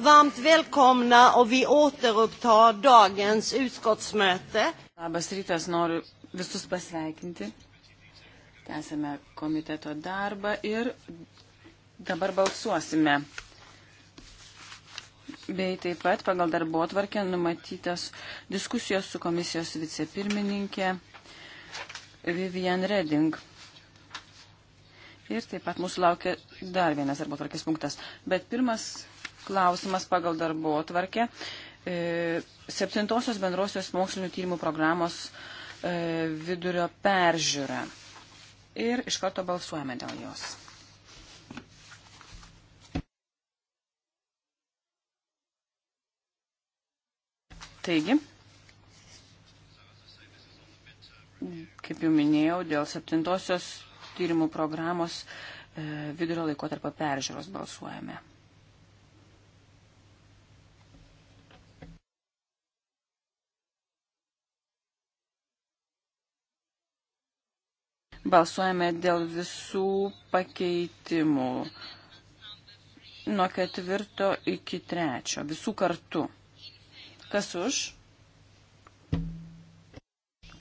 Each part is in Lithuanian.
Varmt välkomna och vi återupptar dagens utskottsmöte. Labas rytas, noriu visus pasveikinti. Tęsime komiteto darbą ir dabar balsuosime. Bei taip pat pagal darbo atvarkę numatytas diskusijos su komisijos vicepirmininkė Vivian Reding. Ir taip pat mūsų laukia dar vienas darbo tvarkės punktas. Bet pirmas klausimas pagal darbo atvarkę. E, septintosios bendrosios mokslinių tyrimų programos e, vidurio peržiūra. Ir iš karto balsuojame dėl jos. Taigi, kaip jau minėjau, dėl septintosios tyrimų programos e, vidurio laikotarpio peržiūros balsuojame. Balsuojame dėl visų pakeitimų nuo ketvirto iki trečio, visų kartų. Kas už?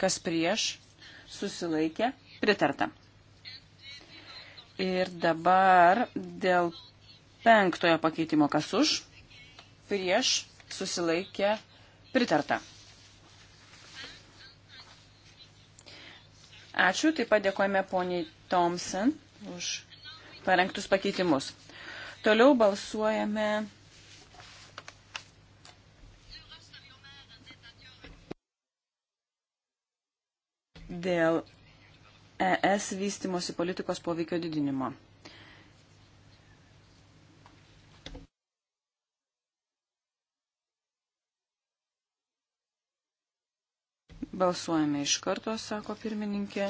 Kas prieš? Susilaikė? Pritarta. Ir dabar dėl penktojo pakeitimo kas už? Prieš? Susilaikė? Pritarta. Ačiū, taip pat dėkojame poniai Thompson už parengtus pakeitimus. Toliau balsuojame. Dėl ES vystimosi politikos poveikio didinimo. Balsuojame iš karto, sako pirmininkė.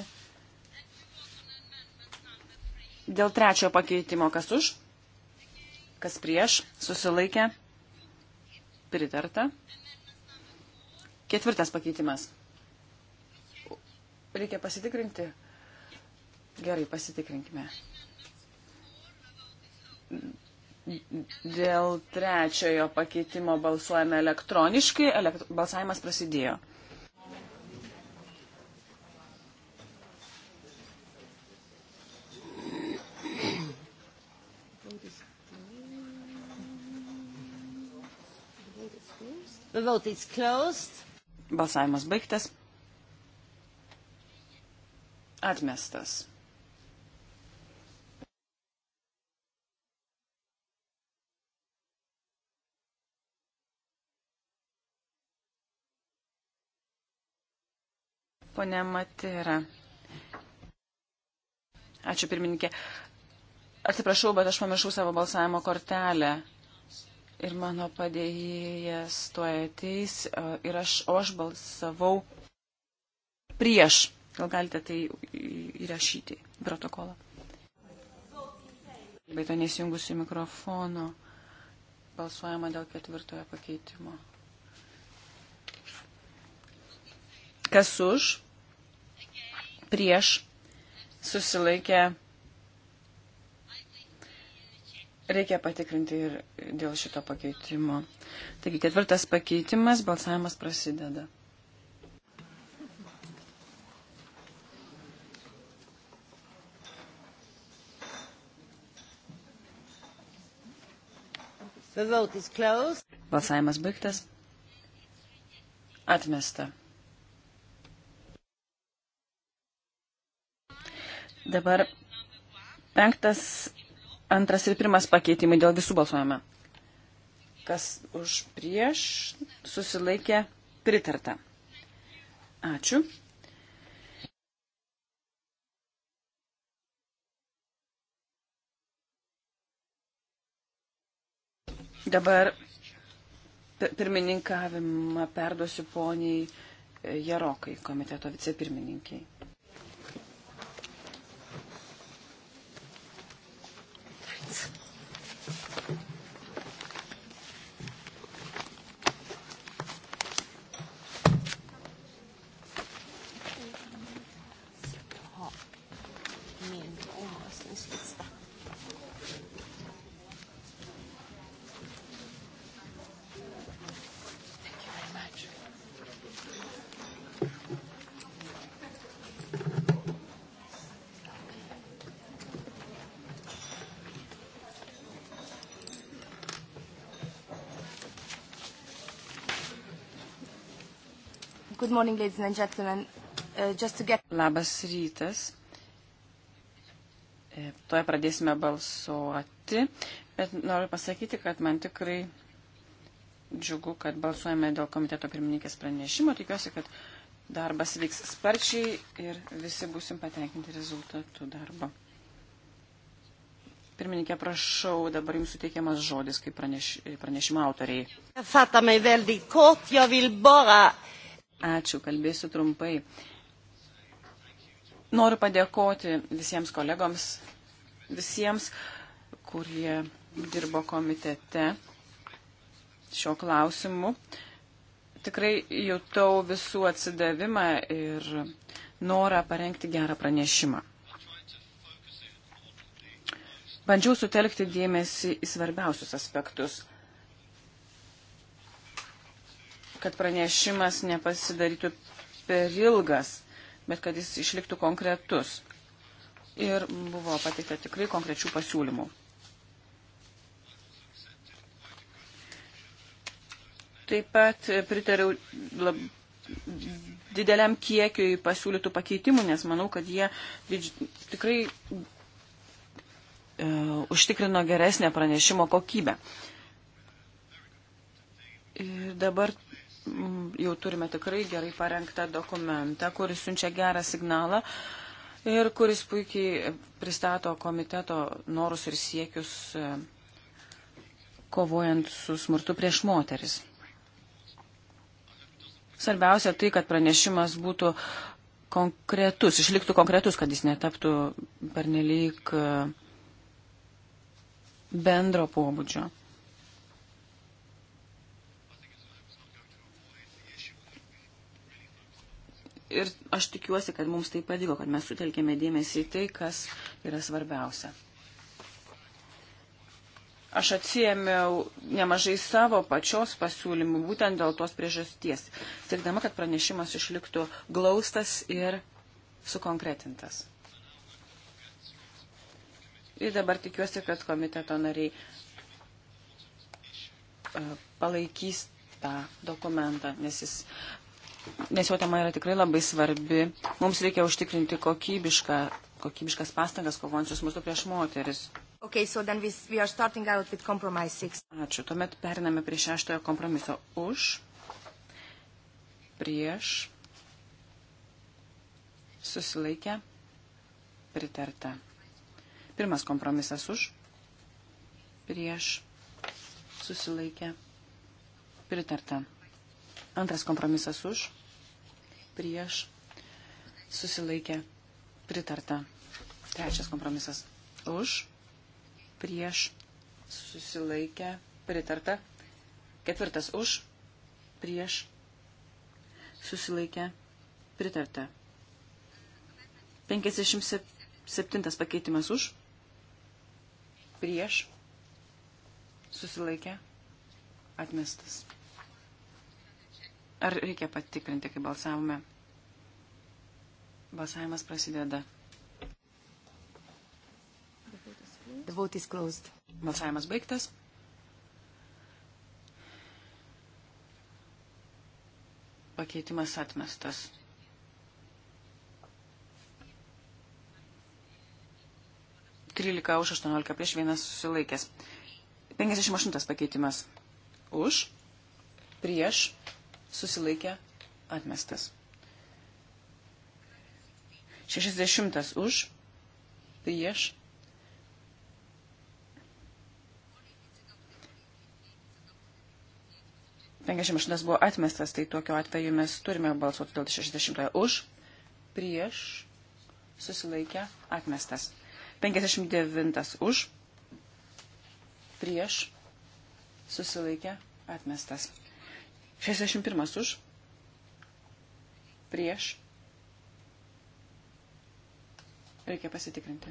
Dėl trečio pakeitimo, kas už, kas prieš, susilaikė, pritarta. Ketvirtas pakeitimas. Reikia pasitikrinti. Gerai, pasitikrinkime. Dėl trečiojo pakeitimo balsuojame elektroniškai. Elekt balsavimas prasidėjo. The vote is closed. Balsavimas baigtas. Atmestas. Pone Matera. Ačiū pirmininkė. Atsiprašau, bet aš pamiršau savo balsavimo kortelę ir mano padėjėjas tuo ateis e, ir aš, o aš balsavau prieš. Gal galite tai įrašyti į protokolą? Bet to nesijungusiu mikrofonu balsuojama dėl ketvirtojo pakeitimo. Kas už? Prieš susilaikė Reikia patikrinti ir dėl šito pakeitimo. Taigi ketvirtas pakeitimas, balsavimas prasideda. Balsavimas baigtas. Atmesta. Dabar penktas Antras ir pirmas pakeitimai dėl visų balsuojame. Kas už prieš susilaikė pritarta. Ačiū. Dabar pirmininkavimą perduosiu poniai Jarokai, komiteto vicepirmininkiai. Good morning, ladies and gentlemen. Uh, just to get... Labas rytas. E, Tuoje pradėsime balsuoti, bet noriu pasakyti, kad man tikrai džiugu, kad balsuojame dėl komiteto pirmininkės pranešimo. Tikiuosi, kad darbas vyks sparčiai ir visi busim patenkinti rezultatų darbo. Pirmininkė, prašau, dabar jums suteikiamas žodis kaip praneš, pranešimo autoriai. Fatame vėlgi kot, jo vil bara Ačiū, kalbėsiu trumpai. Noriu padėkoti visiems kolegoms, visiems, kurie dirbo komitete šio klausimu. Tikrai jutau visų atsidavimą ir norą parengti gerą pranešimą. Bandžiau sutelkti dėmesį į svarbiausius aspektus kad pranešimas nepasidarytų per ilgas, bet kad jis išliktų konkretus. Ir buvo pateikta tikrai konkrečių pasiūlymų. Taip pat pritariau lab, dideliam kiekiui pasiūlytų pakeitimų, nes manau, kad jie didž, tikrai e, užtikrino geresnę pranešimo kokybę. Ir dabar jau turime tikrai gerai parengtą dokumentą, kuris siunčia gerą signalą ir kuris puikiai pristato komiteto norus ir siekius e, kovojant su smurtu prieš moteris. Svarbiausia tai, kad pranešimas būtų konkretus, išliktų konkretus, kad jis netaptų pernelyg e, bendro pobūdžio. ir aš tikiuosi, kad mums tai pavyko, kad mes sutelkėme dėmesį į tai, kas yra svarbiausia. Aš atsijėmiau nemažai savo pačios pasiūlymų būtent dėl tos priežasties, siekdama, kad pranešimas išliktų glaustas ir sukonkretintas. Ir dabar tikiuosi, kad komiteto nariai e, palaikys tą dokumentą, nes jis nes jo tema yra tikrai labai svarbi. Mums reikia užtikrinti kokybišką, kokybiškas pastangas kovojančius mūsų prieš moteris. Okay, so then we, we are starting out with compromise six. Ačiū. Tuomet periname prie šeštojo kompromiso. Už, prieš, susilaikę, pritarta. Pirmas kompromisas už, prieš, susilaikę, pritarta. Antras kompromisas už, prieš, susilaikė, pritarta. Trečias kompromisas už, prieš, susilaikė, pritarta. Ketvirtas už, prieš, susilaikė, pritarta. 57 pakeitimas už, prieš, susilaikė, atmestas. Ar reikia patikrinti, kai balsavome? Balsavimas prasideda. The vote is closed. Balsavimas baigtas. Pakeitimas atmestas. Trylika už, aštuoniolika prieš vienas susilaikęs. 58 pakeitimas. Už, prieš, susilaikė, atmestas. 60 už, prieš. Penkiasdešimt aštuntas buvo atmestas, tai tokiu atveju mes turime balsuoti dėl 60 už, prieš, susilaikę, atmestas. 59 už, prieš, susilaikę, atmestas. 61 už. Prieš. Reikia pasitikrinti.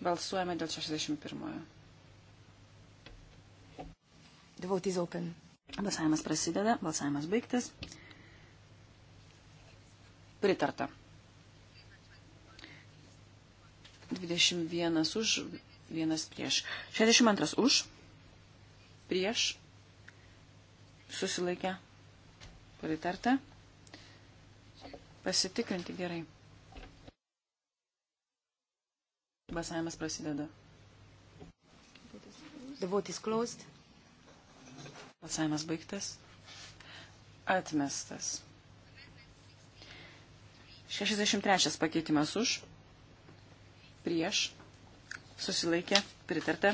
Balsuojame dėl 61. The vote is open. Balsavimas prasideda, balsavimas baigtas. Pritarta. 21 už, 1 prieš. 62 už, prieš, susilaikę, pritarta. Pasitikrinti gerai. Basavimas prasideda. The vote is closed. Balsavimas baigtas. Atmestas. 63 pakeitimas už. Prieš. Susilaikė. Pritarta.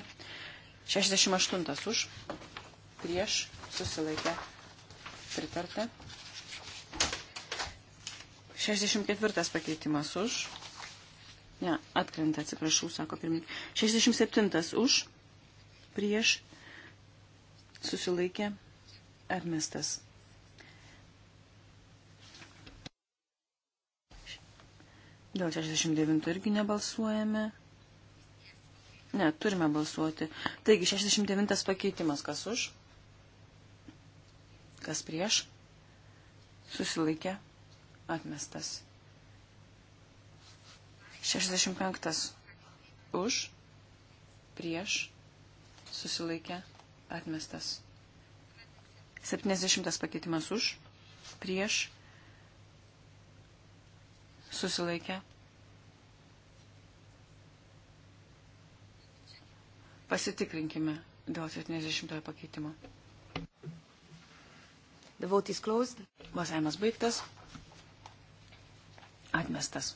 68 už. Prieš susilaikė pritarta. 64 pakeitimas už. Ne, atkrenta, atsiprašau, sako pirmininkai. 67 už, prieš, susilaikė, atmestas. Dėl 69 irgi nebalsuojame. Ne, turime balsuoti. Taigi, 69 pakeitimas, kas už? Kas prieš? Susilaikė. Atmestas. 65. Už. Prieš. Susilaikė. Atmestas. 70 pakeitimas už. Prieš. Susilaikė. Pasitikrinkime dėl 70 pakeitimo. The vote is closed. Balsavimas baigtas. Atmestas.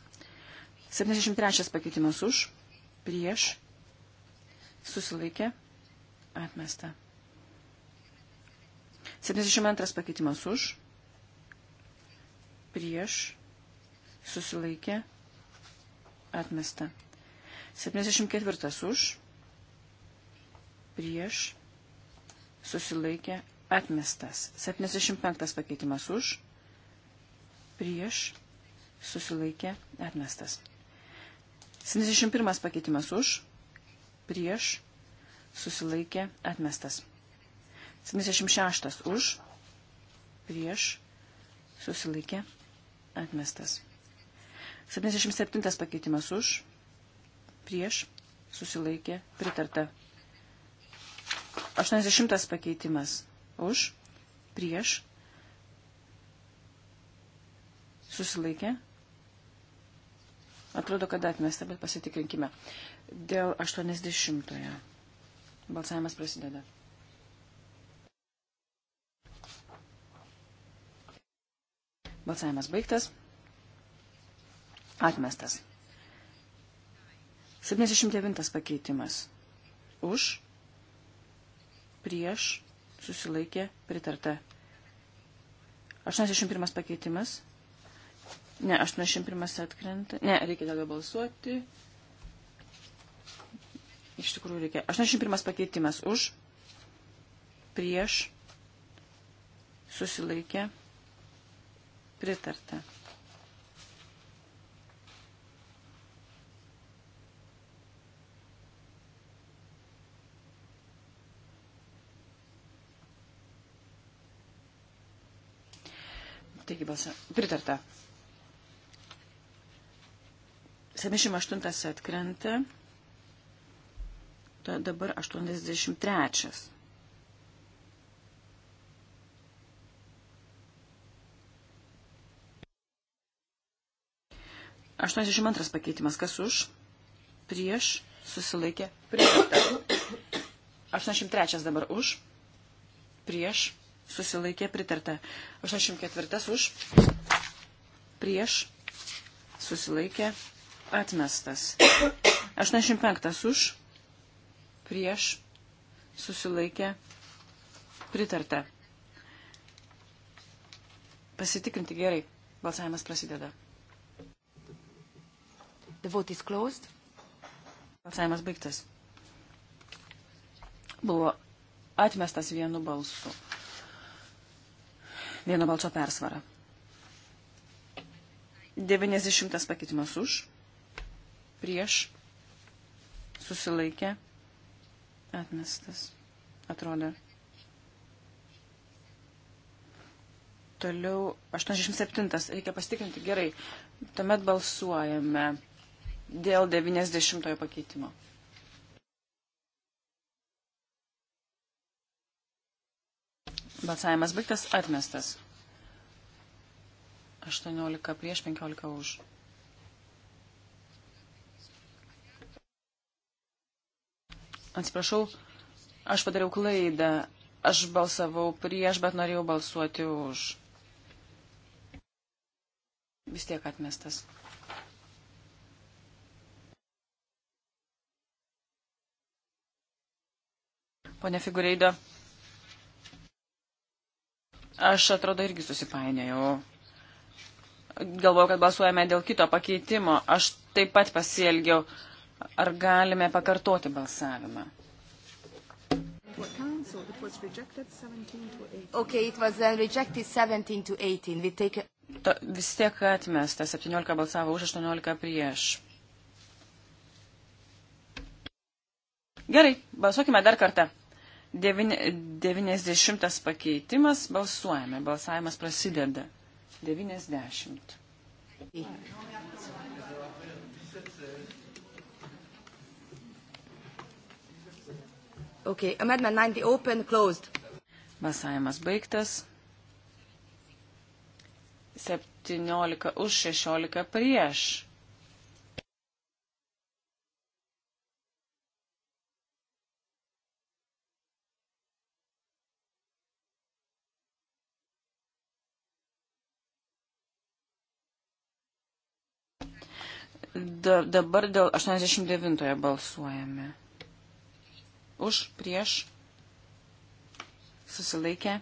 73 pakeitimas už, prieš, susilaikė, atmesta. 72 pakeitimas už, prieš, susilaikė, atmesta. 74 už, prieš, susilaikė, Atmestas. 75 pakeitimas už. Prieš. Susilaikė. Atmestas. 71 pakeitimas už. Prieš. Susilaikė. Atmestas. 76 už. Prieš. Susilaikė. Atmestas. 77 pakeitimas už. Prieš. Susilaikė. Pritarta. 80 pakeitimas už, prieš, susilaikė. Atrodo, kad atmesta, bet pasitikrinkime. Dėl 80-ojo balsavimas prasideda. Balsavimas baigtas. Atmestas. 79 pakeitimas. Už, prieš, susilaikė, pritarta. 81 pakeitimas. Ne, 81 atkrenta. Ne, reikia dėl balsuoti. Iš tikrųjų reikia. 81 pakeitimas už, prieš, susilaikė, pritarta. Baigi balsą. Pritarta. 78 atkrenta. Ta dabar 83. Aštuoniasdešimt antras pakeitimas. Kas už? Prieš susilaikė. Prieš. Aštuoniasdešimt trečias dabar už. Prieš susilaikė pritarta. 84 už, prieš, susilaikė atmestas. 85 už, prieš, susilaikė pritarta. Pasitikrinti gerai. Balsavimas prasideda. The vote is closed. Balsavimas baigtas. Buvo atmestas vienu balsu vieno balso persvarą. 90 pakeitimas už, prieš, susilaikė, atmestas, atrodo. Toliau 87, reikia pastikrinti gerai. Tuomet balsuojame dėl 90 pakeitimo. Balsavimas baigtas, atmestas. 18 prieš 15 už. Atsiprašau, aš padariau klaidą. Aš balsavau prieš, bet norėjau balsuoti už. Vis tiek atmestas. Pone Figureido, Aš atrodo irgi susipainiojau. Galvojau, kad balsuojame dėl kito pakeitimo. Aš taip pat pasielgiau. Ar galime pakartoti balsavimą? Uh, to, vis tiek atmesta. 17 balsavo už, 18 prieš. Gerai, balsuokime dar kartą. 90 pakeitimas, balsuojame, balsavimas prasideda. 90. Okay, amendment 90 open, closed. Balsavimas baigtas. 17 už 16 prieš. da, dabar dėl 89 balsuojame. Už, prieš, susilaikė,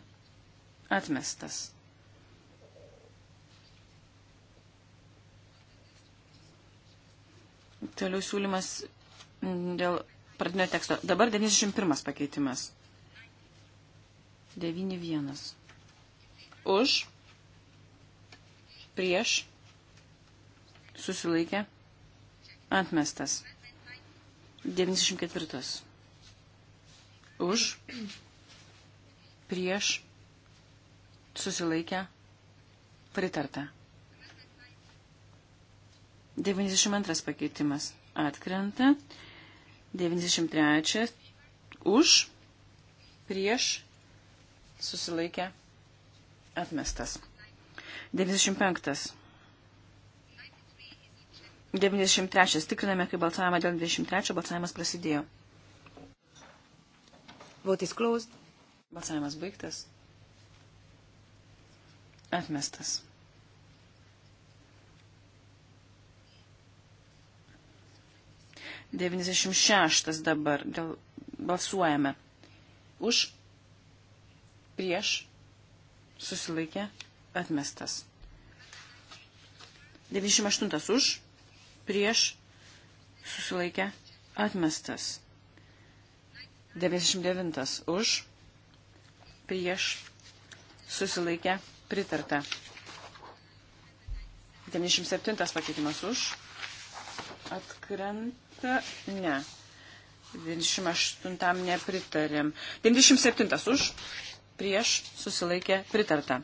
atmestas. Toliau siūlymas dėl pradinio teksto. Dabar 91 pakeitimas. 91. Už, prieš, susilaikė, atmestas Atmestas. 94. Už. Prieš. Susilaikę. Pritarta. 92 pakeitimas atkrenta. 93 už, prieš, susilaikę, atmestas. 95 93. Tikriname, kaip balsavimą dėl 23. Balsavimas prasidėjo. Vote is closed. Balsavimas baigtas. Atmestas. Devinisdešimt šeštas dabar. Dėl balsuojame. Už, prieš, susilaikė, atmestas. Devinisdešimt aštuntas už prieš susilaikę atmestas. 99 už prieš susilaikę pritarta. 97 pakeitimas už atkrenta. Ne. 28 nepritarėm. 97 už prieš susilaikė pritarta.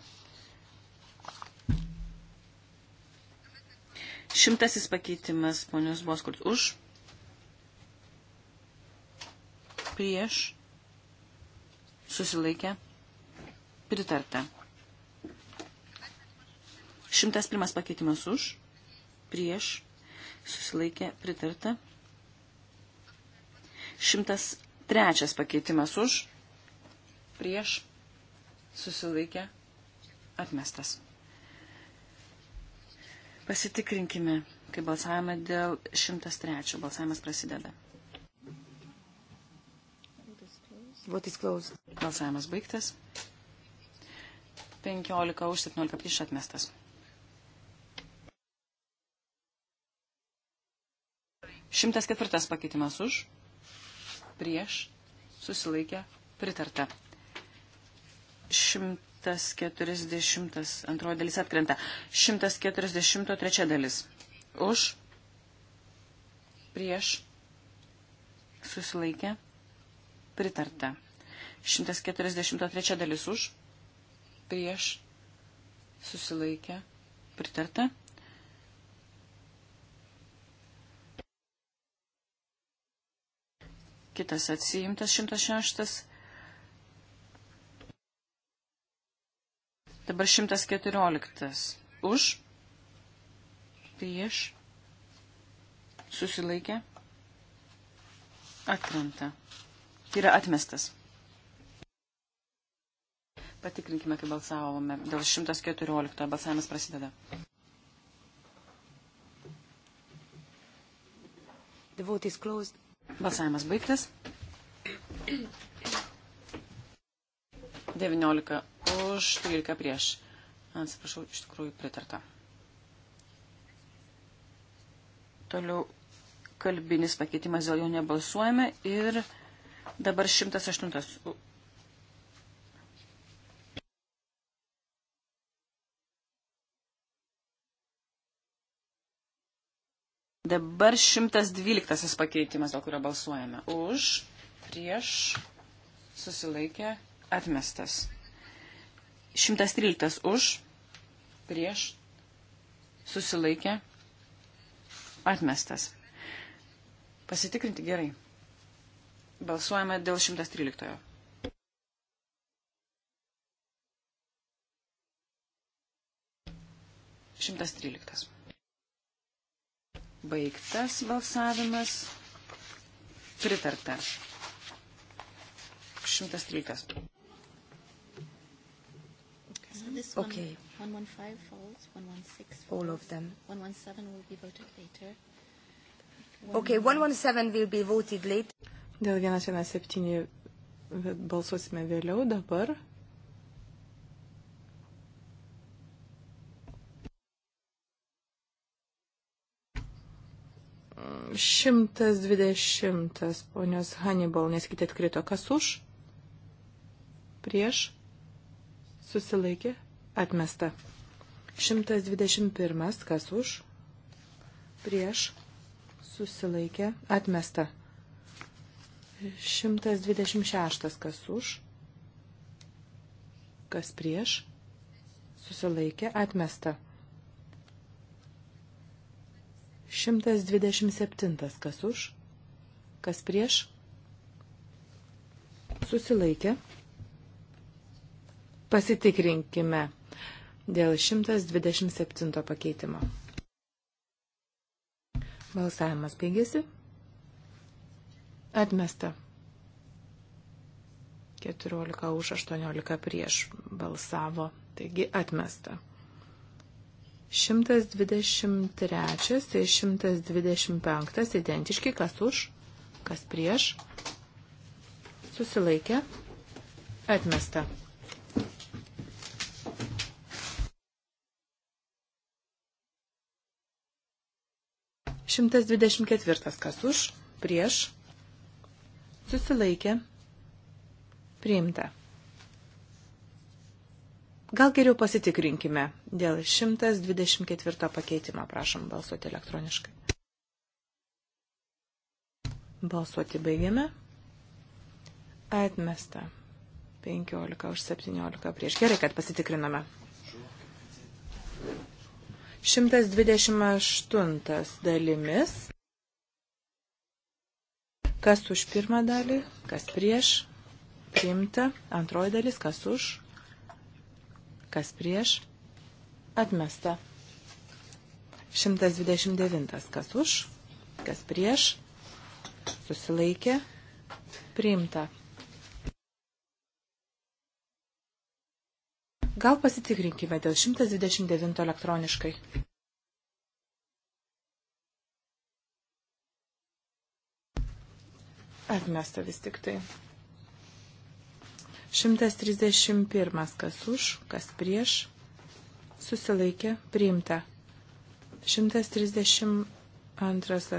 Šimtasis pakeitimas, ponios Boskurt, už. Prieš. Susilaikę. Pritarta. Šimtas pirmas pakeitimas už. Prieš. Susilaikė. Pritarta. Šimtas trečias pakeitimas už. Prieš. Susilaikė. Atmestas. Pasitikrinkime, kai balsavome dėl 103. Balsavimas prasideda. Balsavimas baigtas. 15 už 17 prieš atmestas. Šimtas ketvirtas pakeitimas už, prieš, susilaikė, pritarta. Šimt 140, antroji dalis atkrenta, 143 dalis. Už, prieš, susilaikė, pritarta. 143 dalis už, prieš, susilaikė, pritarta. Kitas atsiimtas 106 Dabar 114. Už. Prieš. Susilaikė. Atkrenta. Tai yra atmestas. Patikrinkime, kaip balsavome. Dėl 114 balsavimas prasideda. The vote is closed. Balsavimas baigtas. 19 už, 13 prieš. Atsiprašau, iš tikrųjų pritarta. Toliau kalbinis pakeitimas dėl jo nebalsuojame ir dabar 108. Dabar 112 pakeitimas, dėl kurio balsuojame. Už, prieš, susilaikė, atmestas. 113 už, prieš, susilaikė, atmestas. Pasitikrinti gerai. Balsuojame dėl 113. Šimtas tryliktas. Baigtas balsavimas. Pritarta. Šimtas tryliktas this one, okay. 115 falls, 116 falls. All of them. 117 will be voted later. One okay, 117 will be voted later. Dėl 117 balsuosime vėliau dabar. Šimtas dvidešimtas, ponios Hannibal, nes kiti atkrito. Kas už? Prieš? Susilaikė? Atmesta. 121. Kas už? Prieš. Susilaikė. Atmesta. 126. Kas už? Kas prieš? Susilaikė. Atmesta. 127. Kas už? Kas prieš? Susilaikė. Pasitikrinkime dėl 127 pakeitimo. Balsavimas baigėsi. Atmesta. 14 už 18 prieš balsavo, taigi atmesta. 123 ir 125 identiški, kas už, kas prieš, susilaikė, atmesta. 124. Kas už, prieš, susilaikė, priimta. Gal geriau pasitikrinkime dėl 124 pakeitimo, prašom balsuoti elektroniškai. Balsuoti baigiame. Atmesta. 15 už 17 prieš. Gerai, kad pasitikriname. 128 dalimis. Kas už pirmą dalį, kas prieš, priimta. Antroji dalis, kas už, kas prieš, atmesta. 129. Kas už, kas prieš, susilaikė, priimta. Gal pasitikrinkime dėl 129 elektroniškai. Atmesta vis tik tai. 131. Kas už, kas prieš. Susilaikė, priimta. 132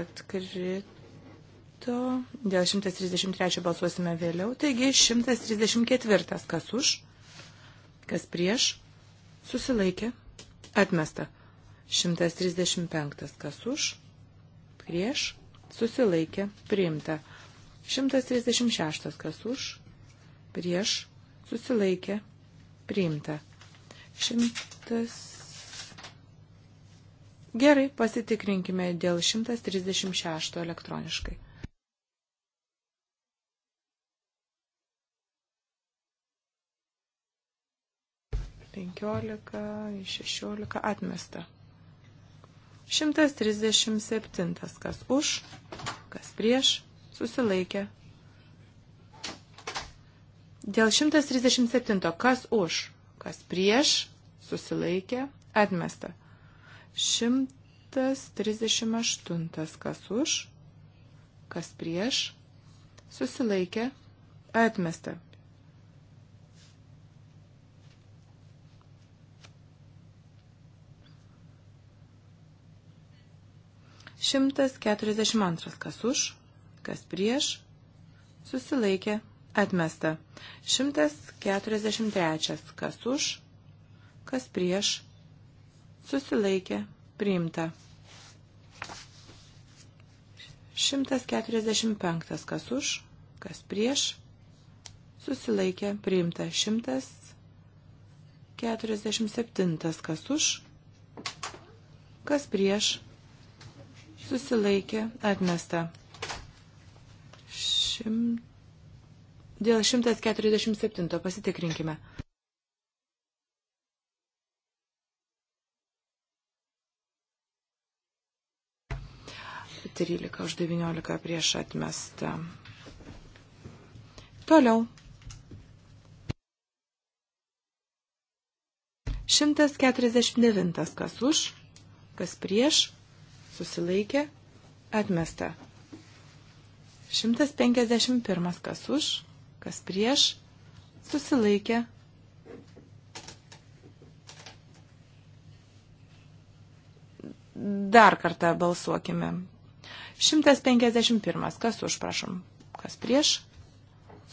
atkrito. Dėl 133 balsuosime vėliau. Taigi 134. Kas už, Kas prieš? Susilaikė. Atmesta. 135. Kas už? Prieš? Susilaikė. Priimta. 136. Kas už? Prieš? Susilaikė. Priimta. 100. Gerai, pasitikrinkime dėl 136 elektroniškai. 15, 16 atmesta. 137. Kas už, kas prieš, susilaikė. Dėl 137. Kas už, kas prieš, susilaikė, atmesta. 138. Kas už, kas prieš, susilaikė, atmesta. 142. Kas už, kas prieš, susilaikė, atmesta. 143. Kas už, kas prieš, susilaikė, priimta. 145. Kas už, kas prieš, susilaikė, priimta. 147. Kas už, kas prieš, susilaikė, atmesta. Šim... Dėl 147 pasitikrinkime. Trylika už 19 prieš atmestą. Toliau. 149 kas už, kas prieš, susilaikė, atmesta. 151 kas už, kas prieš, susilaikė. Dar kartą balsuokime. 151. Kas už, prašom? Kas prieš?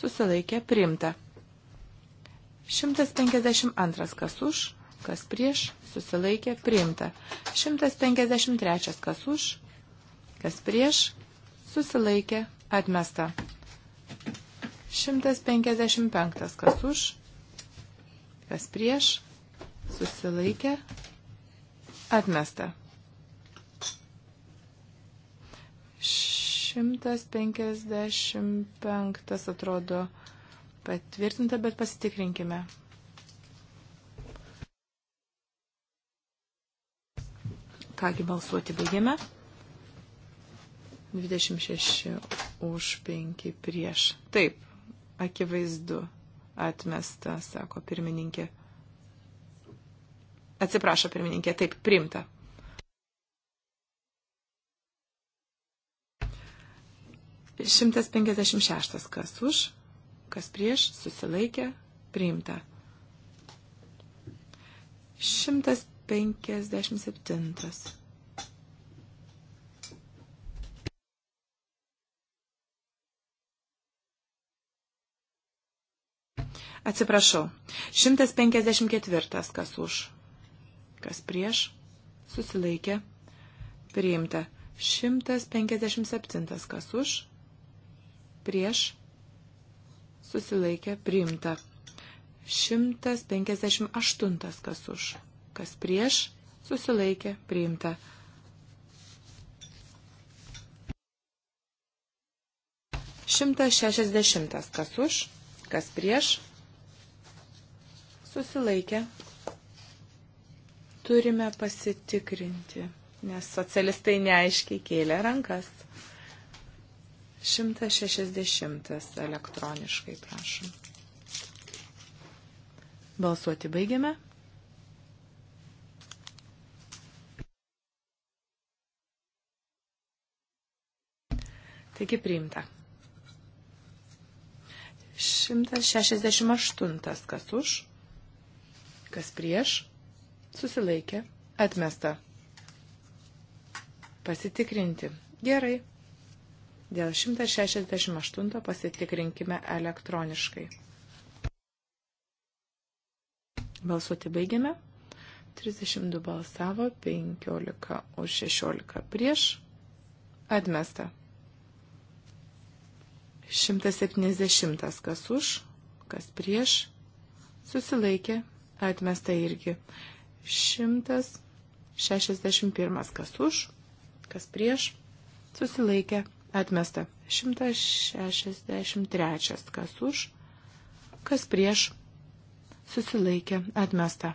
Susilaikė, priimta. 152. Kas už? kas prieš, susilaikė, priimta. 153, kas už, kas prieš, susilaikė, atmesta. 155, kas už, kas prieš, susilaikė, atmesta. 155 atrodo patvirtinta, bet pasitikrinkime. Kągi balsuoti baigiame. 26 už 5 prieš. Taip, akivaizdu atmesta, sako pirmininkė. Atsiprašo pirmininkė, taip, primta. Šimtas penkiasdešimt šeštas, kas už, kas prieš, susilaikė, priimta. Šimtas 57. Atsiprašau. 154. Kas už? Kas prieš? Susilaikė. Priimta. 157. Kas už? Prieš? Susilaikė. Priimta. 158. Kas už? kas prieš, susilaikė, priimta. Šimtas šešiasdešimtas, kas už, kas prieš, susilaikė. Turime pasitikrinti, nes socialistai neaiškiai kėlė rankas. 160 elektroniškai, prašom. Balsuoti baigiame. Taigi priimta. 168. Kas už? Kas prieš? Susilaikė. Atmesta. Pasitikrinti. Gerai. Dėl 168 pasitikrinkime elektroniškai. Balsuoti baigiame. 32 balsavo, 15 už 16 prieš. Atmesta. 170. Kas už, kas prieš, susilaikė, atmesta irgi. 161. Kas už, kas prieš, susilaikė, atmesta. 163. Kas už, kas prieš, susilaikė, atmesta.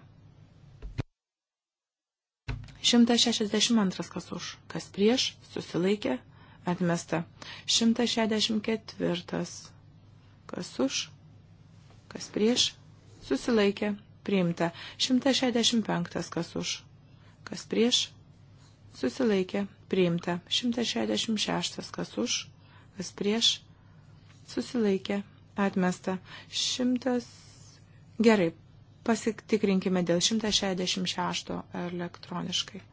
162. Kas už, kas prieš, susilaikė, atmesta. Atmesta. 164. Kas už? Kas prieš? Susilaikė. Priimta. 165. Kas už? Kas prieš? Susilaikė. Priimta. 166. Kas už? Kas prieš? Susilaikė. Atmesta. 100. Gerai. Pasitikrinkime dėl 166 elektroniškai.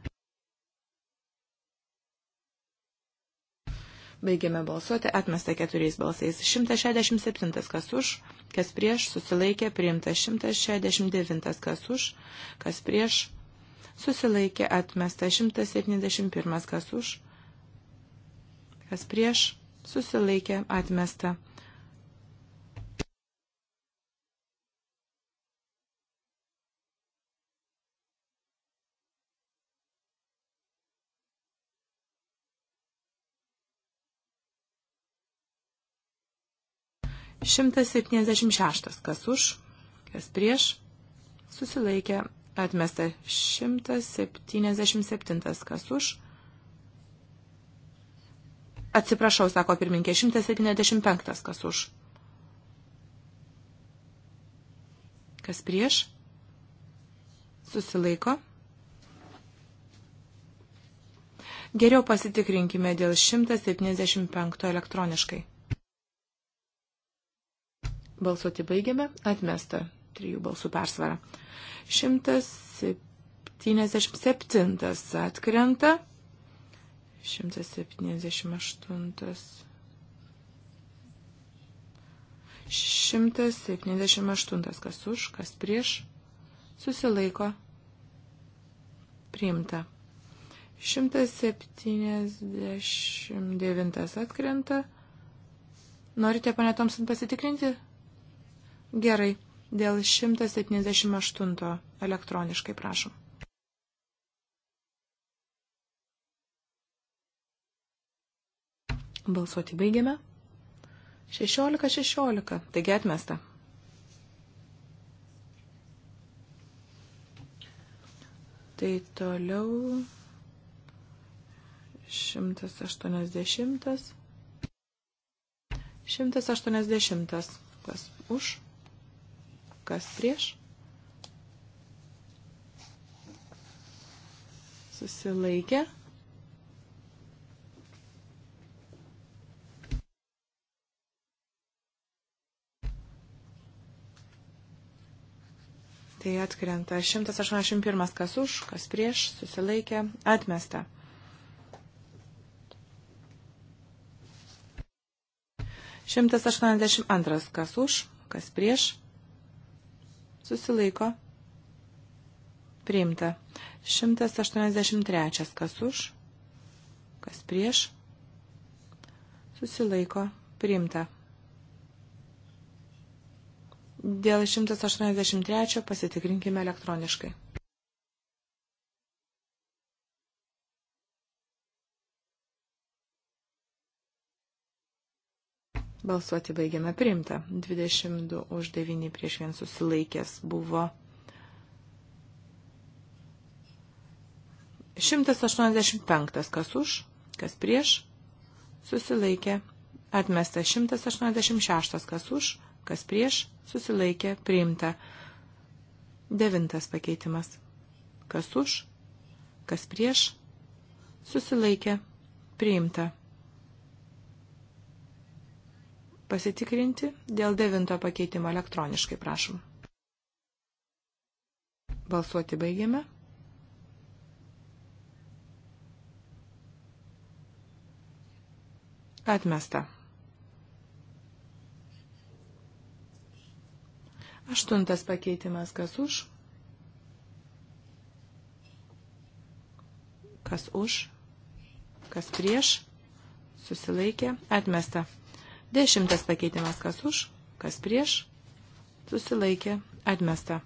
Baigiame balsuoti. Atmesta keturiais balsais. 167 kas už, kas prieš, susilaikė, priimta 169 kas už, kas prieš, susilaikė, atmesta 171 kas už, kas prieš, susilaikė, atmesta 176. Kas už, kas prieš, susilaikė atmesta. 177. Kas už. Atsiprašau, sako pirminkė, 175. Kas už. Kas prieš, susilaiko. Geriau pasitikrinkime dėl 175 elektroniškai. Balsuoti baigiame. Atmesta. Trijų balsų persvara. 177 atkrenta. 178. 178. Kas už, kas prieš. Susilaiko. Priimta. 179 atkrenta. Norite, pane Tomson, pasitikrinti? Gerai, dėl 178 elektroniškai prašom. Balsuoti baigiame. 16-16, taigi atmesta. Tai toliau 180. 180. Kas už? Kas prieš? Susilaikė. tai atkrenta. 181 kas už, kas prieš, susilaikė, atmesta. Šimtas aštuoniasdešimt antras kas už, kas prieš, susilaiko priimta. 183 kas už, kas prieš, susilaiko priimta. Dėl 183 pasitikrinkime elektroniškai. Balsuoti baigiame priimta. 22 už 9 prieš 1 susilaikęs buvo 185. Kas už, kas prieš, susilaikė. Atmesta 186. Kas už, kas prieš, susilaikė, priimta. Devintas pakeitimas. Kas už, kas prieš, susilaikė, priimta pasitikrinti dėl devinto pakeitimo elektroniškai, prašom. Balsuoti baigiame. Atmesta. Aštuntas pakeitimas kas už? Kas už? Kas prieš? Susilaikė. Atmesta. Dešimtas pakeitimas kas už, kas prieš, susilaikė, atmesta.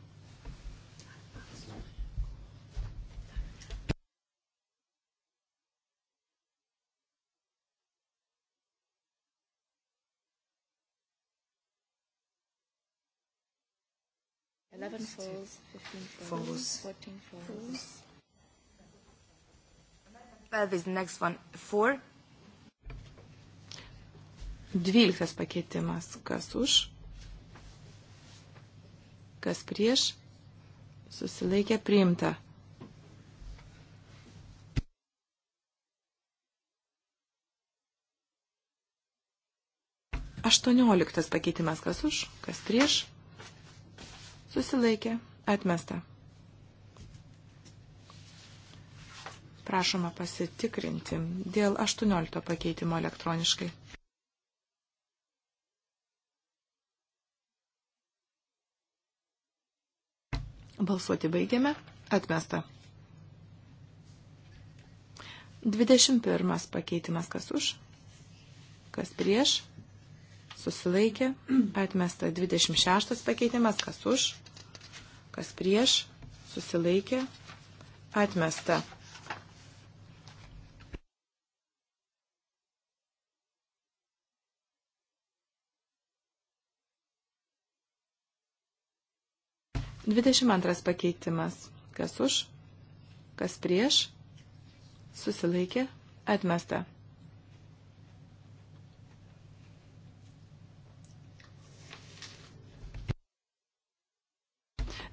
Eleven falls, fifteen falls, fourteen falls. Twelve is the next one. Four. Dvyliktas pakeitimas. Kas už? Kas prieš? Susilaikė priimta. Aštuonioliktas pakeitimas kas už, kas prieš. Susilaikė, atmesta. Prašoma pasitikrinti dėl aštuoniolikto pakeitimo elektroniškai. Balsuoti baigiame. Atmesta. 21 pakeitimas kas už, kas prieš, susilaikė, atmesta 26 pakeitimas kas už, kas prieš, susilaikė, atmesta 22 pakeitimas. Kas už, kas prieš, susilaikė, atmesta.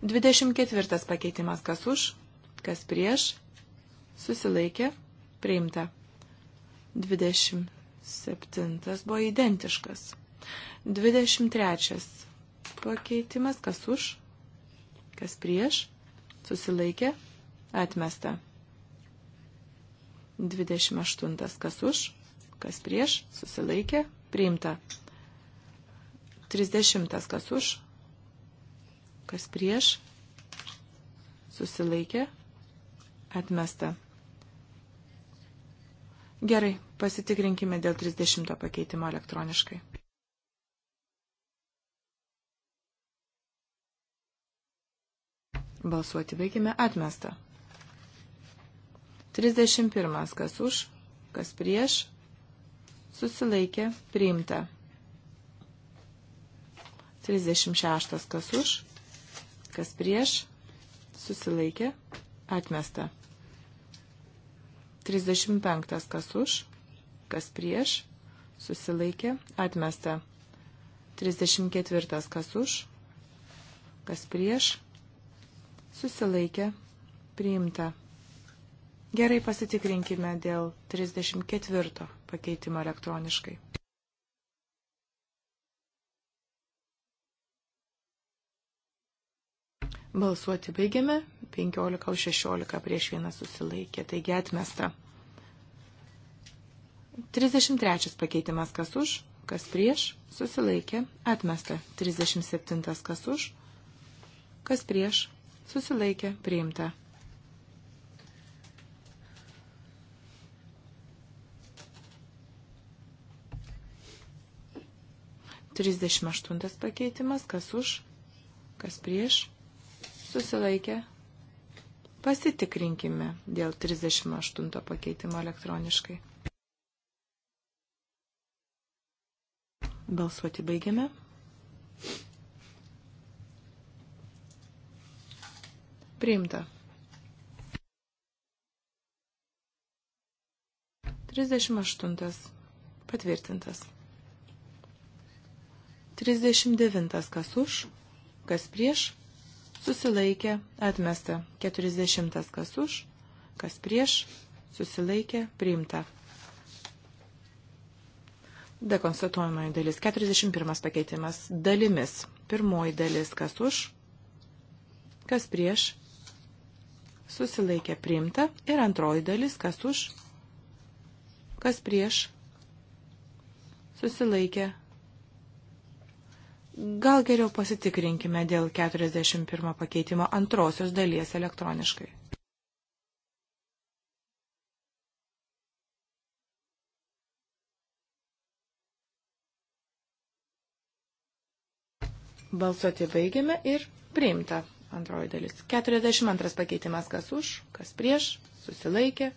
Dvidešimt ketvirtas pakeitimas kas už, kas prieš, susilaikė, priimta. Dvidešimt septintas buvo identiškas. Dvidešimt trečias pakeitimas kas už, Kas prieš? Susilaikė? Atmesta. 28. Kas už? Kas prieš? Susilaikė? Priimta. 30. Kas už? Kas prieš? Susilaikė? Atmesta. Gerai, pasitikrinkime dėl 30 pakeitimo elektroniškai. Balsuoti baigime atmestą. 31. Kas už, kas prieš, susilaikė, priimta. 36. Kas už, kas prieš, susilaikė, atmesta. 35. Kas už, kas prieš, susilaikė, atmesta. 34. Kas už, kas prieš, susilaikė, priimta. Gerai pasitikrinkime dėl 34 pakeitimo elektroniškai. Balsuoti baigiame, 15 už 16 prieš vieną susilaikė, taigi atmesta. 33 pakeitimas kas už, kas prieš, susilaikė, atmesta. 37 kas už, kas prieš, susilaikė priimta. Trisdešimt aštuntas pakeitimas, kas už, kas prieš, susilaikė. Pasitikrinkime dėl 38 pakeitimo elektroniškai. Balsuoti baigiame. Priimta. 38. Patvirtintas. 39. Kas už, kas prieš, susilaikė, atmesta. 40. Kas už, kas prieš, susilaikė, priimta. Dekonstatuojamoji dalis. 41. pakeitimas. Dalimis. Pirmoji dalis. Kas už, kas prieš, susilaikė priimta. Ir antroji dalis, kas už, kas prieš, susilaikė. Gal geriau pasitikrinkime dėl 41 pakeitimo antrosios dalies elektroniškai. Balsuoti baigiame ir priimta. Antroji dalis. 42 pakeitimas kas už, kas prieš, susilaikė,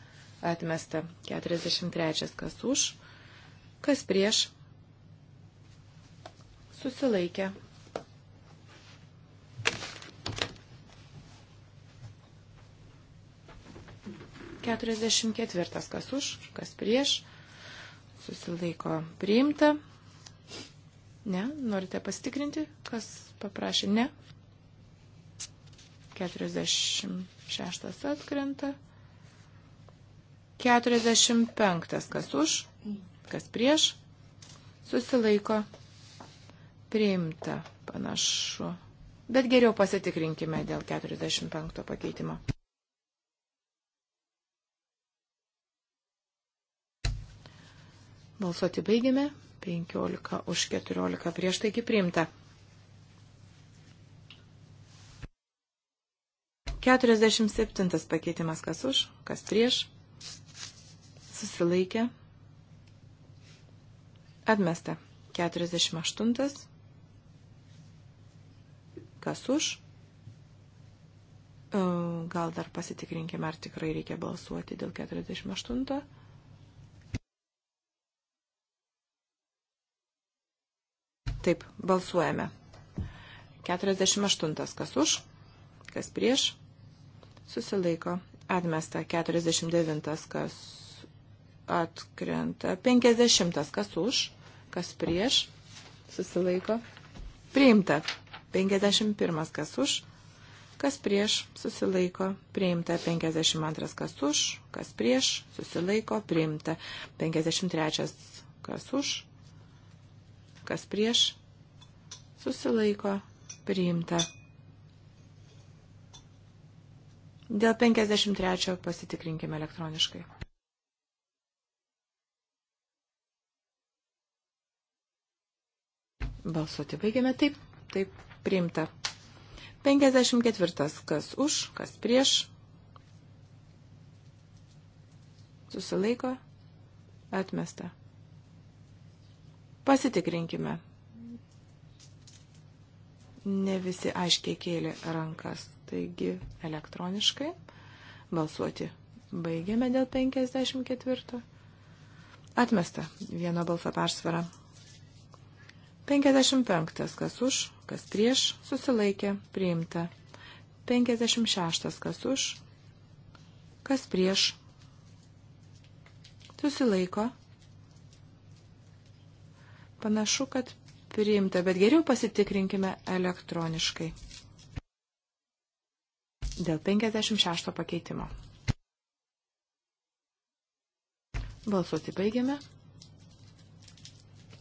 atmesta. 43 kas už, kas prieš, susilaikė. Keturiasdešimt ketvirtas kas už, kas prieš, susilaiko priimta. Ne, norite pasitikrinti, kas paprašė? Ne, 46 atkrenta. 45 kas už, kas prieš, susilaiko priimta panašu. Bet geriau pasitikrinkime dėl 45 pakeitimo. Balsuoti baigėme. 15 už 14 prieš taigi priimta. 47 pakeitimas kas už, kas prieš. Susilaikė. Atmesta. 48. Kas už? E, gal dar pasitikrinkime, ar tikrai reikia balsuoti dėl 48. Taip, balsuojame. 48. Kas už? Kas prieš? susilaiko atmesta 49, kas atkrenta 50, kas už, kas prieš, susilaiko priimta 51, kas už, kas prieš, susilaiko priimta 52, kas už, kas prieš, susilaiko priimta 53, kas už, kas prieš, susilaiko priimta Dėl 53 pasitikrinkime elektroniškai. Balsuoti baigiame taip, taip priimta. 54. Kas už, kas prieš. Susilaiko. Atmesta. Pasitikrinkime. Ne visi aiškiai kėlė rankas. Taigi elektroniškai balsuoti baigiame dėl 54. Atmesta vieno balso persvara. 55. Kas už, kas prieš, susilaikė, priimta. 56. Kas už, kas prieš, susilaiko. Panašu, kad priimta, bet geriau pasitikrinkime elektroniškai dėl 56 pakeitimo. Balsuoti baigiame.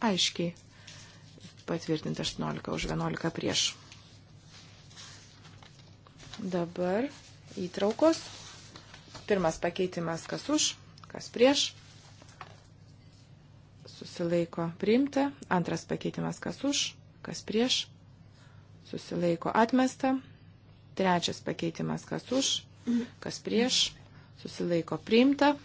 Aiškiai patvirtinti 18 už 11 prieš. Dabar įtraukos. Pirmas pakeitimas kas už, kas prieš. Susilaiko priimta. Antras pakeitimas kas už, kas prieš. Susilaiko atmesta. Trečias pakeitimas, kas už, mhm. kas prieš, susilaiko priimta.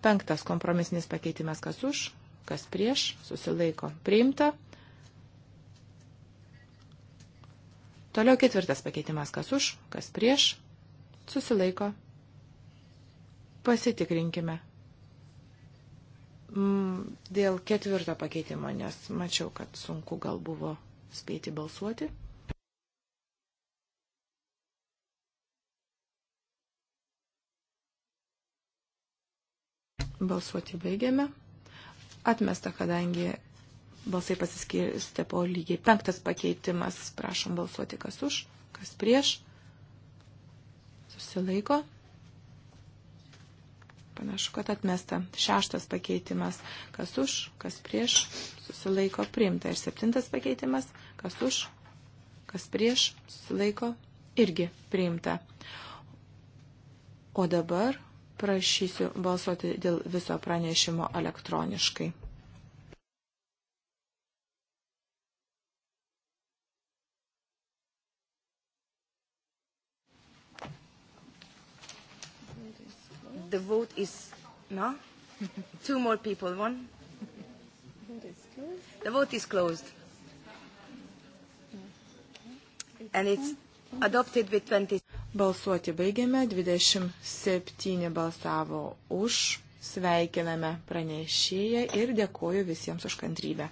Penktas kompromisinis pakeitimas, kas už, kas prieš, susilaiko priimta. Toliau ketvirtas pakeitimas, kas už, kas prieš, susilaiko. Pasitikrinkime mm, dėl ketvirto pakeitimo, nes mačiau, kad sunku gal buvo spėti balsuoti. Balsuoti baigiame. Atmesta, kadangi balsai pasiskirstė po lygiai. Penktas pakeitimas. Prašom balsuoti, kas už, kas prieš. Susilaiko. Panašu, kad atmesta. Šeštas pakeitimas. Kas už, kas prieš. Susilaiko priimta. Ir septintas pakeitimas. Kas už, kas prieš. Susilaiko irgi priimta. O dabar Prašysiu balsuoti dėl viso pranešimo elektroniškai. The vote is no. Two more people. One. The vote is closed. And it's adopted with 20. Balsuoti baigėme, 27 balsavo už, sveikiname pranešėją ir dėkoju visiems už kantrybę.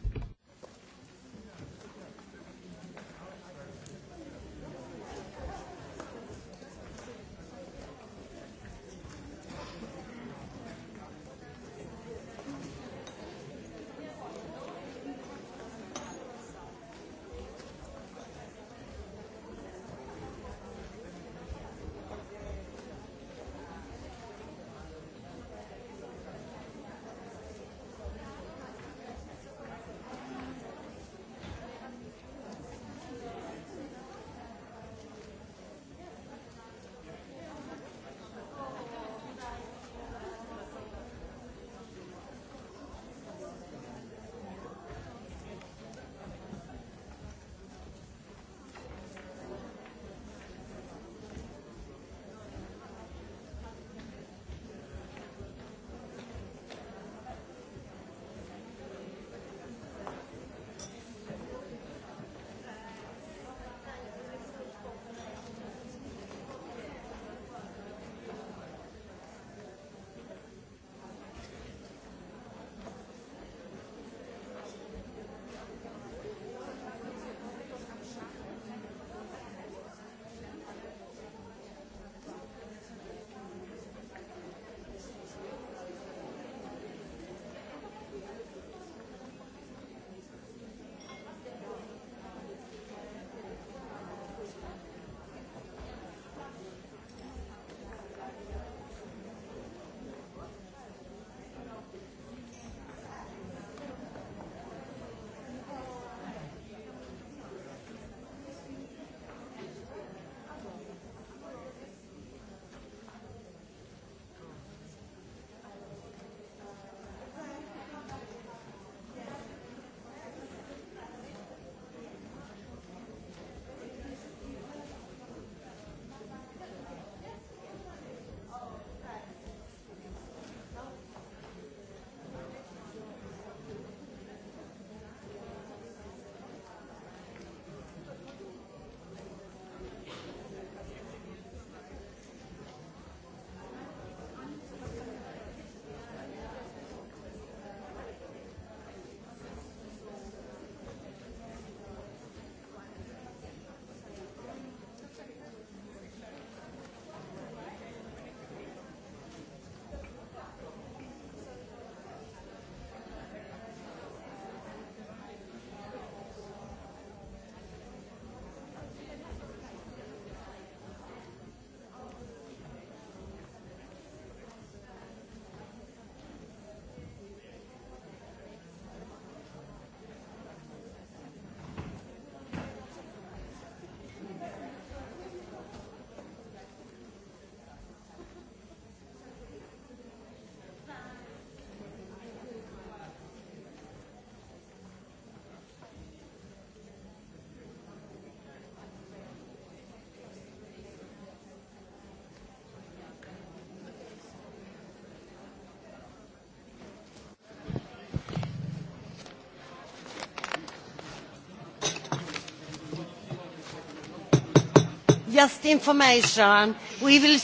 Just information. We will,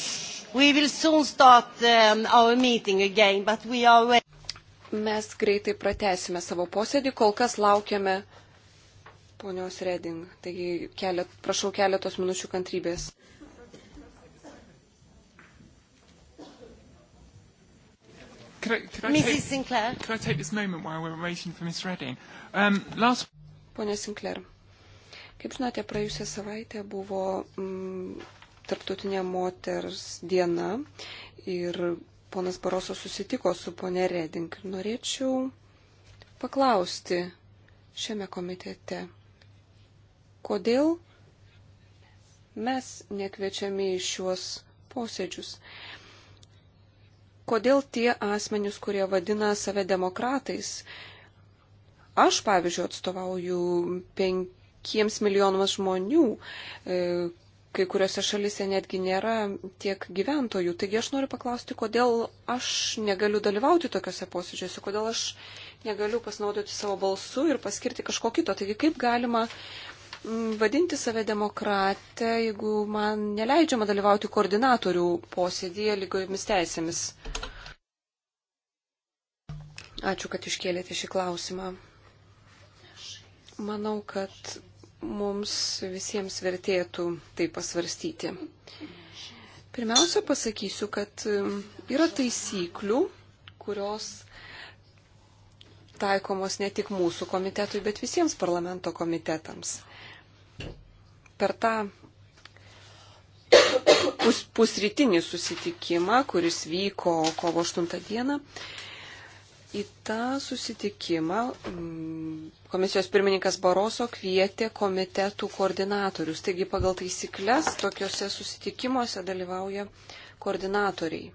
we will soon start um, our meeting again, but we are waiting. Mes greitai pratesime savo posėdį, kol kas laukiame ponios Reding. Taigi keliat, prašau keletos minučių kantrybės. Could I, could I Mrs. Take, Sinclair. Could I take this moment while we're waiting for Miss Redding? Um, last... Ponia Sinclair. Kaip žinote, praėjusią savaitę buvo mm, Tarptautinė moters diena ir ponas Baroso susitiko su ponė Reding. Norėčiau paklausti šiame komitete, kodėl mes nekviečiami į šiuos posėdžius kodėl tie asmenys, kurie vadina save demokratais. Aš, pavyzdžiui, atstovauju penk, penkiems milijonams žmonių. E, kai kuriuose šalise netgi nėra tiek gyventojų. Taigi aš noriu paklausti, kodėl aš negaliu dalyvauti tokiuose posėdžiuose, kodėl aš negaliu pasinaudoti savo balsu ir paskirti kažko kito. Taigi kaip galima mm, vadinti save demokratę, jeigu man neleidžiama dalyvauti koordinatorių posėdėje lygiomis teisėmis. Ačiū, kad iškėlėte šį klausimą. Manau, kad mums visiems vertėtų tai pasvarstyti. Pirmiausia, pasakysiu, kad um, yra taisyklių, kurios taikomos ne tik mūsų komitetui, bet visiems parlamento komitetams. Per tą pus, pusrytinį susitikimą, kuris vyko kovo 8 dieną, Į tą susitikimą mm, komisijos pirmininkas Baroso kvietė komitetų koordinatorius. Taigi pagal taisyklės tokiuose susitikimuose dalyvauja koordinatoriai.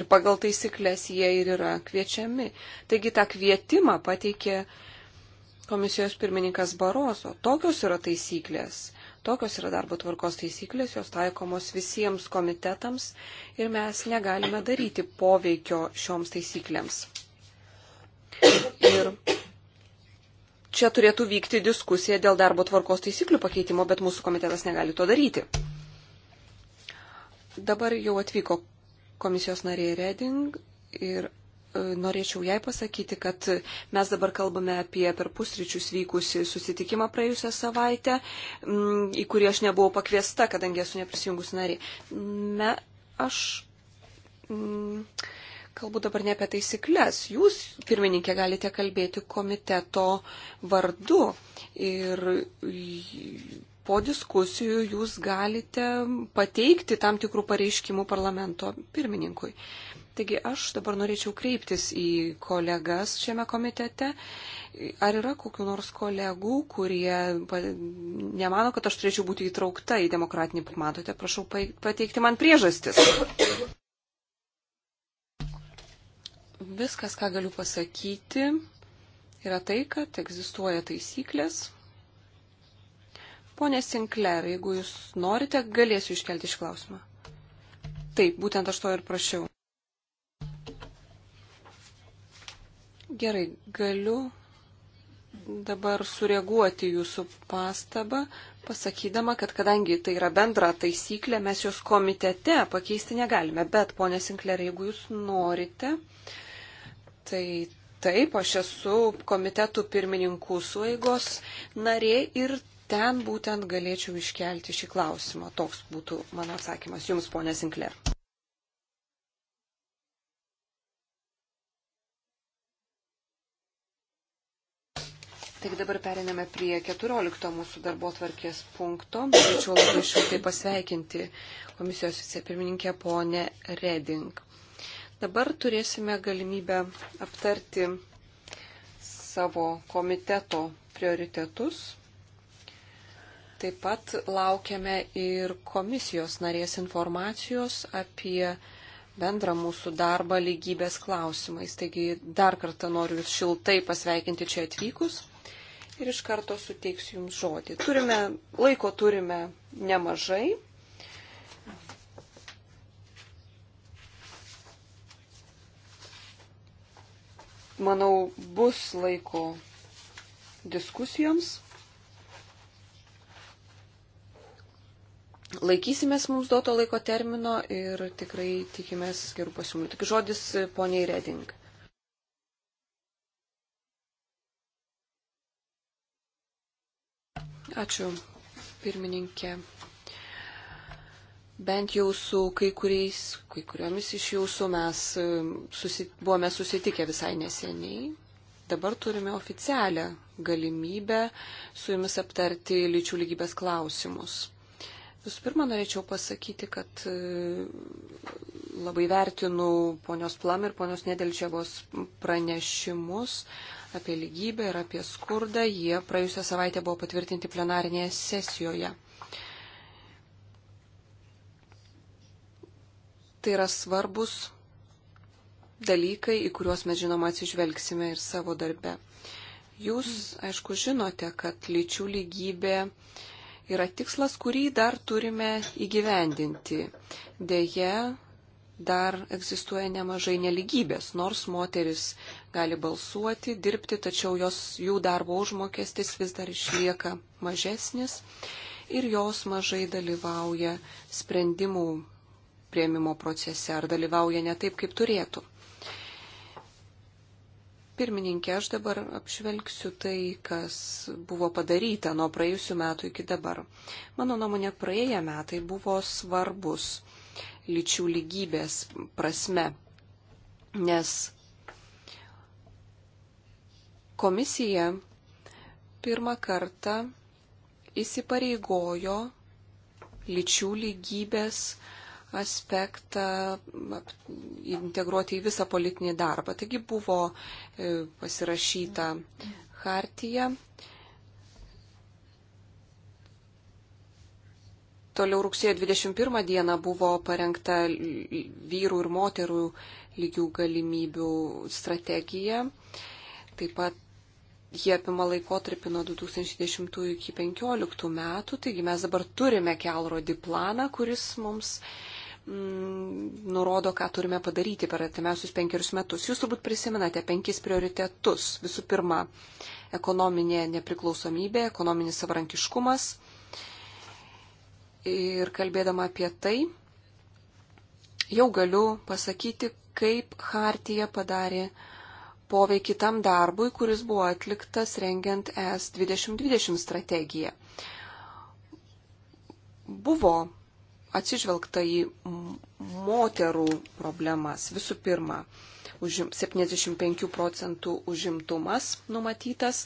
Ir pagal taisyklės jie ir yra kviečiami. Taigi tą kvietimą pateikė komisijos pirmininkas Baroso. Tokios yra taisyklės. Tokios yra darbo tvarkos taisyklės, jos taikomos visiems komitetams ir mes negalime daryti poveikio šioms taisyklėms. Ir čia turėtų vykti diskusija dėl darbo tvarkos taisyklių pakeitimo, bet mūsų komitetas negali to daryti. Dabar jau atvyko komisijos narė Reding ir e, norėčiau jai pasakyti, kad mes dabar kalbame apie per pusryčius vykusi susitikimą praėjusią savaitę, į kurį aš nebuvau pakviesta, kadangi esu neprisijungus nariai. Me, aš. Mm, Kalbu dabar ne apie taisyklės. Jūs, pirmininkė, galite kalbėti komiteto vardu ir po diskusijų jūs galite pateikti tam tikrų pareiškimų parlamento pirmininkui. Taigi aš dabar norėčiau kreiptis į kolegas šiame komitete. Ar yra kokiu nors kolegų, kurie nemano, kad aš turėčiau būti įtraukta į demokratinį, matote, prašau pateikti man priežastis. Viskas, ką galiu pasakyti, yra tai, kad egzistuoja taisyklės. Pone Sinclair, jeigu jūs norite, galėsiu iškelti iš klausimą. Taip, būtent aš to ir prašiau. Gerai, galiu dabar sureaguoti jūsų pastabą, pasakydama, kad kadangi tai yra bendra taisyklė, mes jos komitete pakeisti negalime. Bet, ponė Sinklerė, jeigu jūs norite, uh, Tai taip, aš esu komitetų pirmininkų sueigos narė ir ten būtent galėčiau iškelti šį klausimą. Toks būtų mano atsakymas jums, ponė Sinkler. Taigi dabar periname prie 14 mūsų darbo tvarkės punkto. Norėčiau labai šiltai pasveikinti komisijos vicepirmininkę ponę Reding. Dabar turėsime galimybę aptarti savo komiteto prioritetus. Taip pat laukiame ir komisijos narės informacijos apie bendrą mūsų darbą lygybės klausimais. Taigi dar kartą noriu Jūs šiltai pasveikinti čia atvykus ir iš karto suteiksiu Jums žodį. Turime, laiko turime nemažai. manau, bus laiko diskusijoms. Laikysimės mums duoto laiko termino ir tikrai tikimės gerų pasiūlymų. Tik žodis poniai Reding. Ačiū, pirmininkė. Bent jau su kai, kuriais, kai kuriomis iš jūsų mes e, susi, buvome susitikę visai neseniai. Dabar turime oficialią galimybę su jumis aptarti lyčių lygybės klausimus. Visų pirma, norėčiau pasakyti, kad e, labai vertinu ponios Plam ir ponios Nedelčiavos pranešimus apie lygybę ir apie skurdą. Jie praėjusią savaitę buvo patvirtinti plenarinėje sesijoje. Tai yra svarbus dalykai, į kuriuos mes žinoma atsižvelgsime ir savo darbe. Jūs, aišku, žinote, kad lyčių lygybė yra tikslas, kurį dar turime įgyvendinti. Deja, dar egzistuoja nemažai neligybės, nors moteris gali balsuoti, dirbti, tačiau jos, jų darbo užmokestis vis dar išlieka mažesnis ir jos mažai dalyvauja sprendimų prieimimo procese ar dalyvauja ne taip, kaip turėtų. Pirmininkė, aš dabar apžvelgsiu tai, kas buvo padaryta nuo praėjusių metų iki dabar. Mano nuomonė, praėję metai buvo svarbus lyčių lygybės prasme, nes komisija pirmą kartą įsipareigojo lyčių lygybės uh, aspektą integruoti į visą politinį darbą. Taigi buvo e, pasirašyta hartija. Toliau rugsėjo 21 dieną buvo parengta vyrų ir moterų lygių galimybių strategija. Taip pat jie apima laikotarpį nuo 2010 iki 2015 metų, taigi mes dabar turime kelrodį planą, kuris mums mm, nurodo, ką turime padaryti per atimiausius penkerius metus. Jūs turbūt prisimenate penkis prioritetus. Visų pirma, ekonominė nepriklausomybė, ekonominis savarankiškumas. Ir kalbėdama apie tai, jau galiu pasakyti, kaip Hartija padarė poveikį tam darbui, kuris buvo atliktas rengiant S2020 strategiją. Buvo atsižvelgta į moterų problemas. Visų pirma, 75 procentų užimtumas numatytas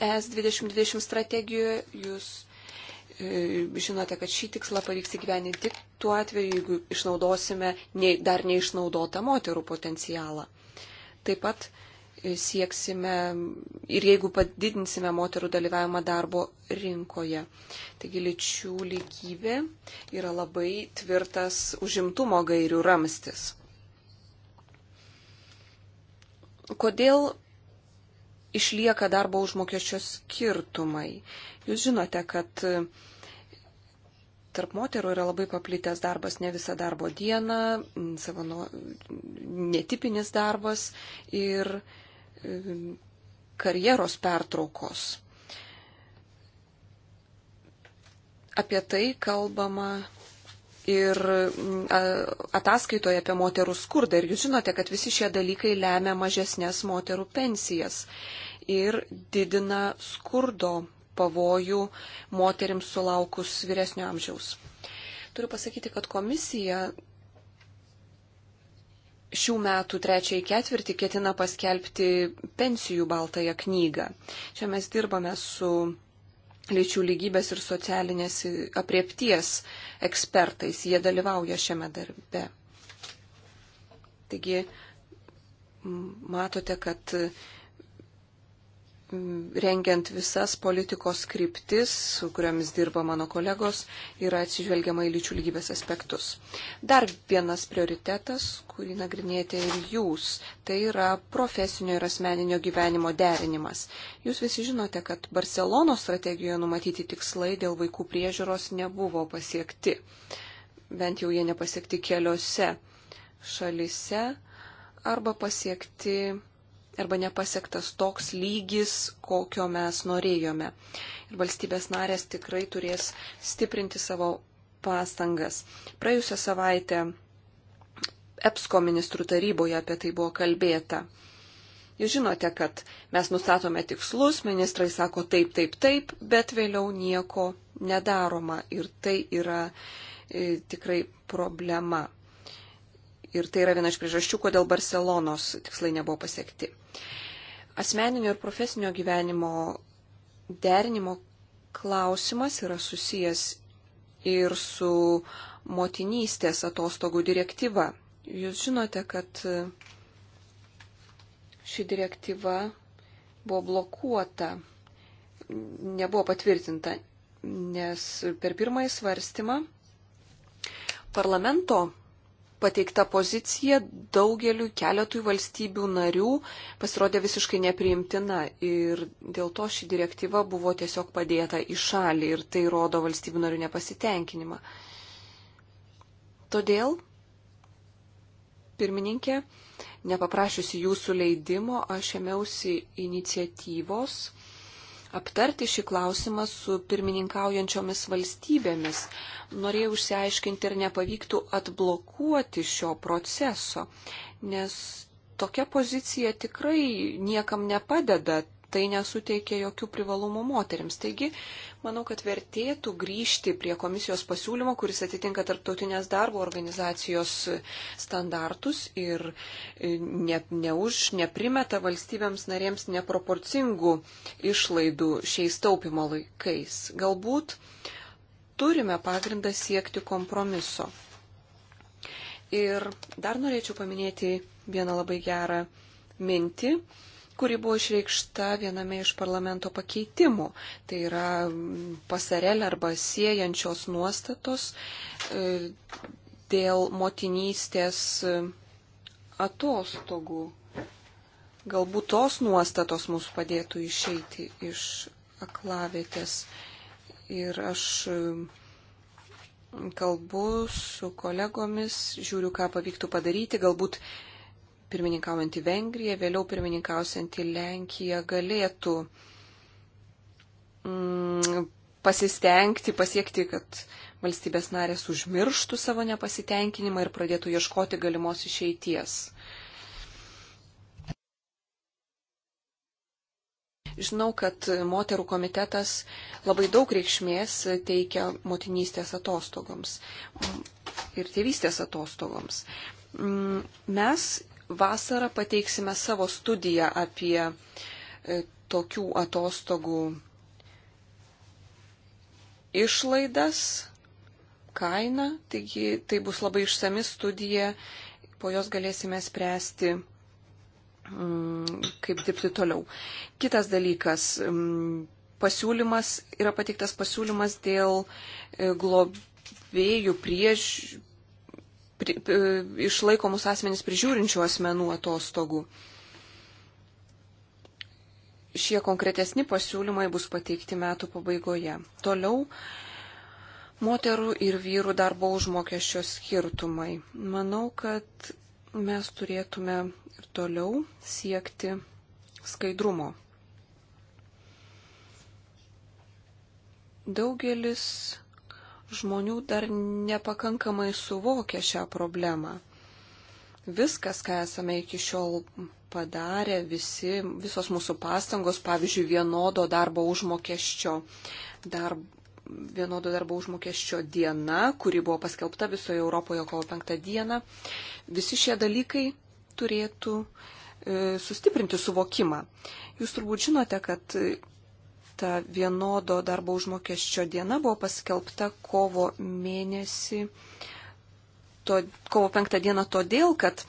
ES 2020 strategijoje. Jūs e, žinote, kad šį tikslą pavyks įgyveninti tik tuo atveju, jeigu išnaudosime dar neišnaudotą moterų potencialą. Taip pat sieksime ir jeigu padidinsime moterų dalyvavimą darbo rinkoje. Taigi lyčių lygybė yra labai tvirtas užimtumo gairių ramstis. Kodėl išlieka darbo užmokesčio skirtumai? Jūs žinote, kad tarp moterų yra labai paplitęs darbas ne visą darbo dieną, savo nu, netipinis darbas ir karjeros pertraukos. Apie tai kalbama ir mm, ataskaitoje apie moterų skurdą. Ir jūs žinote, kad visi šie dalykai lemia mažesnės moterų pensijas ir didina skurdo pavojų moteriams sulaukus vyresnio amžiaus. Turiu pasakyti, kad komisija šių metų trečiąjį ketvirtį ketina paskelbti pensijų baltąją knygą. Čia mes dirbame su lyčių lygybės ir socialinės apriepties ekspertais. Jie dalyvauja šiame darbe. Taigi matote, kad rengiant visas politikos kryptis, su kuriomis dirba mano kolegos, yra atsižvelgiama į lyčių lygybės aspektus. Dar vienas prioritetas, kurį nagrinėjate ir jūs, tai yra profesinio ir asmeninio gyvenimo derinimas. Jūs visi žinote, kad Barcelono strategijoje numatyti tikslai dėl vaikų priežiūros nebuvo pasiekti. Bent jau jie nepasiekti keliose šalise arba pasiekti arba nepasiektas toks lygis, kokio mes norėjome. Ir valstybės narės tikrai turės stiprinti savo pastangas. Praėjusią savaitę EPSCO ministrų taryboje apie tai buvo kalbėta. Jūs žinote, kad mes nustatome tikslus, ministrai sako taip, taip, taip, bet vėliau nieko nedaroma ir tai yra e, tikrai problema. Ir tai yra viena iš priežasčių, kodėl Barcelonos tikslai nebuvo pasiekti. Asmeninio ir profesinio gyvenimo derinimo klausimas yra susijęs ir su motinystės atostogų direktyva. Jūs žinote, kad ši direktyva buvo blokuota, nebuvo patvirtinta, nes per pirmąjį svarstymą parlamento pateikta pozicija daugeliu keletui valstybių narių pasirodė visiškai nepriimtina ir dėl to ši direktyva buvo tiesiog padėta į šalį ir tai rodo valstybių narių nepasitenkinimą. Todėl, pirmininkė, nepaprašiusi jūsų leidimo, aš ėmiausi iniciatyvos aptarti šį klausimą su pirmininkaujančiomis valstybėmis. Norėjau išsiaiškinti, ar nepavyktų atblokuoti šio proceso, nes tokia pozicija tikrai niekam nepadeda, tai nesuteikia jokių privalumų moteriams. Taigi, manau, kad vertėtų grįžti prie komisijos pasiūlymo, kuris atitinka tarptautinės darbo organizacijos standartus ir e, ne, ne už, neprimeta valstybėms narėms neproporcingų išlaidų šiais taupimo laikais. Galbūt turime pagrindą siekti kompromiso. Ir dar norėčiau paminėti vieną labai gerą mintį kuri buvo išreikšta viename iš parlamento pakeitimų. Tai yra mm, pasarelė arba siejančios nuostatos e, dėl motinystės e, atostogų. Galbūt tos nuostatos mus padėtų išeiti iš aklavėtės. Ir aš e, kalbu su kolegomis, žiūriu, ką pavyktų padaryti, galbūt pirmininkaujantį Vengriją, vėliau pirmininkausiantį Lenkiją galėtų mm, pasistengti, pasiekti, kad valstybės narės užmirštų savo nepasitenkinimą ir pradėtų ieškoti galimos išeities. Žinau, kad moterų komitetas labai daug reikšmės teikia motinystės atostogoms ir tėvystės atostogoms. Mm, mes vasarą pateiksime savo studiją apie e, tokių atostogų išlaidas, kainą. Taigi tai bus labai išsami studija, po jos galėsime spręsti mm, kaip dirbti toliau. Kitas dalykas, mm, pasiūlymas, yra pateiktas pasiūlymas dėl e, globėjų priež, pri, pri, e, išlaikomus asmenys prižiūrinčių asmenų atostogų. Šie konkretesni pasiūlymai bus pateikti metų pabaigoje. Toliau moterų ir vyrų darbo užmokesčio skirtumai. Manau, kad mes turėtume ir toliau siekti skaidrumo. Daugelis žmonių dar nepakankamai suvokia šią problemą. Viskas, ką esame iki šiol padarę, visi, visos mūsų pastangos, pavyzdžiui, vienodo darbo užmokesčio, darb, vienodo darbo užmokesčio diena, kuri buvo paskelbta visoje Europoje kovo penktą dieną, visi šie dalykai turėtų e, sustiprinti suvokimą. Jūs turbūt žinote, kad ta vienodo darbo užmokesčio diena buvo paskelbta kovo mėnesį, to, kovo penktą dieną todėl, kad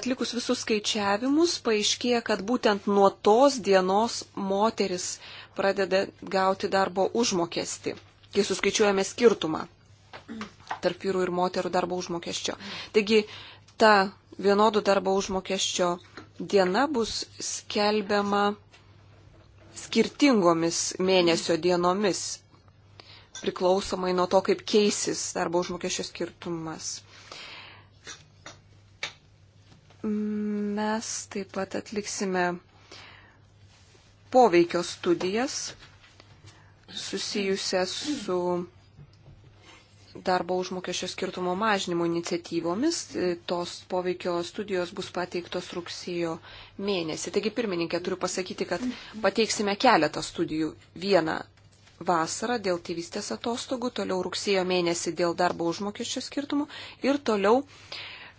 atlikus visus skaičiavimus paaiškėja, kad būtent nuo tos dienos moteris pradeda gauti darbo užmokestį, kai suskaičiuojame skirtumą tarp vyrų ir moterų darbo užmokesčio. Taigi ta vienodo darbo užmokesčio diena bus skelbiama skirtingomis mėnesio dienomis, priklausomai nuo to, kaip keisis darbo užmokesčio skirtumas. Mes taip pat atliksime poveikio studijas susijusias su darbo užmokesčio skirtumo mažinimo iniciatyvomis. E, tos poveikio studijos bus pateiktos rugsėjo mėnesį. Taigi, pirmininkė, turiu pasakyti, kad pateiksime keletą studijų. Vieną vasarą dėl tėvystės atostogų, toliau rugsėjo mėnesį dėl darbo užmokesčio skirtumų ir toliau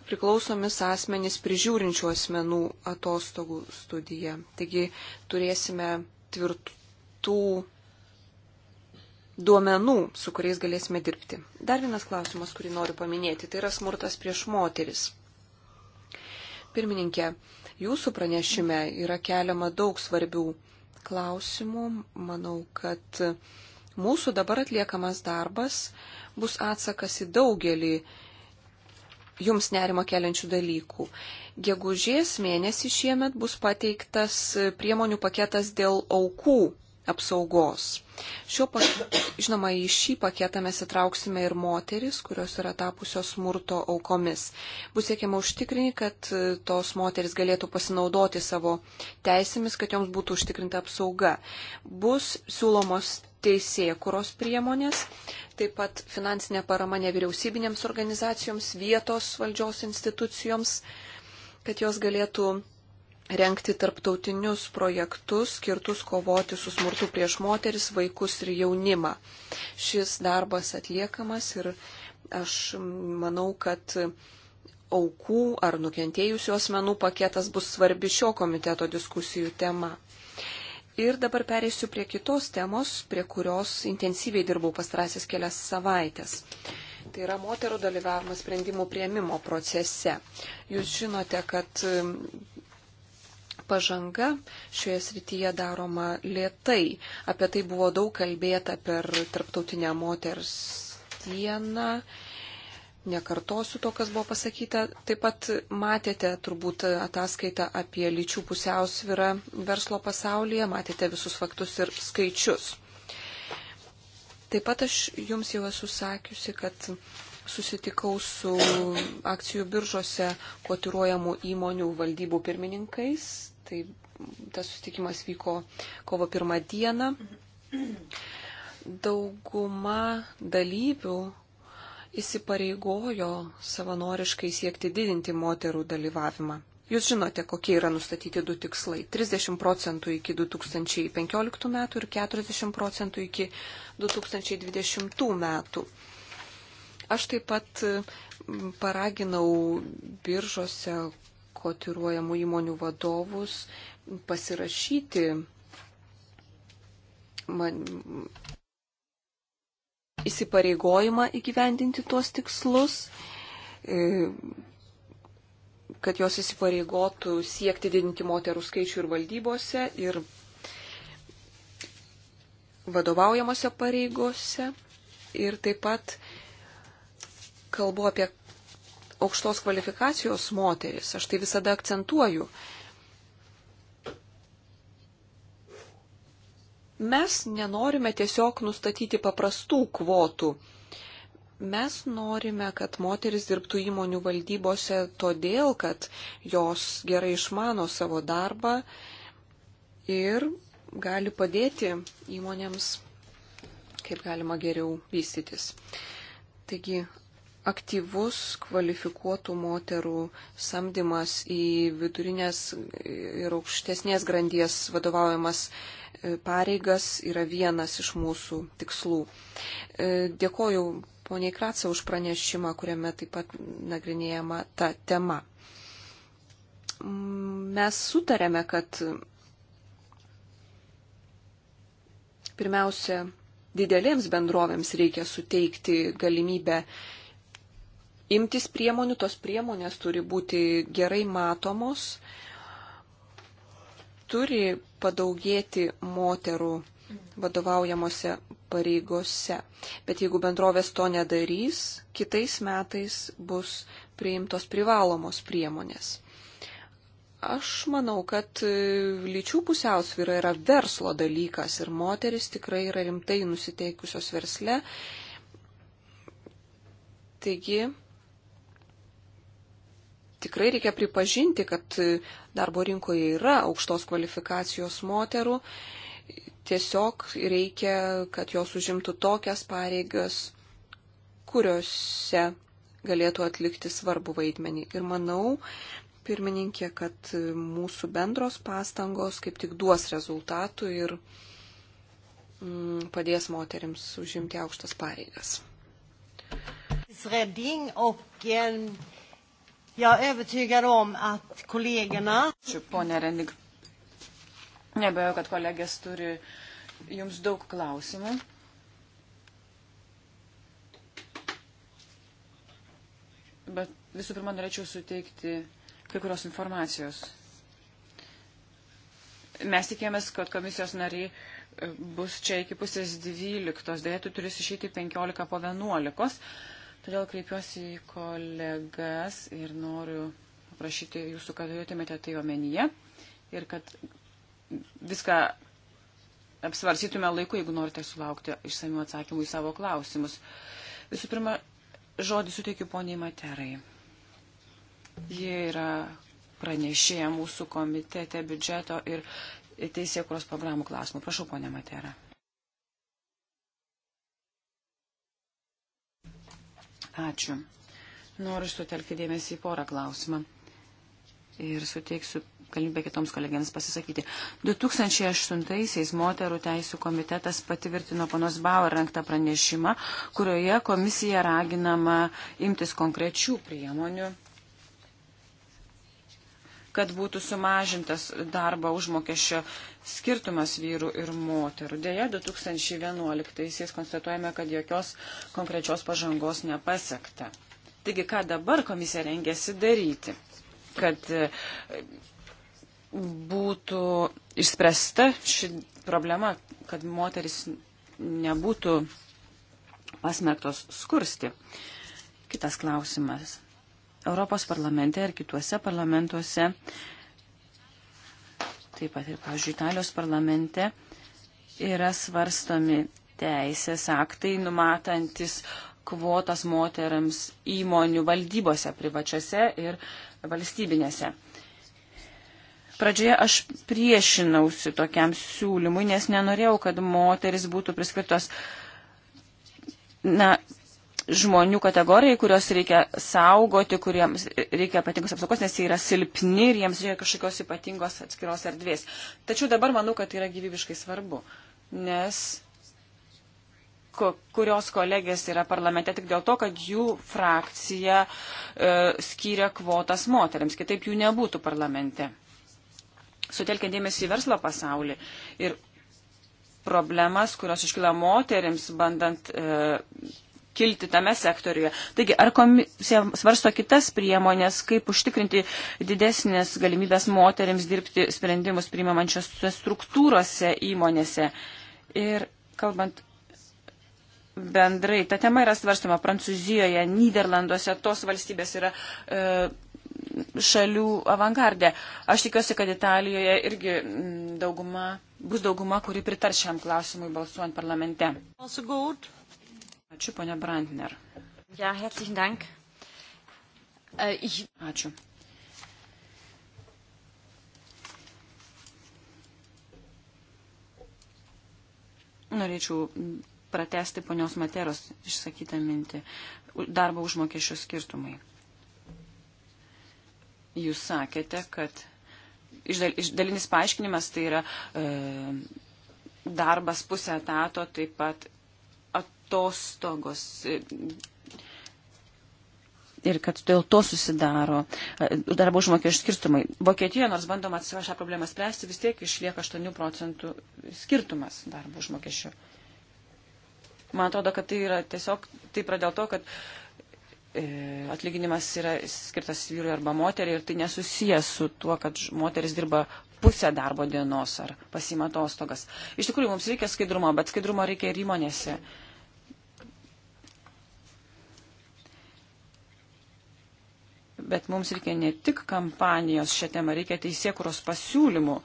priklausomis asmenys prižiūrinčių asmenų atostogų studija. Taigi, turėsime tvirtų duomenų, su kuriais galėsime dirbti. Dar vienas klausimas, kurį noriu paminėti, tai yra smurtas prieš moteris. Pirmininkė, jūsų pranešime yra keliama daug svarbių klausimų. Manau, kad mūsų dabar atliekamas darbas bus atsakas į daugelį jums nerima keliančių dalykų. Gegužės mėnesį šiemet bus pateiktas priemonių paketas dėl aukų apsaugos. Šio, žinoma, į šį paketą mes įtrauksime ir moteris, kurios yra tapusios smurto aukomis. Bus siekiama užtikrinti, kad e, tos moteris galėtų pasinaudoti savo teisėmis, kad joms būtų užtikrinta apsauga. Bus siūlomos teisėkuros priemonės, taip pat finansinė parama nevyriausybinėms organizacijoms, vietos valdžios institucijoms, kad jos galėtų renkti tarptautinius projektus skirtus kovoti su smurtu prieš moteris, vaikus ir jaunimą. Šis darbas atliekamas ir aš manau, kad aukų ar nukentėjusių asmenų paketas bus svarbi šio komiteto diskusijų tema. Ir dabar pereisiu prie kitos temos, prie kurios intensyviai dirbau pastarasis kelias savaitės. Tai yra moterų dalyvavimas sprendimų prieimimo procese. Jūs žinote, kad pažanga šioje srityje daroma lietai. Apie tai buvo daug kalbėta per Tarptautinę moters dieną. Nekartosiu to, kas buvo pasakyta. Taip pat matėte turbūt ataskaitą apie lyčių pusiausvyrą verslo pasaulyje, matėte visus faktus ir skaičius. Taip pat aš jums jau esu sakiusi, kad susitikau su akcijų biržose kotiruojamų įmonių valdybų pirmininkais Tai tas susitikimas vyko kovo pirmą dieną. Dauguma dalyvių įsipareigojo savanoriškai siekti didinti moterų dalyvavimą. Jūs žinote, kokie yra nustatyti du tikslai - 30 procentų iki 2015 metų ir 40 procentų iki 2020 metų. Aš taip pat paraginau biržose kotiruojamų įmonių vadovus pasirašyti man, įsipareigojimą įgyvendinti tuos tikslus, e, kad jos įsipareigotų siekti didinti moterų skaičių ir valdybose ir vadovaujamose pareigose. Ir taip pat kalbu apie aukštos kvalifikacijos moteris, aš tai visada akcentuoju. Mes nenorime tiesiog nustatyti paprastų kvotų. Mes norime, kad moteris dirbtų įmonių valdybose todėl, kad jos gerai išmano savo darbą ir gali padėti įmonėms kaip galima geriau vystytis. Taigi aktyvus kvalifikuotų moterų samdymas į vidurinės ir aukštesnės grandies vadovaujamas e, pareigas yra vienas iš mūsų tikslų. E, dėkoju poniai Kratsa už pranešimą, kuriame taip pat nagrinėjama ta tema. Mm, mes sutarėme, kad pirmiausia, didelėms bendrovėms reikia suteikti galimybę imtis priemonių, tos priemonės turi būti gerai matomos, turi padaugėti moterų vadovaujamose pareigose. Bet jeigu bendrovės to nedarys, kitais metais bus priimtos privalomos priemonės. Aš manau, kad e, lyčių pusiausvyra yra verslo dalykas ir moteris tikrai yra rimtai nusiteikusios versle. Taigi, tikrai reikia pripažinti, kad e, darbo rinkoje yra aukštos kvalifikacijos moterų. Tiesiog reikia, kad jos užimtų tokias pareigas, kuriuose galėtų atlikti svarbu vaidmenį. Ir manau, pirmininkė, kad e, mūsų bendros pastangos kaip tik duos rezultatų ir mm, padės moteriams užimti aukštas pareigas. Reding och Jag är övertygad om att kollegorna... Ačiū, ponė Renig. Nebejoju, kad kolegės turi jums daug klausimų. Bet visų pirma, norėčiau suteikti kai kurios informacijos. Mes tikėjomės, kad komisijos nariai e, bus čia iki pusės dvyliktos, dėja tu turi išeiti penkiolika po vienuolikos. Todėl kreipiuosi į kolegas ir noriu paprašyti jūsų, kad turėtumėte tai omenyje ir kad viską apsvarsytume laiku, jeigu norite sulaukti išsamių atsakymų į savo klausimus. Visų pirma, žodį suteikiu poniai Materai. Jie yra pranešėja mūsų komitete biudžeto ir teisėkuros programų klausimų. Prašau, ponė Matera. Ačiū. Noriu sutelkti dėmesį į porą klausimą ir suteiksiu galimybę kitoms kolegiams pasisakyti. 2008-aisiais moterų teisų komitetas patvirtino panos Bauer renktą pranešimą, kurioje komisija raginama imtis konkrečių priemonių kad būtų sumažintas darbo užmokesčio skirtumas vyrų ir moterų. Deja, 2011-aisiais konstatuojame, kad jokios konkrečios pažangos nepasiekta. Taigi, ką dabar komisija rengėsi daryti, kad e, būtų išspręsta ši problema, kad moteris nebūtų pasmerktos skursti. Kitas klausimas. Europos parlamente ir kituose parlamentuose, taip pat ir, pavyzdžiui, Italijos parlamente, yra svarstomi teisės aktai numatantis kvotas moteriams įmonių valdybose privačiose ir valstybinėse. Pradžioje aš priešinausi tokiam siūlymui, nes nenorėjau, kad moteris būtų priskirtos na, žmonių kategorijai, kurios reikia saugoti, kuriems reikia ypatingos apsaugos, nes jie yra silpni ir jiems reikia kažkokios ypatingos atskiros erdvės. Tačiau dabar manau, kad tai yra gyvybiškai svarbu, nes kurios kolegės yra parlamente tik dėl to, kad jų frakcija e, skyrė kvotas moteriams, kitaip jų nebūtų parlamente. Sutelkiant dėmesį į verslo pasaulį ir problemas, kurios iškyla moteriams, bandant e, kilti tame sektoriuje. Taigi, ar komisija svarsto kitas priemonės, kaip užtikrinti didesnės galimybės moteriams dirbti sprendimus priimamančiose struktūrose įmonėse? Ir kalbant bendrai, ta tema yra svarstama Prancūzijoje, Niderlanduose, tos valstybės yra. E, šalių avangardė. Aš tikiuosi, kad Italijoje irgi mm, dauguma, bus dauguma, kuri pritar šiam klausimui balsuojant parlamente. Also good. Ačiū, ponia Brandner. Ja, herzlichen Dank. Äh, ich... Ačiū. Norėčiau pratesti ponios materos išsakytą mintį. Darbo užmokesčio skirtumai. Jūs sakėte, kad išdalinis paaiškinimas tai yra e, darbas pusę etato, taip pat atostogos ir kad dėl to susidaro e, darbo užmokesčių skirtumai. Vokietijoje, nors bandoma šią problemą spręsti, vis tiek išlieka 8 procentų skirtumas darbo užmokesčių. Man atrodo, kad tai yra tiesiog taip yra dėl to, kad e, atlyginimas yra skirtas vyrui arba moteriai ir tai nesusijęs su tuo, kad moteris dirba pusę darbo dienos ar pasima atostogas. Iš tikrųjų, mums reikia skaidrumo, bet skaidrumo reikia ir įmonėse. Mm Bet mums reikia ne tik kampanijos šią temą, reikia teisėkuros pasiūlymų.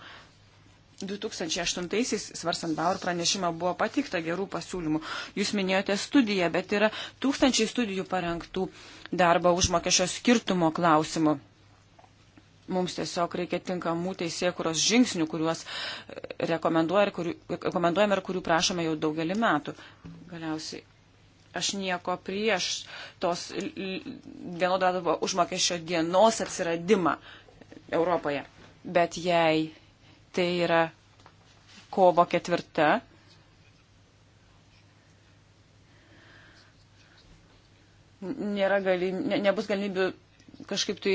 2008-aisiais, svarstant Bauer pranešimą, buvo patikta gerų pasiūlymų. Jūs minėjote studiją, bet yra tūkstančiai studijų parengtų darbo užmokesčio skirtumo klausimų. Mums tiesiog reikia tinkamų teisėkuros žingsnių, kuriuos e, rekomenduoja ir kurių, rekomenduojame ir kurių prašome jau daugelį metų. Galiausiai Aš nieko prieš tos vienodo darbo užmokesčio dienos atsiradimą Europoje. Bet jei tai yra kovo ketvirta, nėra galim, ne, nebus galimybių kažkaip tai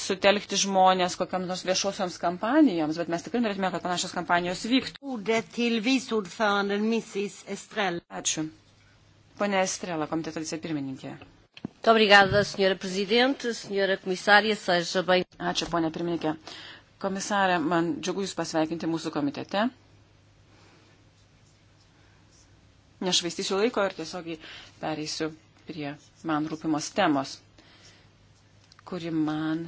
sutelkti žmonės kokiams nors viešosioms kampanijoms, bet mes tikrai norėtume, kad panašios kampanijos vyktų. Ačiū. Pane Estrela, komiteto vicepirmininkė. Obrigada, senhora prezidente, senhora komisarė, seja bem. Ačiū, ponė pirmininkė. Komisarė, man džiugu Jūs pasveikinti mūsų komitete. Nešvaistysiu laiko ir tiesiog pereisiu prie man rūpimos temos, kuri man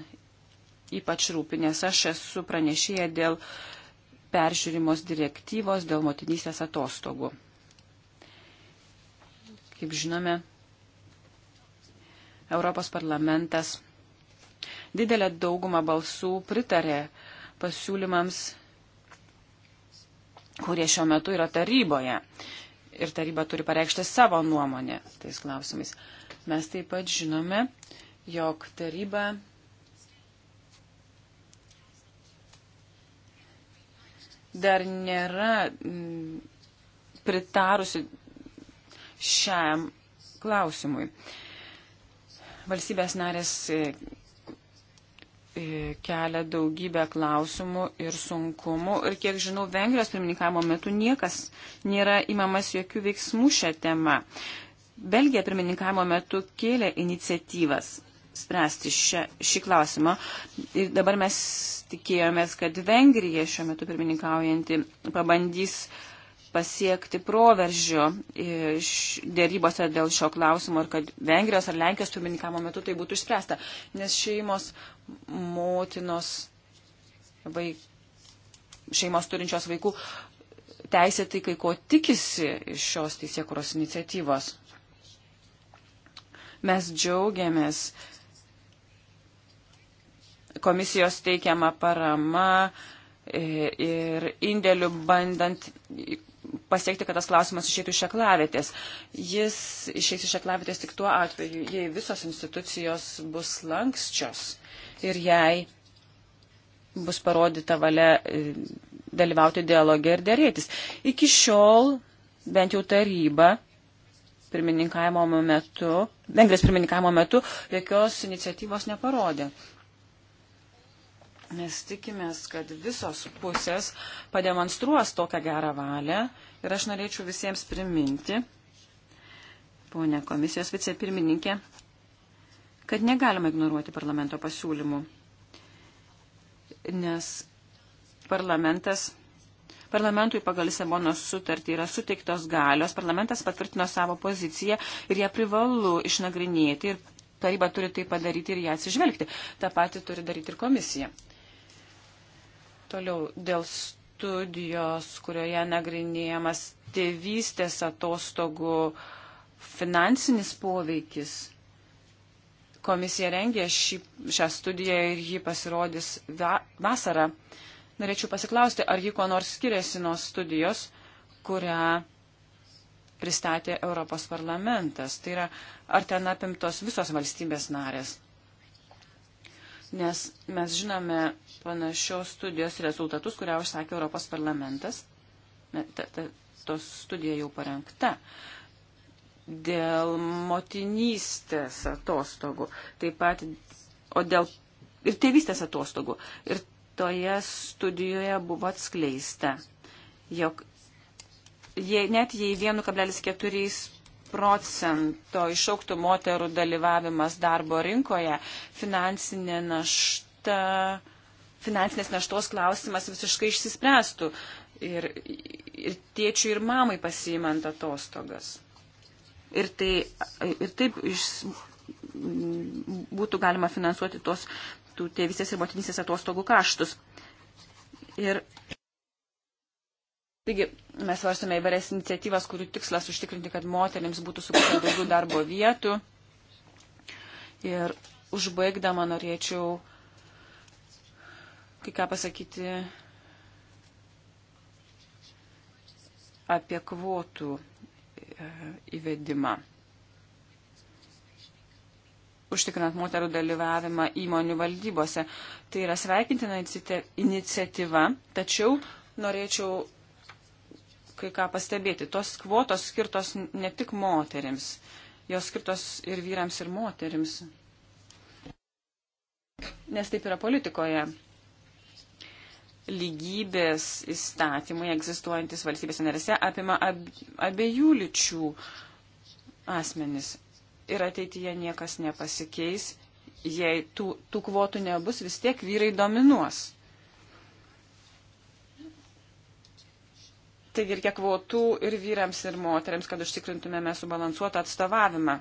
ypač rūpi, nes aš esu pranešėję dėl peržiūrimos direktyvos dėl motinystės atostogų. Kaip žinome, Europos parlamentas didelę daugumą balsų pritarė pasiūlymams, kurie šiuo metu yra taryboje. Ir taryba turi pareikšti savo nuomonę tais klausimais. Mes taip pat žinome, jog taryba dar nėra mm, pritarusi šiam klausimui. Valstybės narės e, e, kelia daugybę klausimų ir sunkumų. Ir kiek žinau, Vengrijos pirmininkavimo metu niekas nėra imamas jokių veiksmų šią temą. Belgija pirmininkavimo metu kėlė iniciatyvas spręsti šią, šį klausimą. Ir dabar mes tikėjomės, kad Vengrija šiuo metu pirmininkaujanti pabandys uh, pasiekti proveržių dėrybose dėl šio klausimo ir kad Vengrijos ar Lenkijos pirmininkamo metu tai būtų išspręsta. Nes šeimos motinos, vaik, šeimos turinčios vaikų teisė tai kai ko tikisi iš šios teisėkuros iniciatyvos. Mes džiaugiamės komisijos teikiama parama e, ir indėlių bandant pasiekti, kad tas klausimas išeitų iš aklavėtės. Jis išeis iš aklavėtės tik tuo atveju, jei visos institucijos bus lankščios ir jei bus parodyta valia e, dalyvauti dialogė ir dėrėtis. Iki šiol bent jau taryba pirmininkavimo metu, Vengrijos pirmininkavimo metu jokios iniciatyvos neparodė. Mes tikimės, kad visos pusės pademonstruos tokią gerą valią ir aš norėčiau visiems priminti, ponė komisijos vicepirmininkė, kad negalima ignoruoti parlamento pasiūlymų, nes parlamentas parlamentui pagal Lisabonos sutartį yra suteiktos galios, parlamentas patvirtino savo poziciją ir ją privalu išnagrinėti ir taryba turi tai padaryti ir ją atsižvelgti. Ta pati turi daryti ir komisija. Toliau dėl studijos, kurioje nagrinėjamas tėvystės atostogų finansinis poveikis. Komisija rengė šį, šią studiją ir ji pasirodys va, vasarą. Norėčiau pasiklausti, ar ji kuo nors skiriasi nuo studijos, kurią pristatė Europos parlamentas. Tai yra, ar ten apimtos visos valstybės narės. Nes mes žinome, panašios studijos rezultatus, kurią užsakė Europos parlamentas. Ta, ta, tos studija jau parengta dėl motinystės atostogų, taip pat o dėl ir tėvystės atostogų. Ir toje studijoje buvo atskleista, jog jei, net jei 1,4 procento išauktų moterų dalyvavimas darbo rinkoje, finansinė našta finansinės naštos klausimas visiškai išsispręstų ir, ir tėčiui ir mamai pasiimant atostogas. Ir, tai, ir taip iš, būtų galima finansuoti tos tų tėvystės ir motinysės atostogų kaštus. Ir Taigi mes svarstame įvairias iniciatyvas, kurių tikslas užtikrinti, kad moteriams būtų sukurta daugiau darbo vietų. Ir užbaigdama norėčiau kai ką pasakyti apie kvotų e, įvedimą. Užtikrinant moterų dalyvavimą įmonių valdybose. Tai yra sveikintina iniciatyva, tačiau norėčiau kai ką pastebėti. Tos kvotos skirtos ne tik moterims, jos skirtos ir vyrams, ir moterims. Nes taip yra politikoje lygybės įstatymai egzistuojantis valstybės narėse apima ab, abiejų lyčių asmenis. Ir ateityje niekas nepasikeis, jei tų, tų kvotų nebus, vis tiek vyrai dominuos. Taigi reikia kvotų ir vyrams, ir moteriams, kad užtikrintumėme subalansuotą atstovavimą.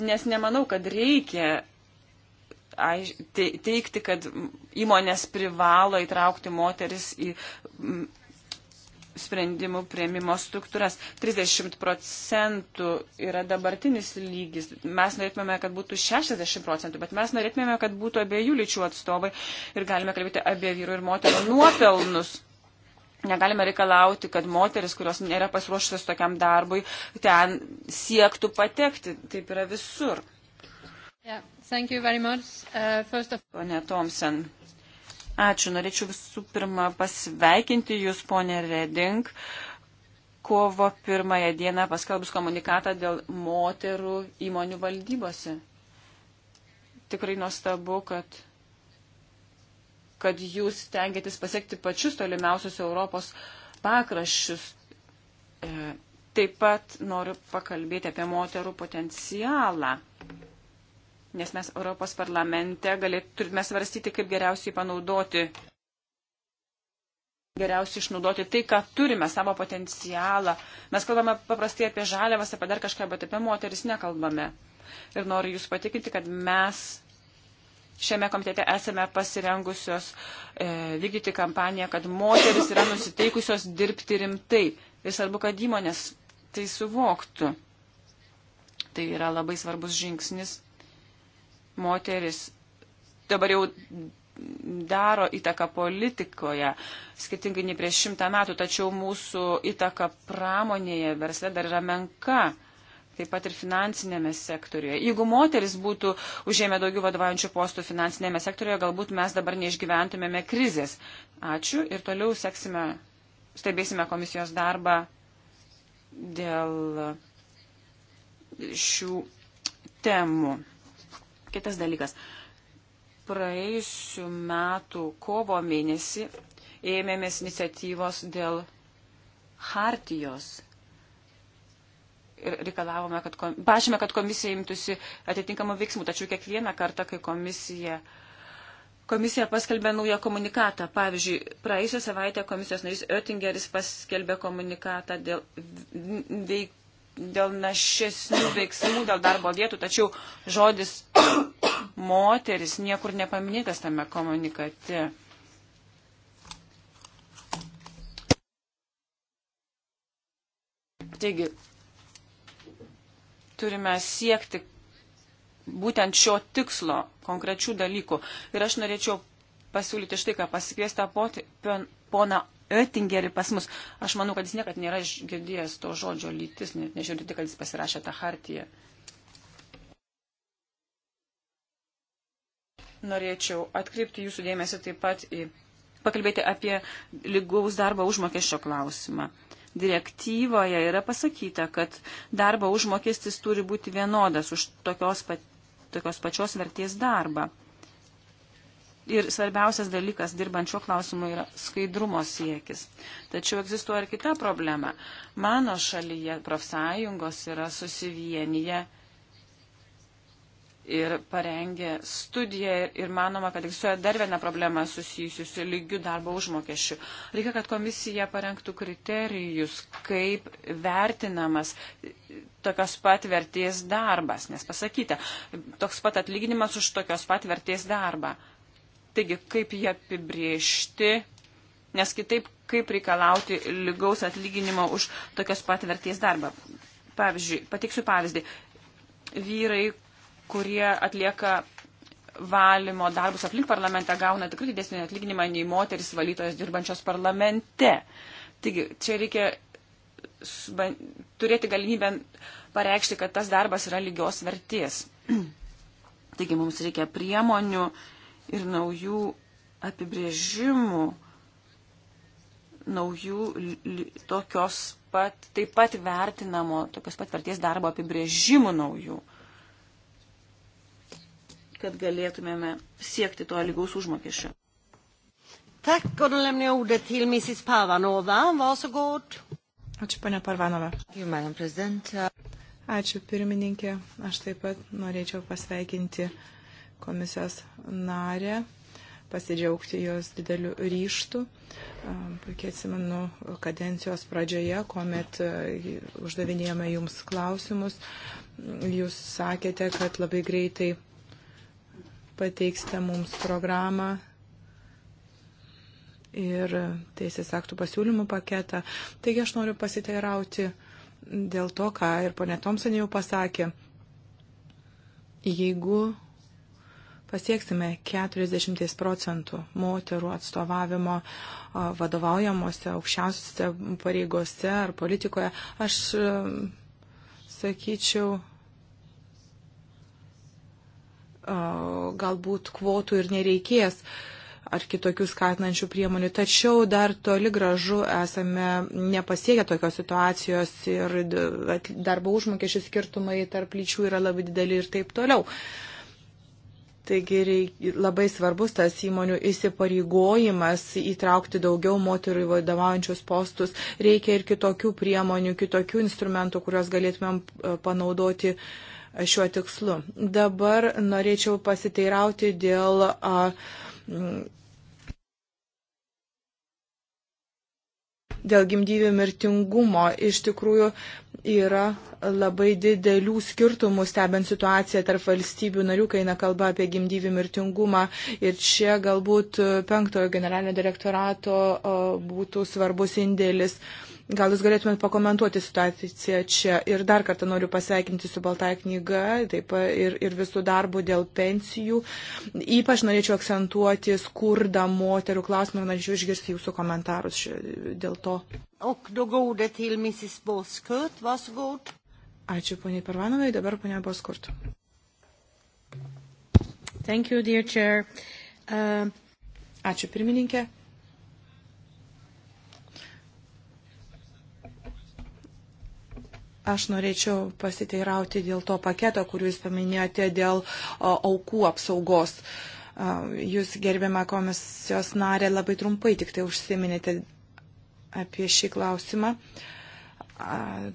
Nes nemanau, kad reikia teikti, kad įmonės privalo įtraukti moteris į sprendimų prieimimo struktūras. 30 procentų yra dabartinis lygis. Mes norėtume, kad būtų 60 procentų, bet mes norėtume, kad būtų abiejų lyčių atstovai ir galime kalbėti apie vyrų ir moterų nuopelnus. Negalime reikalauti, kad moteris, kurios nėra pasiruošusios tokiam darbui, ten siektų patekti. Taip yra visur. Yeah. Thank you very much. Uh, first of... Pone Thompson, ačiū. Norėčiau visų pirma pasveikinti Jūs, ponė Reding. Kovo pirmąją dieną paskelbus komunikatą dėl moterų įmonių valdybose. Tikrai nuostabu, kad kad jūs tengiatės pasiekti pačius tolimiausius Europos pakraščius. E, taip pat noriu pakalbėti apie moterų potencialą nes mes Europos parlamente galėt, turime svarstyti, kaip geriausiai panaudoti, geriausiai išnaudoti tai, ką turime, savo potencialą. Mes kalbame paprastai apie žaliavas, apie dar kažką, bet apie moteris nekalbame. Ir noriu Jūs patikinti, kad mes šiame komitete esame pasirengusios e, vykdyti kampaniją, kad moteris yra nusiteikusios dirbti rimtai. Ir svarbu, kad įmonės tai suvoktų. Tai yra labai svarbus žingsnis moteris dabar jau daro įtaką politikoje, skirtingai nei prieš šimtą metų, tačiau mūsų įtaka pramonėje, versle dar yra menka taip pat ir finansinėme sektoriuje. Jeigu moteris būtų užėmę daugiau vadovaujančių postų finansinėme sektoriuje, galbūt mes dabar neišgyventumėme krizės. Ačiū ir toliau seksime, stebėsime komisijos darbą dėl šių temų. Kitas dalykas. Praėjusiu metu kovo mėnesį ėmėmės iniciatyvos dėl hartijos. Ir reikalavome, kad, kom... pažymė, kad komisija imtųsi atitinkamų veiksmų, tačiau kiekvieną kartą, kai komisija Komisija paskelbė naują komunikatą. Pavyzdžiui, praėjusią savaitę komisijos narys Oettingeris paskelbė komunikatą dėl veik, dėl našesnių veiksmų, dėl darbo vietų, tačiau žodis moteris niekur nepaminėtas tame komunikate. Taigi, turime siekti būtent šio tikslo, konkrečių dalykų. Ir aš norėčiau pasiūlyti štai ką, pasikviesti pona Oettingerį pas mus. Aš manau, kad jis niekad nėra girdėjęs to žodžio lytis, net nežiūrėti, tai, kad jis pasirašė tą hartiją. Norėčiau atkreipti jūsų dėmesį taip pat į pakalbėti apie lygaus darbo užmokesčio klausimą. Direktyvoje yra pasakyta, kad darbo užmokestis turi būti vienodas už tokios, pa, tokios pačios vertės darbą. Ir svarbiausias dalykas dirbant šiuo klausimu yra skaidrumo siekis. Tačiau egzistuoja ir kita problema. Mano šalyje profsąjungos yra susivienyje ir parengė studiją ir manoma, kad egzistuoja dar viena problema susijusi su lygiu darbo užmokesčiu. Reikia, kad komisija parengtų kriterijus, kaip vertinamas tokios pat vertės darbas, nes pasakyta, toks pat atlyginimas už tokios pat vertės darbą. Taigi, kaip jie apibriežti, nes kitaip kaip reikalauti lygaus atlyginimo už tokios pat vertės darbą. Pavyzdžiui, patiksiu pavyzdį. Vyrai, kurie atlieka valymo darbus aplink parlamentą, gauna tikrai didesnį atlyginimą nei moteris valytojas dirbančios parlamente. Taigi, čia reikia turėti galimybę pareikšti, kad tas darbas yra lygios vertės. Taigi, mums reikia priemonių ir naujų apibrėžimų, naujų tokios pat, taip pat vertinamo, tokios pat verties darbo apibrėžimų naujų, kad galėtumėme siekti to lygaus užmokesčio. Tack och då lämnar jag ordet till Mrs Pavanova. Varsågod. Ačiū, ponia Parvanova. Ačiū, pirmininkė. Aš taip pat norėčiau pasveikinti uh, komisijos narę, pasidžiaugti jos dideliu ryštu. Puikiai atsimenu kadencijos pradžioje, kuomet uždavinėjome jums klausimus, jūs sakėte, kad labai greitai pateiksite mums programą ir teisės aktų pasiūlymų paketą. Taigi aš noriu pasiteirauti dėl to, ką ir ponė Tomsonė jau pasakė. Jeigu pasieksime 40 procentų moterų atstovavimo vadovaujamuose aukščiausiose pareigose ar politikoje. Aš sakyčiau, galbūt kvotų ir nereikės ar kitokių skatinančių priemonių. Tačiau dar toli gražu esame nepasiekę tokios situacijos ir darbo užmokesčių skirtumai tarp lyčių yra labai dideli ir taip toliau. Uh, Taigi reik, labai svarbus tas įmonių įsipareigojimas įtraukti daugiau moterų į vadovaujančius postus. Reikia ir kitokių priemonių, kitokių instrumentų, kuriuos galėtumėm e, panaudoti e, šiuo tikslu. Dabar norėčiau pasiteirauti dėl. A, dėl gimdyvių mirtingumo. Iš tikrųjų yra labai didelių skirtumų stebint situaciją tarp valstybių narių, kai eina kalba apie gimdyvių mirtingumą. Ir čia galbūt penktojo generalinio direktorato būtų svarbus indėlis. Gal jūs galėtumėt pakomentuoti situaciją čia. Ir dar kartą noriu pasveikinti su Baltąja knyga taip, ir, ir visų darbų dėl pensijų. Ypač norėčiau akcentuoti skurdą moterų klausimą ir norėčiau išgirsti jūsų komentarus ši, dėl to. Ačiū, poniai Parvanovai, dabar ponia Boskurt. Thank you, dear chair. Uh... Ačiū, pirmininkė. Aš norėčiau pasiteirauti dėl to paketo, kurį jūs paminėjote dėl aukų apsaugos. Jūs gerbiamą komisijos narę labai trumpai tik tai užsiminėte apie šį klausimą. Uh,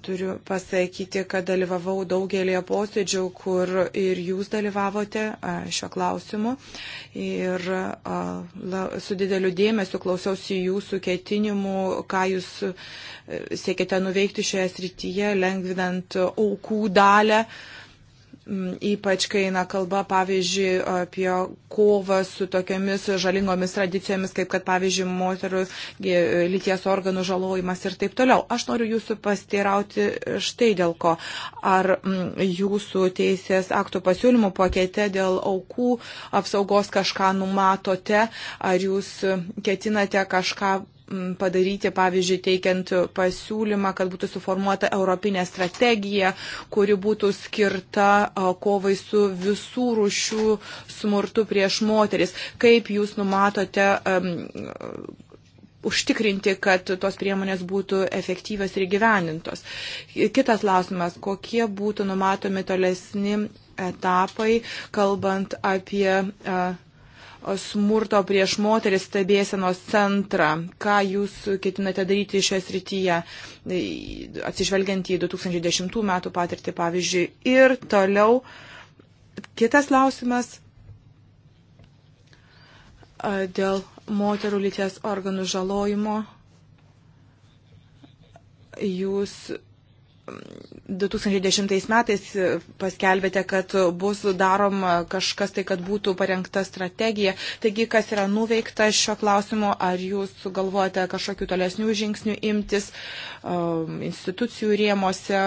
Turiu pasakyti, kad dalyvavau daugelėje posėdžių, kur ir jūs dalyvavote šio klausimu. Ir la, su dideliu dėmesiu klausiausi jūsų ketinimų, ką jūs e, siekite nuveikti šioje srityje, lengvinant aukų dalę. Uh, Mm, ypač kai eina kalba, pavyzdžiui, apie kovą su tokiamis žalingomis tradicijomis, kaip kad, pavyzdžiui, moterų e, lyties organų žalojimas ir taip toliau. Aš noriu jūsų pasteirauti štai dėl ko. Ar mm, jūsų teisės aktų pasiūlymų pakete dėl aukų apsaugos kažką numatote, ar jūs e, ketinate kažką padaryti, pavyzdžiui, teikiant pasiūlymą, kad būtų suformuota europinė strategija, kuri būtų skirta kovai su visų rušių smurtu prieš moteris. Kaip jūs numatote um, užtikrinti, kad tos priemonės būtų efektyvios ir gyvenintos? Kitas klausimas, kokie būtų numatomi tolesni etapai, kalbant apie. Uh, smurto prieš moteris stebėsenos centrą. Ką jūs ketinate daryti šioje srityje, e, atsižvelgiant į 2010 metų patirtį, pavyzdžiui. Ir toliau kitas klausimas e, dėl moterų lyties organų žalojimo. Jūs 2010 metais paskelbėte, kad bus daroma kažkas tai, kad būtų parengta strategija. Taigi, kas yra nuveikta šio klausimo, ar jūs galvojate kažkokių tolesnių žingsnių imtis um, institucijų rėmose,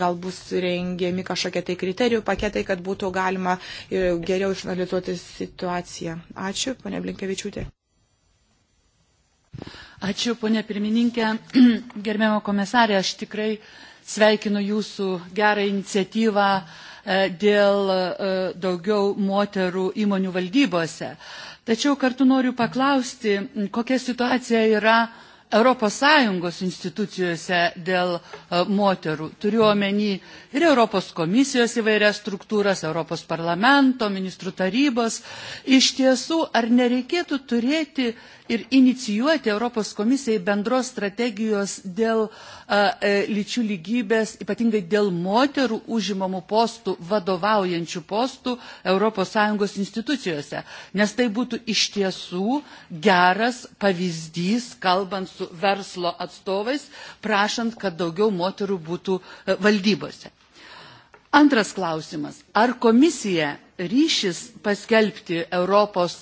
gal bus rengiami kažkokie tai kriterijų paketai, kad būtų galima e, geriau išanalizuoti situaciją. Ačiū, ponia Blinkevičiūtė. Ačiū, ponia pirmininkė. Gerbėmo komisarė, aš tikrai Sveikinu jūsų gerą iniciatyvą e, dėl e, daugiau moterų įmonių valdybose. Tačiau kartu noriu paklausti, kokia situacija yra ES institucijose dėl e, moterų. Turiu omeny ir Europos komisijos įvairias struktūras, Europos parlamento, ministrų tarybos. Iš tiesų, ar nereikėtų turėti ir inicijuoti Europos komisijai bendros strategijos dėl a, e, lyčių lygybės, ypatingai dėl moterų užimamų postų, vadovaujančių postų ES institucijose. Nes tai būtų iš tiesų geras pavyzdys, kalbant su verslo atstovais, prašant, kad daugiau moterų būtų e, valdybose. Antras klausimas. Ar komisija ryšis paskelbti Europos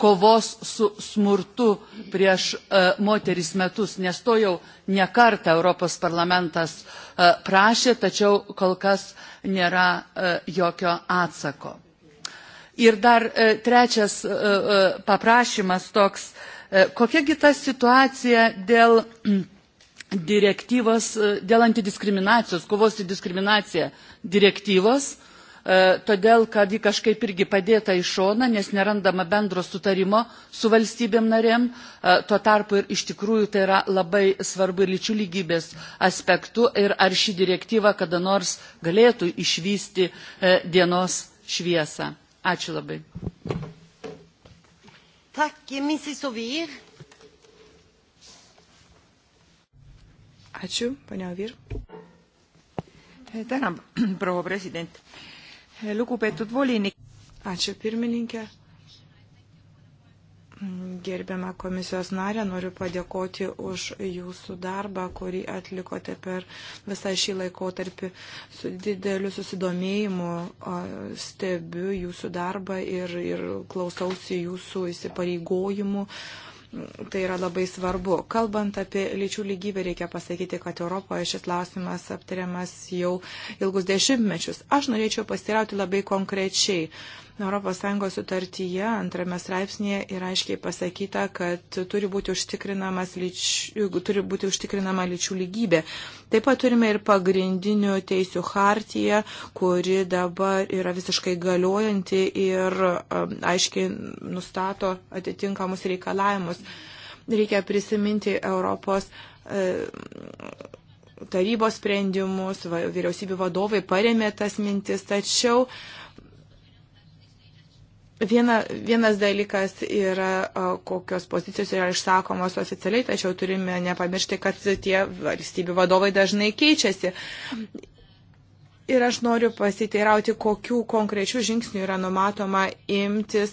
kovos su smurtu prieš uh, moteris metus, nes to jau nekartą Europos parlamentas uh, prašė, tačiau kol kas nėra uh, jokio atsako. Ir dar uh, trečias uh, uh, paprašymas toks, uh, kokiagi ta situacija dėl uh, direktyvos e, dėl antidiskriminacijos, kovos į diskriminaciją direktyvos, e, todėl kad ji kažkaip irgi padėta į šoną, nes nerandama bendro sutarimo su valstybėm narėm. E, tuo tarpu ir iš tikrųjų tai yra labai svarbu ir lyčių lygybės aspektu ir ar ši direktyva kada nors galėtų išvysti dienos šviesą. Ačiū labai. Tak, Mrs. Ovir. Ačiū, pane Ovir. E, Tänan, proua president. E, Lugupeetud volinik. Ačiū, pirmininkė. Mm, Gerbiamą komisijos narę noriu padėkoti už jūsų darbą, kurį atlikote per visą šį laikotarpį. Su dideliu susidomėjimu stebiu jūsų darbą ir, ir klausausi jūsų įsipareigojimų. Uh, tai yra labai svarbu. Kalbant apie lyčių lygybę, reikia pasakyti, kad Europoje šis klausimas aptariamas jau ilgus dešimtmečius. Aš norėčiau pasirauti labai konkrečiai. ES sutartyje antrame straipsnėje yra aiškiai pasakyta, kad turi būti, lyč, turi būti užtikrinama lyčių lygybė. Taip pat turime ir pagrindinių teisių hartiją, kuri dabar yra visiškai galiojanti ir um, aiškiai nustato atitinkamus reikalavimus. Reikia prisiminti Europos e, tarybos sprendimus, vyriausybių vadovai paremė tas mintis, tačiau uh, Viena, vienas dalykas yra, kokios pozicijos yra išsakomos oficialiai, tačiau turime nepamiršti, kad tie valstybių vadovai dažnai keičiasi. Ir aš noriu pasiteirauti, kokių konkrečių žingsnių yra numatoma imtis,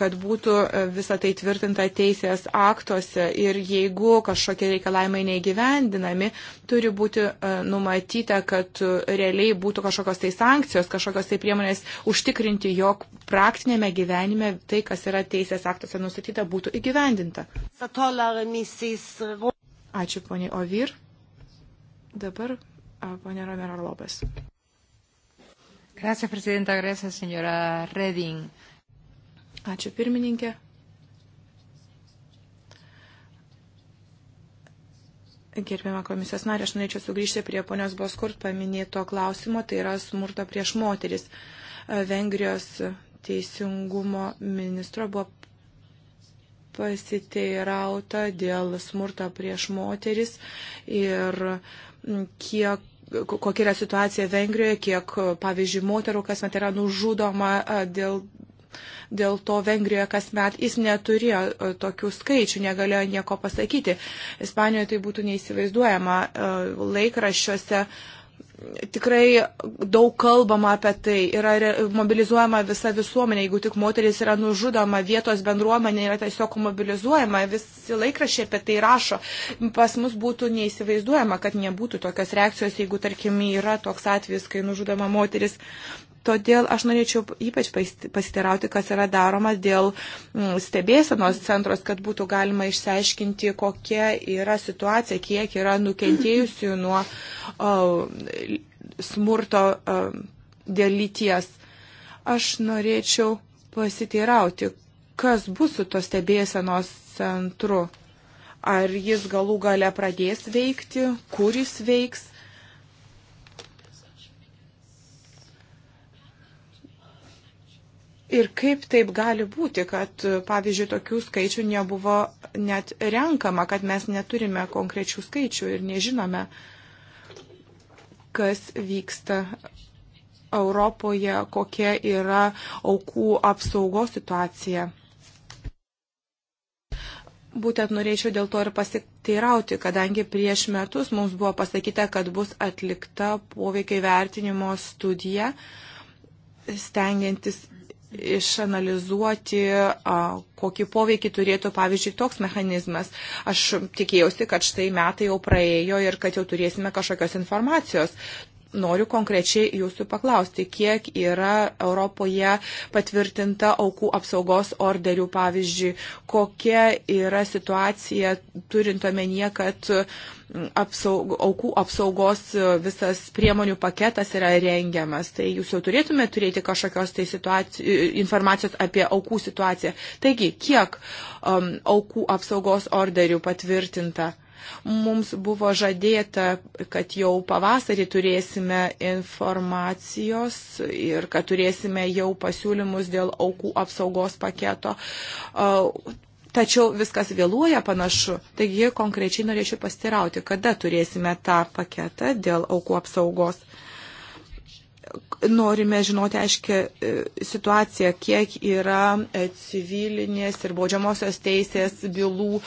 kad būtų visą tai tvirtinta teisės aktuose. Ir jeigu kažkokie reikalavimai neįgyvendinami, turi būti numatyta, kad realiai būtų kažkokios tai sankcijos, kažkokios tai priemonės užtikrinti, jog praktinėme gyvenime tai, kas yra teisės aktuose nustatyta, būtų įgyvendinta. Ačiū, poniai Ovir. Dabar ponė Romero Lopes. Gracias, prezidenta, gracias, senjora Reding. Ačiū pirmininkė. Gerbėma komisijos narė, aš norėčiau sugrįžti prie ponios Boskurt paminėto klausimo, tai yra smurto prieš moteris. E, Vengrijos teisingumo ministro buvo pasiteirauta dėl smurto prieš moteris ir kiek kokia yra situacija Vengrijoje, kiek, pavyzdžiui, moterų kasmet yra nužudoma dėl Dėl to Vengrijoje kasmet jis neturėjo tokių skaičių, negalėjo nieko pasakyti. Ispanijoje tai būtų neįsivaizduojama. Laikraščiuose uh, tikrai daug kalbama apie tai, yra mobilizuojama visa visuomenė, jeigu tik moteris yra nužudoma, vietos bendruomenė yra tiesiog mobilizuojama, visi laikrašiai apie tai rašo. Pas mus būtų neįsivaizduojama, kad nebūtų tokios reakcijos, jeigu, tarkim, yra toks atvejis, kai nužudoma moteris. Todėl aš norėčiau ypač pasitirauti, kas yra daroma dėl mm, stebėsenos centros, kad būtų galima išsiaiškinti, kokia yra situacija, kiek yra nukentėjusių nuo o, smurto o, dėl lyties. Aš norėčiau pasitirauti, kas bus su to stebėsenos centru. Ar jis galų gale pradės veikti, kur jis veiks, Ir kaip taip gali būti, kad, pavyzdžiui, tokių skaičių nebuvo net renkama, kad mes neturime konkrečių skaičių ir nežinome, kas vyksta Europoje, kokia yra aukų apsaugos situacija. Būtent norėčiau dėl to ir pasiteirauti, kadangi prieš metus mums buvo pasakyta, kad bus atlikta poveikiai vertinimo studija, stengiantis išanalizuoti, kokį poveikį turėtų, pavyzdžiui, toks mechanizmas. Aš tikėjausi, kad štai metai jau praėjo ir kad jau turėsime kažkokios informacijos noriu konkrečiai jūsų paklausti, kiek yra Europoje patvirtinta aukų apsaugos orderių, pavyzdžiui, kokia yra situacija turint omenyje, kad mm, apsaug, aukų apsaugos visas priemonių paketas yra rengiamas. Tai jūs jau turėtume turėti kažkokios tai informacijos apie aukų situaciją. Taigi, kiek um, aukų apsaugos orderių patvirtinta? Mums buvo žadėta, kad jau pavasarį turėsime informacijos ir kad turėsime jau pasiūlymus dėl aukų apsaugos paketo. Tačiau viskas vėluoja panašu. Taigi konkrečiai norėčiau pastirauti, kada turėsime tą paketą dėl aukų apsaugos norime žinoti aiškę e, situaciją, kiek yra e, civilinės ir baudžiamosios teisės bylų,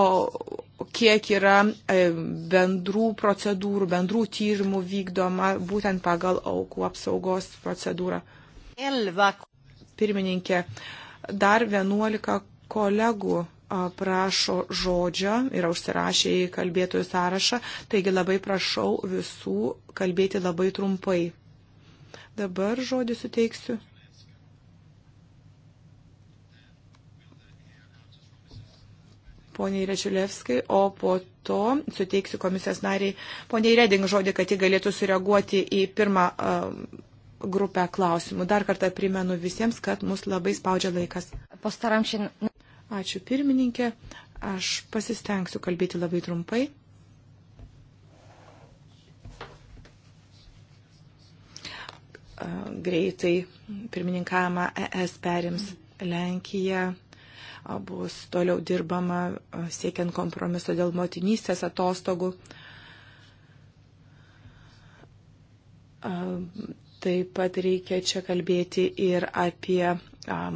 o kiek yra e, bendrų procedūrų, bendrų tyrimų vykdoma būtent pagal aukų apsaugos procedūrą. Elva. Pirmininkė, dar 11 kolegų prašo žodžio, yra užsirašę į kalbėtojų sąrašą, taigi labai prašau visų kalbėti labai trumpai. Dabar žodį suteiksiu. Poniai Rečilevskai, o po to suteiksiu komisijos nariai poniai Reding žodį, kad ji galėtų sureaguoti į pirmą uh, grupę klausimų. Dar kartą primenu visiems, kad mus labai spaudžia laikas. Postaram šiandien. Ačiū pirmininkė. Aš pasistengsiu kalbėti labai trumpai. greitai pirmininkavimą ES perims Lenkija, bus toliau dirbama siekiant kompromiso dėl motinystės atostogų. Taip pat reikia čia kalbėti ir apie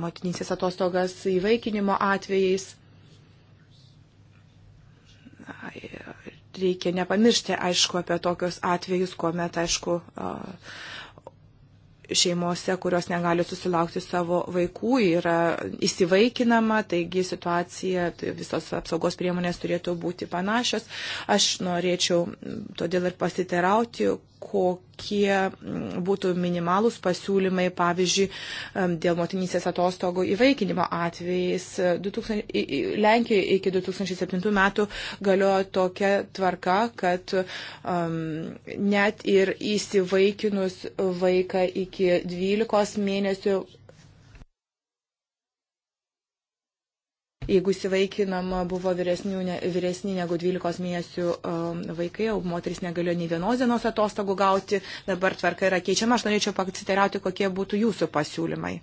motinysės atostogas įvaikinimo atvejais. Reikia nepamiršti, aišku, apie tokius atvejus, kuomet, aišku, a, šeimose, kurios negali susilaukti savo vaikų, yra įsivaikinama, taigi situacija, tai visos apsaugos priemonės turėtų būti panašios. Aš norėčiau todėl ir pasiterauti, kokie mm, būtų minimalūs pasiūlymai, pavyzdžiui, dėl motinysės atostogų įvaikinimo atvejais. 2000, Lenkijoje iki 2007 metų galiojo tokia tvarka, kad um, net ir įsivaikinus vaiką iki 12 mėnesių jeigu įsivaikinama buvo vyresnių, ne, vyresni negu 12 mėnesių um, vaikai, o moteris negalėjo nei vienos dienos atostogų gauti, dabar tvarka yra keičiama, aš norėčiau pakciterauti, kokie būtų jūsų pasiūlymai.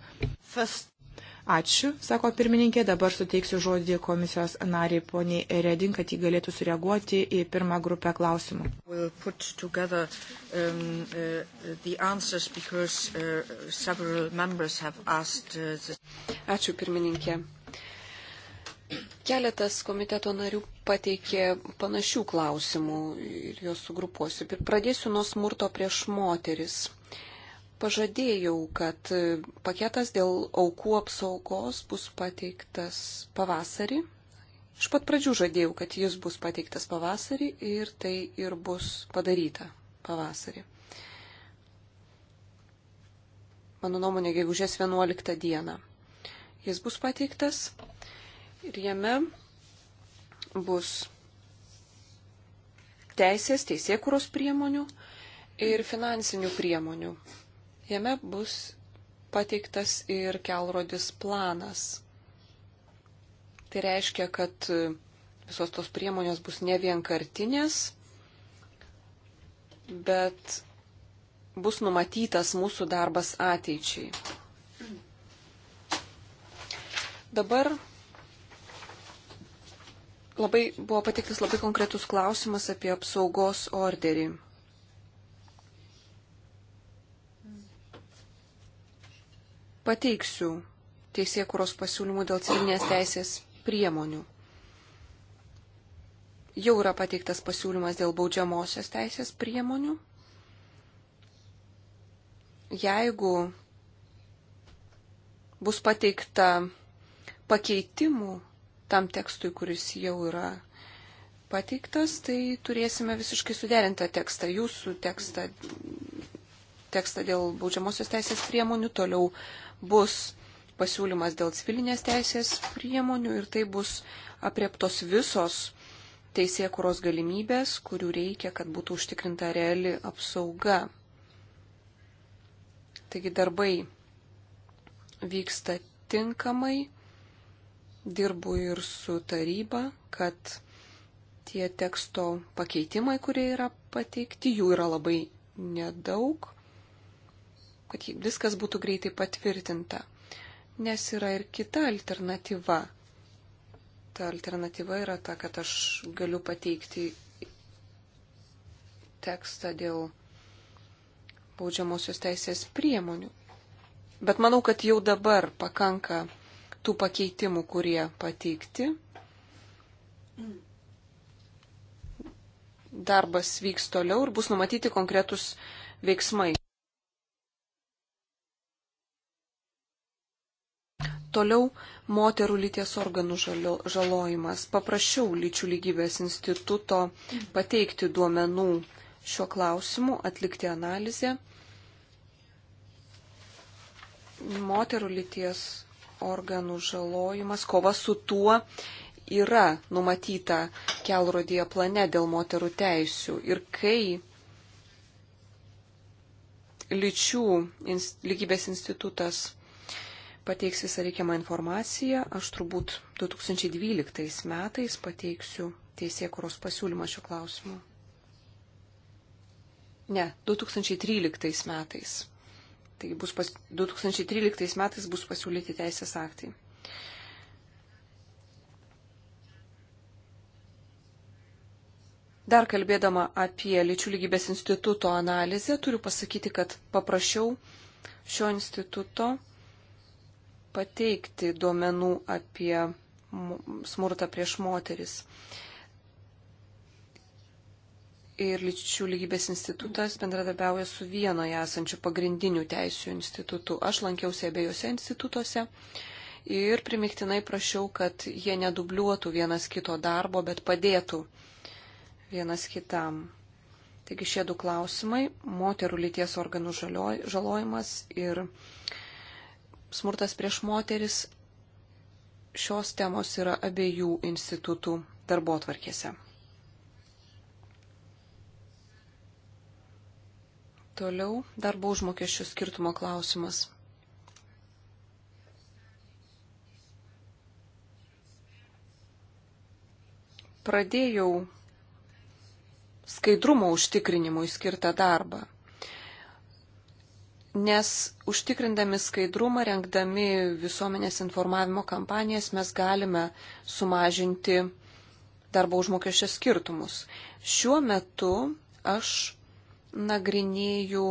First. Ačiū, sako pirmininkė, dabar suteiksiu žodį komisijos nariai poniai Redin, kad jį galėtų sureaguoti į pirmą grupę klausimų. We'll together, um, uh, because, uh, asked, uh, the... Ačiū, pirmininkė. Keletas komiteto narių pateikė panašių klausimų ir juos sugrupuosiu. Pradėsiu nuo smurto prieš moteris. Pažadėjau, kad paketas dėl aukų apsaugos bus pateiktas pavasarį. Iš pat pradžių žadėjau, kad jis bus pateiktas pavasarį ir tai ir bus padaryta pavasarį. Mano nuomonė, gegužės 11 dieną. Jis bus pateiktas Ir jame bus teisės, teisėkuros priemonių ir finansinių priemonių. Jame bus pateiktas ir kelrodis planas. Tai reiškia, kad visos tos priemonės bus ne vienkartinės, bet bus numatytas mūsų darbas ateičiai. Dabar labai buvo patiktas labai konkretus klausimas apie apsaugos orderį. Pateiksiu teisėkuros pasiūlymų dėl civilinės teisės priemonių. Jau yra pateiktas pasiūlymas dėl baudžiamosios teisės priemonių. Jeigu bus pateikta pakeitimų tam tekstui, kuris jau yra pateiktas, tai turėsime visiškai suderintą tekstą, jūsų tekstą, tekstą dėl baudžiamosios teisės priemonių, toliau bus pasiūlymas dėl civilinės teisės priemonių ir tai bus apriektos visos teisėkuros galimybės, kurių reikia, kad būtų užtikrinta reali apsauga. Taigi darbai vyksta tinkamai dirbu ir su taryba, kad tie teksto pakeitimai, kurie yra pateikti, jų yra labai nedaug, kad viskas būtų greitai patvirtinta. Nes yra ir kita alternatyva. Ta alternatyva yra ta, kad aš galiu pateikti tekstą dėl baudžiamosios teisės priemonių. Bet manau, kad jau dabar pakanka tų pakeitimų, kurie pateikti. Darbas vyks toliau ir bus numatyti konkretus veiksmai. Toliau moterų lyties organų žalojimas. Paprašiau lyčių lygybės instituto pateikti duomenų šiuo klausimu, atlikti analizę. Moterų lyties organų žalojimas, kova su tuo yra numatyta kelrodėje plane dėl moterų teisių. Ir kai lyčių lygybės institutas pateiks visą reikiamą informaciją, aš turbūt 2012 metais pateiksiu teisėkuros pasiūlymą šiuo klausimu. Ne, 2013 metais. Taigi bus pas, 2013 metais bus pasiūlyti teisės aktai. Dar kalbėdama apie lyčių lygybės instituto analizę, turiu pasakyti, kad paprašiau šio instituto pateikti duomenų apie smurtą prieš moteris. Uh, ir lyčių lygybės institutas bendradarbiauja su vienoje esančiu pagrindiniu teisų institutu. Aš lankiausi abiejose institutuose ir primiktinai prašiau, kad jie nedubliuotų vienas kito darbo, bet padėtų vienas kitam. Taigi šie du klausimai - moterų lyties organų žalojimas ir smurtas prieš moteris - šios temos yra abiejų institutų darbo atvarkėse. Toliau darbo užmokesčių skirtumo klausimas. Pradėjau skaidrumo užtikrinimui skirtą darbą. Nes užtikrindami skaidrumą, rengdami visuomenės informavimo kampanijas, mes galime sumažinti darbo užmokesčio skirtumus. Šiuo metu aš nagrinėjau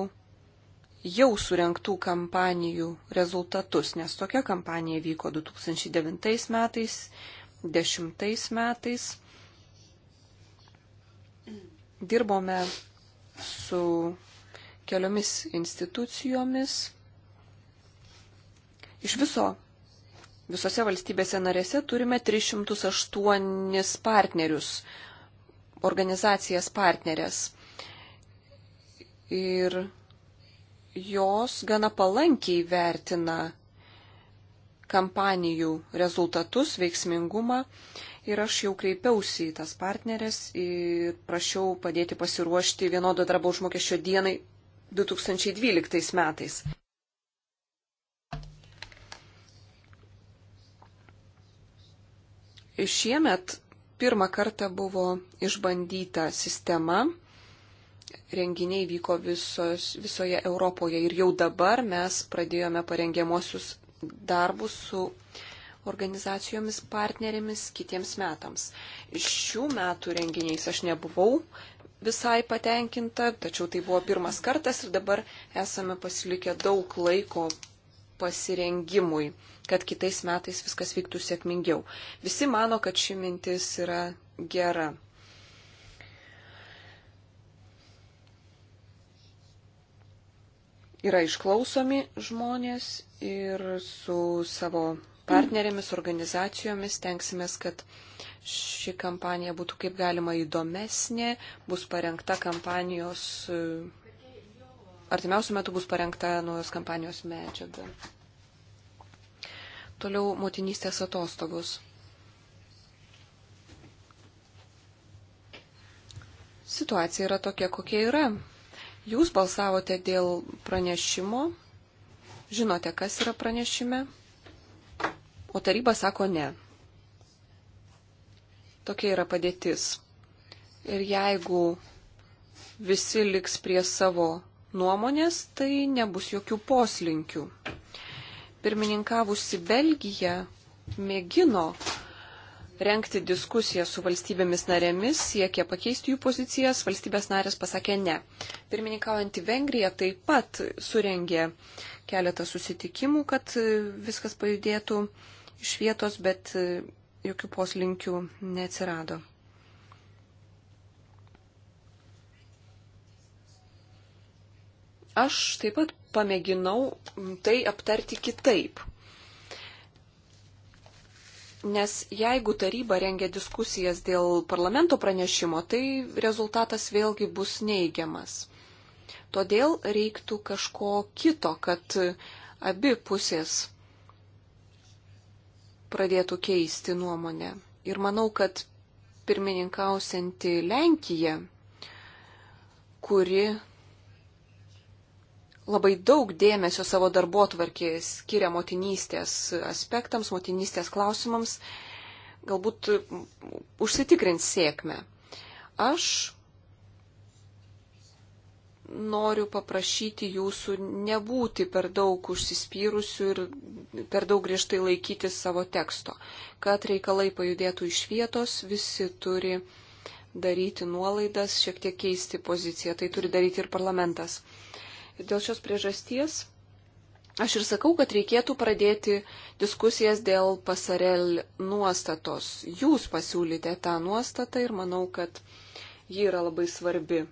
jau surinktų kampanijų rezultatus, nes tokia kampanija vyko 2009 metais, 2010 metais. Dirbome su keliomis institucijomis. Iš viso visose valstybėse narėse turime 308 partnerius, organizacijas partnerės ir jos gana palankiai vertina kampanijų rezultatus, veiksmingumą ir aš jau kreipiausi į tas partnerės ir prašiau padėti pasiruošti vienodo darbo užmokesčio dienai 2012 metais. Šiemet pirmą kartą buvo išbandyta sistema, renginiai vyko visos, visoje Europoje ir jau dabar mes pradėjome parengiamosius darbus su organizacijomis partnerėmis kitiems metams. Šių metų renginiais aš nebuvau visai patenkinta, tačiau tai buvo pirmas kartas ir dabar esame pasilikę daug laiko pasirengimui, kad kitais metais viskas vyktų sėkmingiau. Visi mano, kad ši mintis yra gera. yra išklausomi žmonės ir su savo partnerėmis, organizacijomis tenksimės, kad ši kampanija būtų kaip galima įdomesnė, bus parengta kampanijos, artimiausių metų bus parengta naujos kampanijos medžiaga. Toliau motinystės atostogos. Situacija yra tokia, kokia yra. Jūs balsavote dėl pranešimo, žinote, kas yra pranešime, o taryba sako ne. Tokia yra padėtis. Ir jeigu visi liks prie savo nuomonės, tai nebus jokių poslinkių. Pirmininkavusi Belgija mėgino renkti diskusiją su valstybėmis narėmis, siekė pakeisti jų pozicijas, valstybės narės pasakė ne. Pirmininkaujantį Vengriją taip pat surengė keletą susitikimų, kad e, viskas pajudėtų iš vietos, bet e, jokių poslinkių neatsirado. Aš taip pat pamėginau tai aptarti kitaip. Nes jeigu taryba rengia diskusijas dėl parlamento pranešimo, tai rezultatas vėlgi bus neigiamas. Todėl reiktų kažko kito, kad abi pusės pradėtų keisti nuomonę. Ir manau, kad pirmininkausianti Lenkija, kuri labai daug dėmesio savo darbo tvarkėje skiria motinystės aspektams, motinystės klausimams, galbūt mm, užsitikrins sėkmę. Aš noriu paprašyti jūsų nebūti per daug užsispyrusių ir per daug griežtai laikytis savo teksto. Kad reikalai pajudėtų iš vietos, visi turi daryti nuolaidas, šiek tiek keisti poziciją. Tai turi daryti ir parlamentas. Dėl šios priežasties aš ir sakau, kad reikėtų pradėti diskusijas dėl pasarel nuostatos. Jūs pasiūlyte tą nuostatą ir manau, kad ji yra labai svarbi.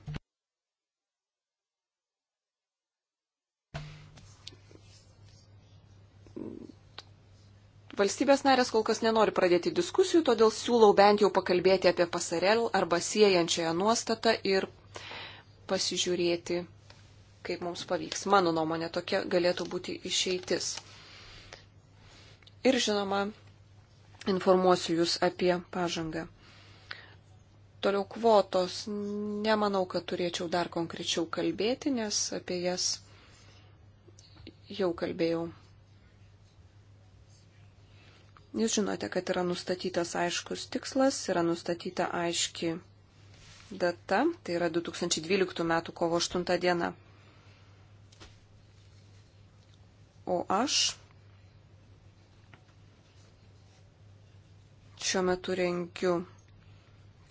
Valstybės narės kol kas nenori pradėti diskusijų, todėl siūlau bent jau pakalbėti apie pasarel arba siejančiąją nuostatą ir pasižiūrėti, kaip mums pavyks. Mano nuomonė tokia galėtų būti išeitis. Ir žinoma, informuosiu Jūs apie pažangą. Toliau kvotos. Nemanau, kad turėčiau dar konkrečiau kalbėti, nes apie jas jau kalbėjau. Jūs žinote, kad yra nustatytas aiškus tikslas, yra nustatyta aiški data, tai yra 2012 m. kovo 8 diena. O aš šiuo metu rengiu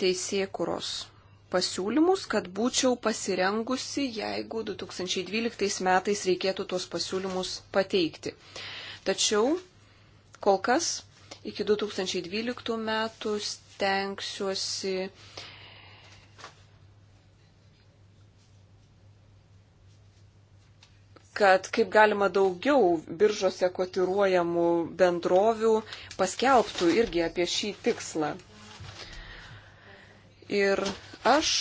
teisėkuros pasiūlymus, kad būčiau pasirengusi, jeigu 2012 metais reikėtų tuos pasiūlymus pateikti. Tačiau kol kas iki 2012 metų stengsiuosi kad kaip galima daugiau biržose kotiruojamų bendrovių paskelbtų irgi apie šį tikslą. Ir aš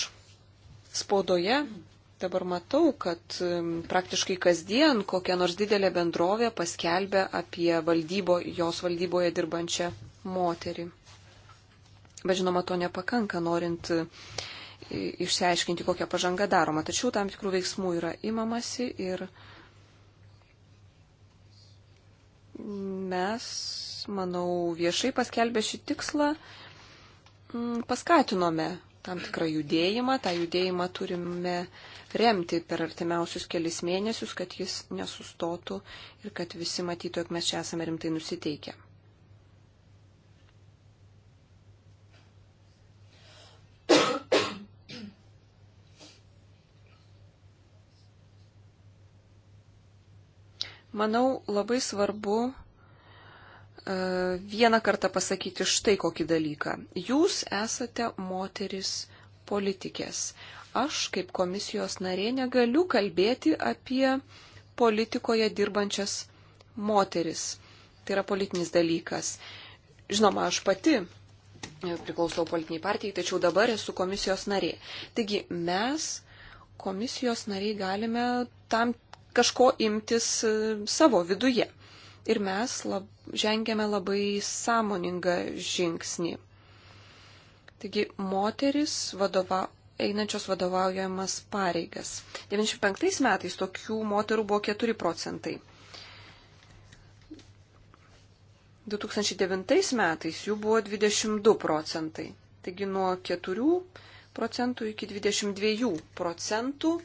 spaudoje dabar matau, kad mm, praktiškai kasdien kokia nors didelė bendrovė paskelbė apie valdybo, jos valdyboje dirbančią moterį. Bet žinoma, to nepakanka, norint e, išsiaiškinti, kokia pažanga daroma. Tačiau tam tikrų veiksmų yra imamasi ir mes, manau, viešai paskelbę šį tikslą, mm, paskatinome tam tikrą judėjimą. Ta judėjimą turime remti per artimiausius kelis mėnesius, kad jis nesustotų ir kad visi matytų, jog mes čia esame rimtai nusiteikę. Manau, labai svarbu e, vieną kartą pasakyti štai kokį dalyką. Jūs esate moteris politikės. Aš kaip komisijos narė negaliu kalbėti apie politikoje dirbančias moteris. Tai yra politinis dalykas. Žinoma, aš pati e, priklausau politiniai partijai, tačiau dabar esu komisijos narė. Taigi mes, komisijos nariai, galime tam kažko imtis e, savo viduje. Ir mes lab, žengėme labai sąmoningą žingsnį. Taigi moteris vadova, einančios vadovaujamas pareigas. 95 metais tokių moterų buvo 4 procentai. 2009 metais jų buvo 22 procentai. Taigi nuo 4 procentų iki 22 procentų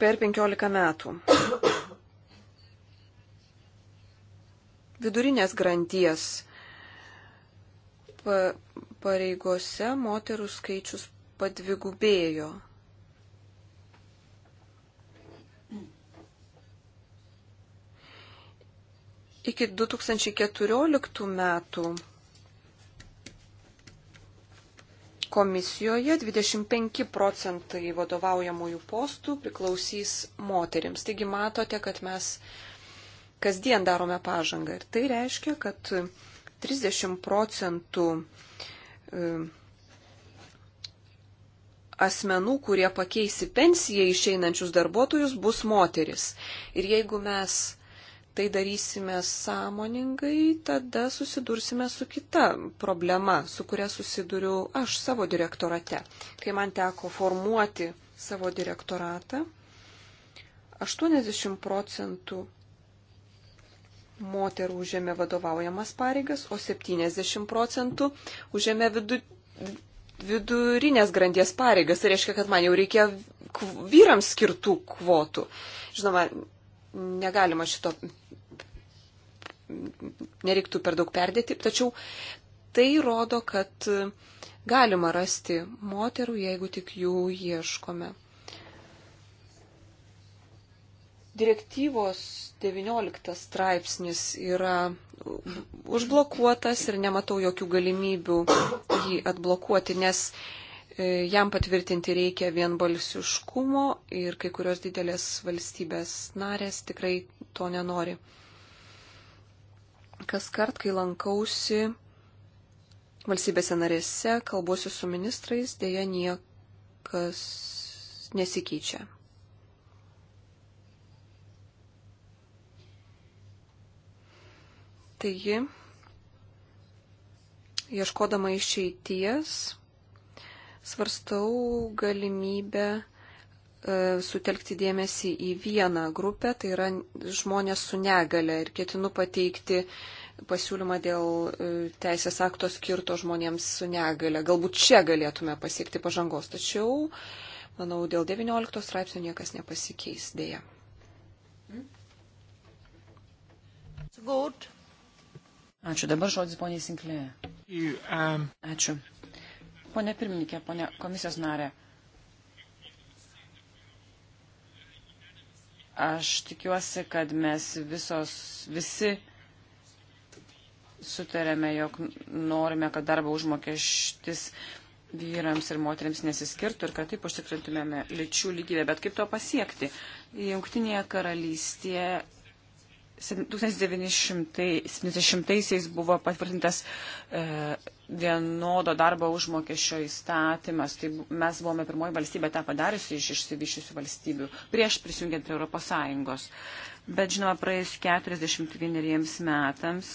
per 15 metų. Vidurinės grandies pareigose moterų skaičius padvigubėjo. Iki 2014 metų komisijoje 25 procentai vadovaujamųjų postų priklausys moterims. Taigi matote, kad mes kasdien darome pažangą. Ir tai reiškia, kad 30 procentų e, asmenų, kurie pakeisi pensiją išeinančius darbuotojus, bus moteris. Ir jeigu mes tai darysime sąmoningai, tada susidursime su kita problema, su kuria susiduriu aš savo direktorate. Kai man teko formuoti savo direktoratą, 80 procentų moterų užėmė vadovaujamas pareigas, o 70 procentų užėmė vidu, vidurinės grandies pareigas. Tai reiškia, kad man jau reikia vyrams skirtų kvotų. Žinoma, negalima šito nereiktų per daug perdėti, tačiau tai rodo, kad galima rasti moterų, jeigu tik jų ieškome. Direktyvos 19 straipsnis yra užblokuotas ir nematau jokių galimybių jį atblokuoti, nes e, jam patvirtinti reikia vienbalsiškumo ir kai kurios didelės valstybės narės tikrai to nenori. Kas kart, kai lankausi valstybėse narėse, kalbuosiu su ministrais, dėja niekas nesikeičia. Taigi, ieškodama išeities, svarstau galimybę E, sutelkti dėmesį į vieną grupę, tai yra žmonės su negale ir ketinu pateikti pasiūlymą dėl e, teisės akto skirto žmonėms su negale. Galbūt čia galėtume pasiekti pažangos, tačiau, manau, dėl 19 straipsnio niekas nepasikeis dėja. Good. Ačiū. Dabar žodis poniai Sinklė. Um, Ačiū. Pone pirmininkė, pone komisijos narė. Aš tikiuosi, kad mes visos, visi sutarėme, jog norime, kad darbo užmokestis vyrams ir moteriams nesiskirtų ir kad taip užtikrintumėme lyčių lygybę. Bet kaip to pasiekti? Jungtinėje karalystėje 1970-aisiais buvo patvirtintas e, vienodo darbo užmokesčio įstatymas. Tai mes buvome pirmoji valstybė tą padariusi iš išsivyščiusių valstybių prieš prisijungiant prie Europos Sąjungos. Bet žinoma, praėjus 41 metams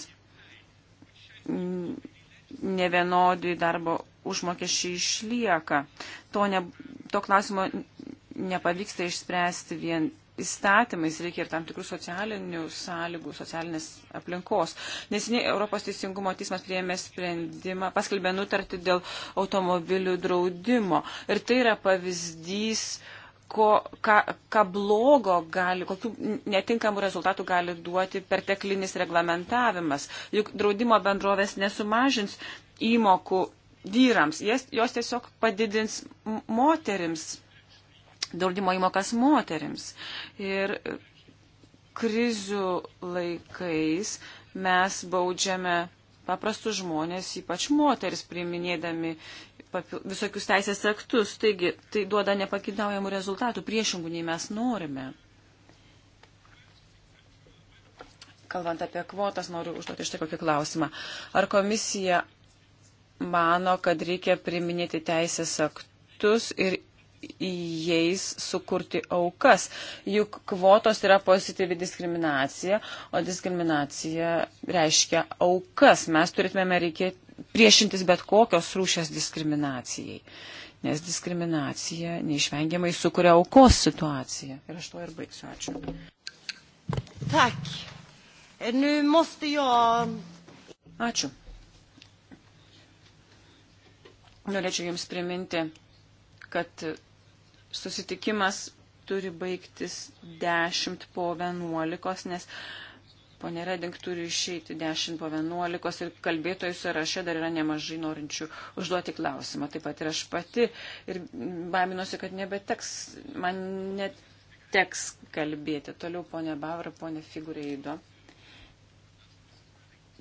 nevienodai darbo užmokesčiai išlieka. To, ne, to klausimo nepavyksta išspręsti vien įstatymais, reikia ir tam tikrų socialinių sąlygų, socialinės aplinkos. Nesiniai Europos Teisingumo teismas prieėmė sprendimą, paskelbė nutartį dėl automobilių draudimo. Ir tai yra pavyzdys, ko, ką, ką blogo gali, kokių netinkamų rezultatų gali duoti perteklinis reglamentavimas. Juk draudimo bendrovės nesumažins įmokų vyrams, jas, jos tiesiog padidins moterims draudimo įmokas moterims. Ir krizių laikais mes baudžiame paprastus žmonės, ypač moteris, priminėdami visokius teisės aktus. Taigi, tai duoda nepakidaujamų rezultatų, priešingų nei mes norime. Kalbant apie kvotas, noriu užduoti štai kokį klausimą. Ar komisija mano, kad reikia priminėti teisės aktus ir jais sukurti aukas. Juk kvotos yra pozityvi diskriminacija, o diskriminacija reiškia aukas. Mes turėtume reikėti priešintis bet kokios rūšės diskriminacijai, nes diskriminacija neišvengiamai sukuria aukos situaciją. Ir aš to ir baigsiu. Ačiū. Tak. Nu måste jag... Ačiū. Norėčiau Jums priminti, kad susitikimas turi baigtis 10 po 11, nes ponė Reding turi išeiti 10 po 11 ir kalbėtojų sąraše dar yra nemažai norinčių užduoti klausimą. Taip pat ir aš pati ir baiminuosi, kad nebeteks, man neteks kalbėti. Toliau ponė Bavra, ponė Figureido.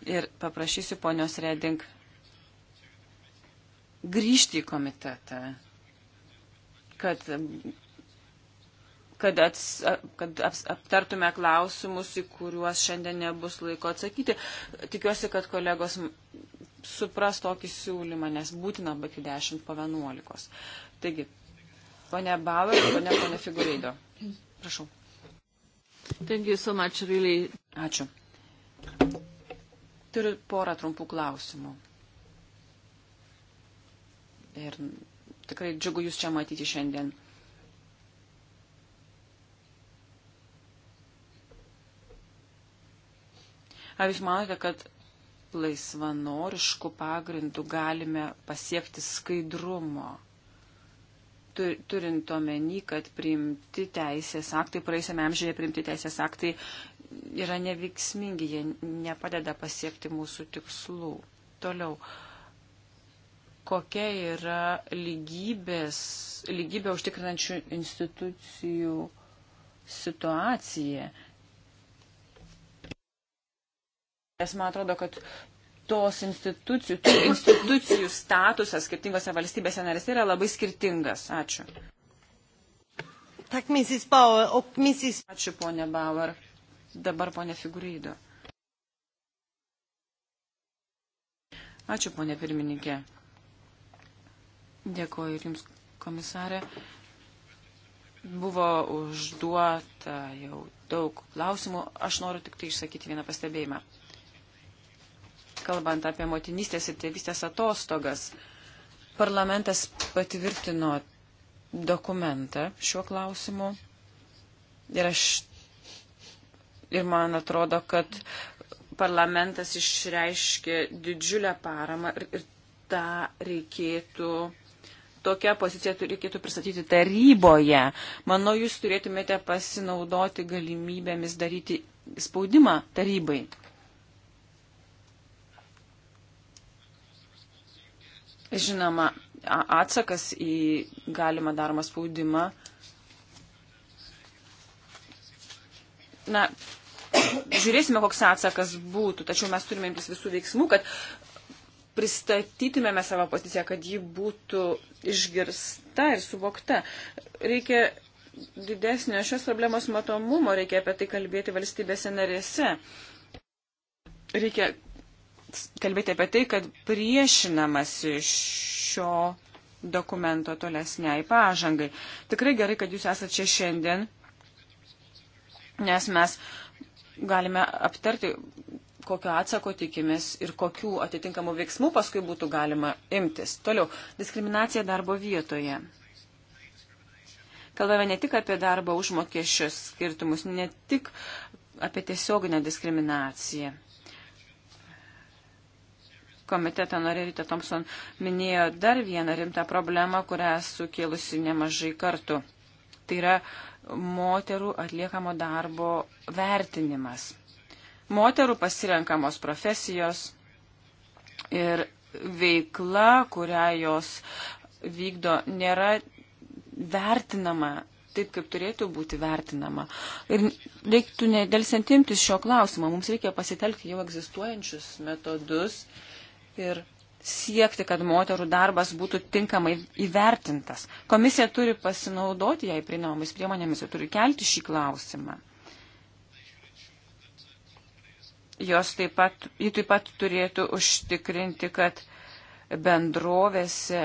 Ir paprašysiu ponios Reding grįžti į komitetą kad, kad, ats, kad aps, aptartume klausimus, į kuriuos šiandien nebus laiko atsakyti. Tikiuosi, kad kolegos supras tokį siūlymą, nes būtina baigti 10 po 11. Taigi, ponia Bauer ir ponia, ponia Figureido. Prašau. Thank you so much, really. Ačiū. Turiu porą trumpų klausimų. Ir Tikrai džiugu Jūs čia matyti šiandien. Ar Jūs manote, kad laisvanoriškų pagrindų galime pasiekti skaidrumo, turint omeny, kad priimti teisės aktai, praeisame amžiuje priimti teisės aktai yra neveiksmingi, jie nepadeda pasiekti mūsų tikslų. Toliau. Uh, kokia yra lygybės, lygybę užtikrinančių institucijų situacija. Nes man atrodo, kad tos institucijų, tų institucijų statusas skirtingose valstybėse narėse yra labai skirtingas. Ačiū. Tak, Mrs. Bauer, o, Mrs. Ačiū, ponė Bauer. Dabar ponė Figurydo. Ačiū, ponė pirmininkė. Dėkuoju ir Jums, komisarė. Buvo užduota jau daug klausimų. Aš noriu tik tai išsakyti vieną pastebėjimą. Kalbant apie motinystės ir tėvystės atostogas, parlamentas patvirtino dokumentą šiuo klausimu. Ir aš. Ir man atrodo, kad parlamentas išreiškė didžiulę paramą ir, ir tą reikėtų tokia pozicija reikėtų pristatyti taryboje. Manau, jūs turėtumėte pasinaudoti galimybėmis daryti spaudimą tarybai. Žinoma, atsakas į galimą daromą spaudimą. Na, žiūrėsime, koks atsakas būtų, tačiau mes turime imtis visų veiksmų, kad pristatytumėme savo poziciją, kad ji būtų išgirsta ir suvokta. Reikia didesnio šios problemos matomumo, reikia apie tai kalbėti valstybėse narėse. Reikia kalbėti apie tai, kad priešinamas šio dokumento tolesniai pažangai. Tikrai gerai, kad jūs esate čia šiandien, nes mes galime aptarti kokio atsako tikimės ir kokių atitinkamų veiksmų paskui būtų galima imtis. Toliau, diskriminacija darbo vietoje. Kalbame ne tik apie darbo užmokesčius skirtumus, ne tik apie tiesioginę diskriminaciją. Komitetą norė Rita Thompson minėjo dar vieną rimtą problemą, kurią sukėlusi nemažai kartų. Tai yra moterų atliekamo darbo vertinimas moterų pasirenkamos profesijos ir veikla, kurią jos vykdo, nėra vertinama taip, kaip turėtų būti vertinama. Ir reiktų nedelsiant imtis šio klausimo. Mums reikia pasitelkti jau egzistuojančius metodus ir siekti, kad moterų darbas būtų tinkamai įvertintas. Komisija turi pasinaudoti jai prieinamomis priemonėmis ir turi kelti šį klausimą. jos taip pat, ji taip pat turėtų užtikrinti, kad bendrovėse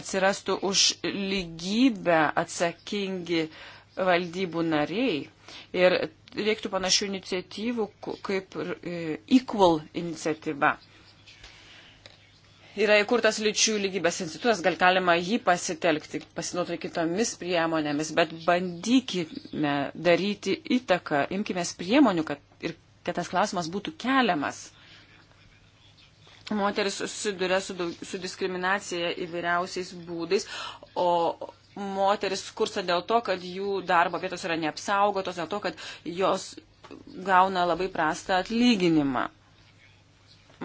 atsirastų už lygybę atsakingi valdybų nariai. Ir reiktų panašių iniciatyvų kaip e, Equal iniciatyva. Yra įkurtas lyčių lygybės institutas, gal galima jį pasitelkti, pasinaudoti kitomis priemonėmis, bet bandykime daryti įtaką, imkime priemonių, kad ir kad tas klausimas būtų keliamas. Moteris susiduria su, daug, su diskriminacija įvairiausiais būdais, o moteris skursta dėl to, kad jų darbo vietos yra neapsaugotos, dėl to, kad jos gauna labai prastą atlyginimą.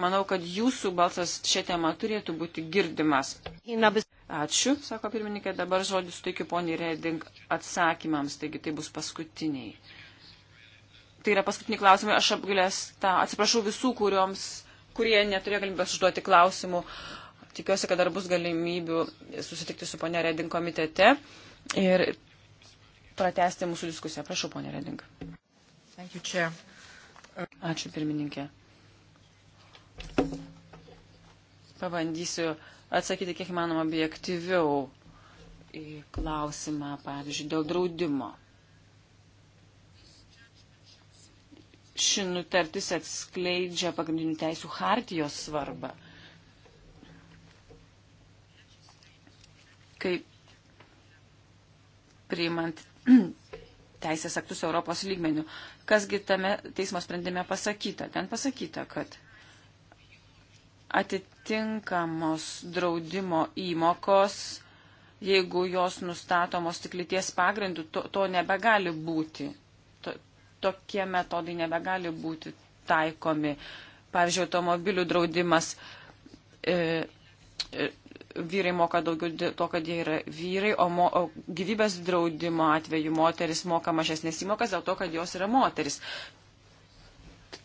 Manau, kad jūsų balsas šią temą turėtų būti girdimas. Ačiū, sako pirmininkė, dabar žodį suteikiu poniai Reding atsakymams, taigi tai bus paskutiniai tai yra paskutiniai klausimai. Aš apgalės tą atsiprašau visų, kurioms, kurie neturėjo galimybės užduoti klausimų. Tikiuosi, kad dar bus galimybių susitikti su ponė Reding komitete ir pratesti mūsų diskusiją. Prašau, ponė Reding. You, Ačiū, pirmininkė. Pabandysiu atsakyti kiek manoma objektyviau į klausimą, pavyzdžiui, dėl draudimo. ši nutartis atskleidžia pagrindinių teisų hartijos svarbą. Kaip priimant teisės aktus Europos lygmenių. Kasgi tame teismo sprendime pasakyta? Ten pasakyta, kad atitinkamos draudimo įmokos, jeigu jos nustatomos tik lyties pagrindų, to, to nebegali būti tokie metodai nebegali būti taikomi. Pavyzdžiui, automobilių draudimas. E, e, vyrai moka daugiau to, kad jie yra vyrai, o, mo, o gyvybės draudimo atveju moteris moka mažesnės įmokas dėl to, kad jos yra moteris.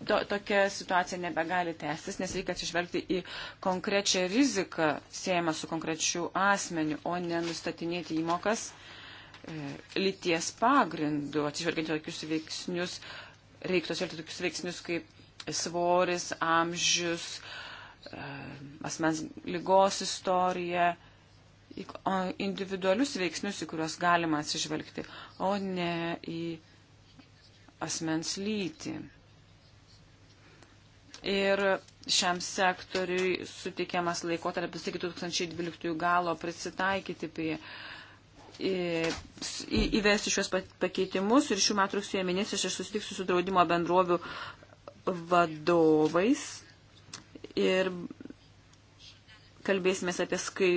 To, tokia situacija nebegali tęstis, nes reikia atsižvelgti į konkrečią riziką siejamą su konkrečiu asmeniu, o ne nustatinėti įmokas, uh, E, lyties pagrindu, atsižvelgiant tokius veiksnius, reiktų atsižvelgti tokius veiksnius kaip svoris, amžius, e, asmens lygos istorija, individualius veiksnius, į kuriuos galima atsižvelgti, o ne į asmens lytį. Ir šiam sektoriui suteikiamas laikotarpis iki 2012 galo prisitaikyti prie uh, įvesti šios pakeitimus ir šių metų rugsėjo mėnesį aš susitiksiu su draudimo bendrovių vadovais ir kalbėsime apie, skai,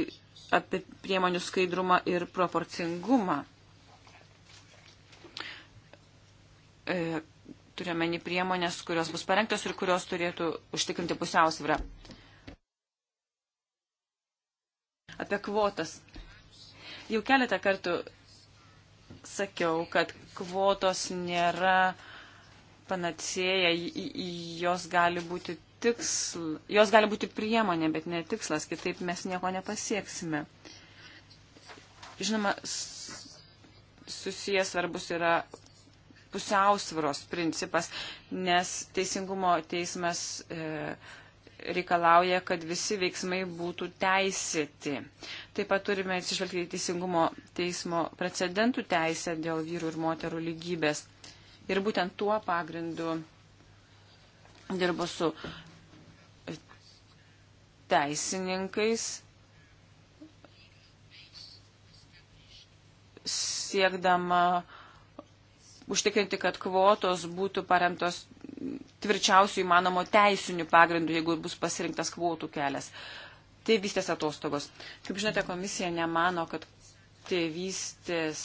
apie priemonių skaidrumą ir proporcingumą. E, Turiuomenį priemonės, kurios bus parengtos ir kurios turėtų užtikrinti pusiausvyrą. Apie kvotas. Jau keletą kartų sakiau, kad kvotos nėra panacėja, jos gali būti tiksl, jos gali būti priemonė, bet ne tikslas, kitaip mes nieko nepasieksime. Žinoma, susijęs svarbus yra pusiausvros principas, nes teisingumo teismas e, reikalauja, kad visi veiksmai būtų teisėti. Taip pat turime atsižvelgti į teisingumo teismo precedentų teisę dėl vyrų ir moterų lygybės. Ir būtent tuo pagrindu dirbu su teisininkais, siekdama užtikrinti, kad kvotos būtų paremtos tvirčiausių įmanomo teisinių pagrindų, jeigu bus pasirinktas kvotų kelias. Tėvystės tai atostogos. Kaip žinote, komisija nemano, kad tėvystės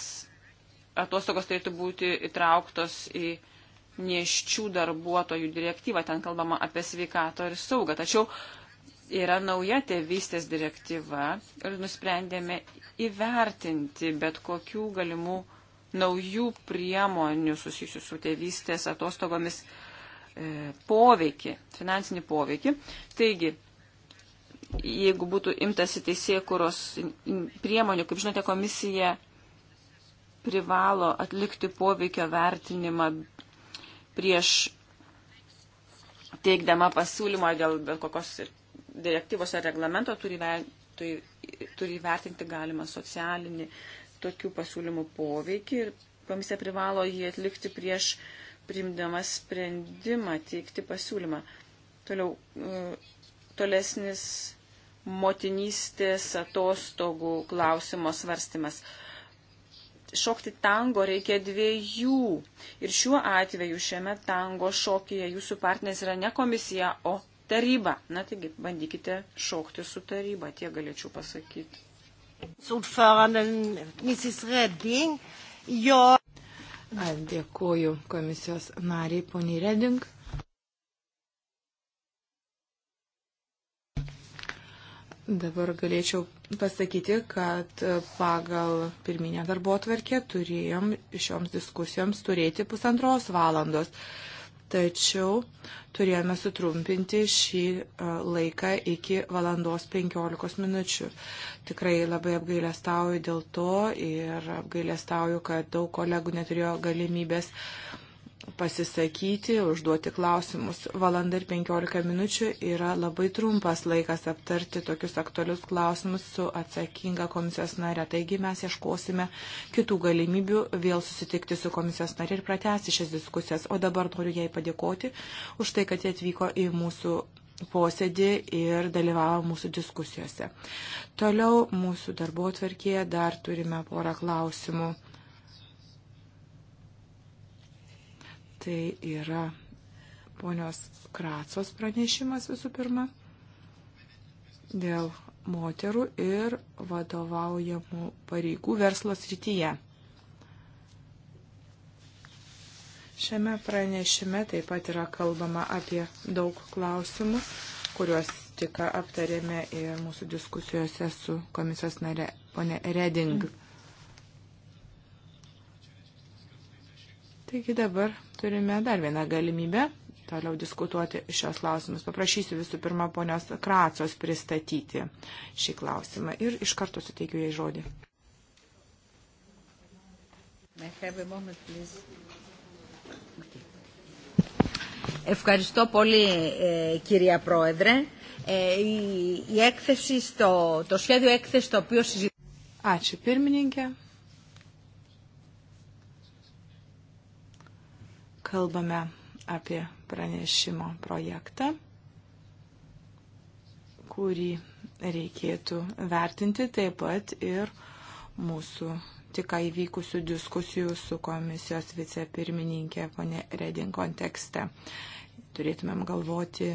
atostogos turėtų būti įtrauktos į nieščių darbuotojų direktyvą. Ten kalbama apie sveikato ir saugą. Tačiau yra nauja tėvystės direktyva ir nusprendėme įvertinti bet kokių galimų naujų priemonių susijusių su tėvystės atostogomis E, poveikį, finansinį poveikį. Taigi, jeigu būtų imtasi teisėkuros priemonių, kaip žinote, komisija privalo atlikti poveikio vertinimą prieš teikdama pasiūlymą dėl bet kokios direktyvos ar reglamento turi, ver, turi, turi vertinti galimą socialinį tokių pasiūlymų poveikį ir komisija privalo jį atlikti prieš uh, primdamas sprendimą teikti pasiūlymą. Toliau e, tolesnis motinystės atostogų klausimo svarstymas. Šokti tango reikia dviejų. Ir šiuo atveju šiame tango šokyje jūsų partneris yra ne komisija, o taryba. Na taigi, bandykite šokti su taryba, tie galėčiau pasakyti. Ordföranden, Mrs Redding, jag... Aš dėkuoju komisijos nariai, poniai Reding. Dabar galėčiau pasakyti, kad pagal pirminę darbo tvarkę turėjom šioms diskusijoms turėti pusantros valandos tačiau turėjome sutrumpinti šį laiką iki valandos 15 minučių. Tikrai labai apgailestauju dėl to ir apgailestauju, kad daug kolegų neturėjo galimybės uh, pasisakyti, užduoti klausimus. Valanda ir 15 minučių yra labai trumpas laikas aptarti tokius aktualius klausimus su atsakinga komisijos nare. Taigi mes ieškosime kitų galimybių vėl susitikti su komisijos nare ir pratesti šias diskusijas. O dabar noriu jai padėkoti už tai, kad jie atvyko į mūsų posėdį ir dalyvavo mūsų diskusijose. Toliau mūsų darbo tvarkėje dar turime porą klausimų. Tai yra ponios Kratsos pranešimas visų pirma dėl moterų ir vadovaujamų pareigų verslo srityje. Šiame pranešime taip pat yra kalbama apie daug klausimų, kuriuos tik aptarėme ir mūsų diskusijose su komisijos nare ponė Reding. Taigi dabar turime dar vieną galimybę toliau diskutuoti šios klausimus. Paprašysiu visų pirma ponios Kracijos pristatyti šį klausimą ir iš karto suteikiu jai žodį. Ευχαριστώ πολύ ε, κυρία Πρόεδρε. Ε, η, η έκθεση στο, το σχέδιο έκθεση το οποίο συζητάμε. Ačiū pirmininkė. Kalbame apie pranešimo projektą, kurį reikėtų vertinti taip pat ir mūsų tik įvykusių diskusijų su komisijos vicepirmininkė ponė Redin kontekste. Turėtumėm galvoti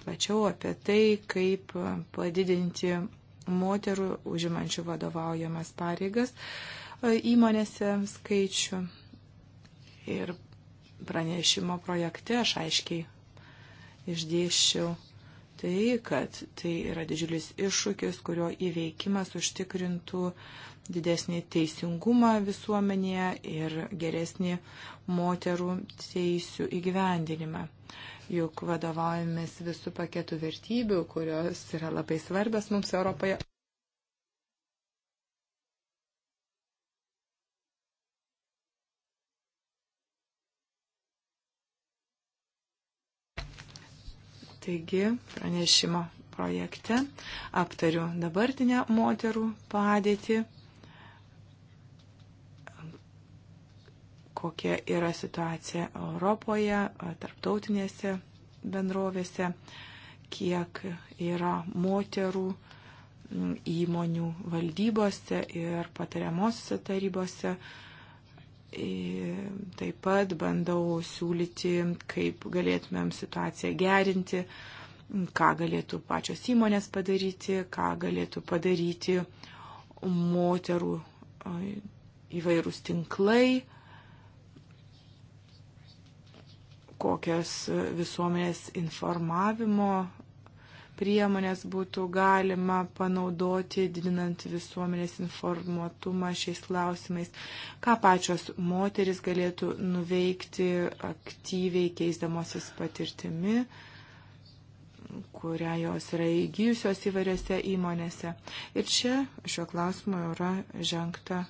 plačiau apie tai, kaip padidinti moterų užimančių vadovaujamas pareigas e, įmonėse skaičių ir pranešimo projekte aš aiškiai išdėščiau tai, kad tai yra didžiulis iššūkis, kurio įveikimas užtikrintų didesnį teisingumą visuomenėje ir geresnį moterų teisių įgyvendinimą. Juk vadovaujamės visų paketų vertybių, kurios yra labai svarbios mums Europoje. Taigi pranešimo projekte aptariu dabartinę moterų padėtį, kokia yra situacija Europoje, tarptautinėse bendrovėse, kiek yra moterų mm, įmonių valdybose ir patariamosiose tarybose, Taip pat bandau siūlyti, kaip galėtumėm situaciją gerinti, ką galėtų pačios įmonės padaryti, ką galėtų padaryti moterų įvairūs tinklai, kokias visuomenės informavimo priemonės būtų galima panaudoti, didinant visuomenės informuotumą šiais klausimais, ką pačios moteris galėtų nuveikti aktyviai keisdamosis patirtimi kurią jos yra įgyjusios įvairiose įmonėse. Ir čia šiuo klausimu yra žengta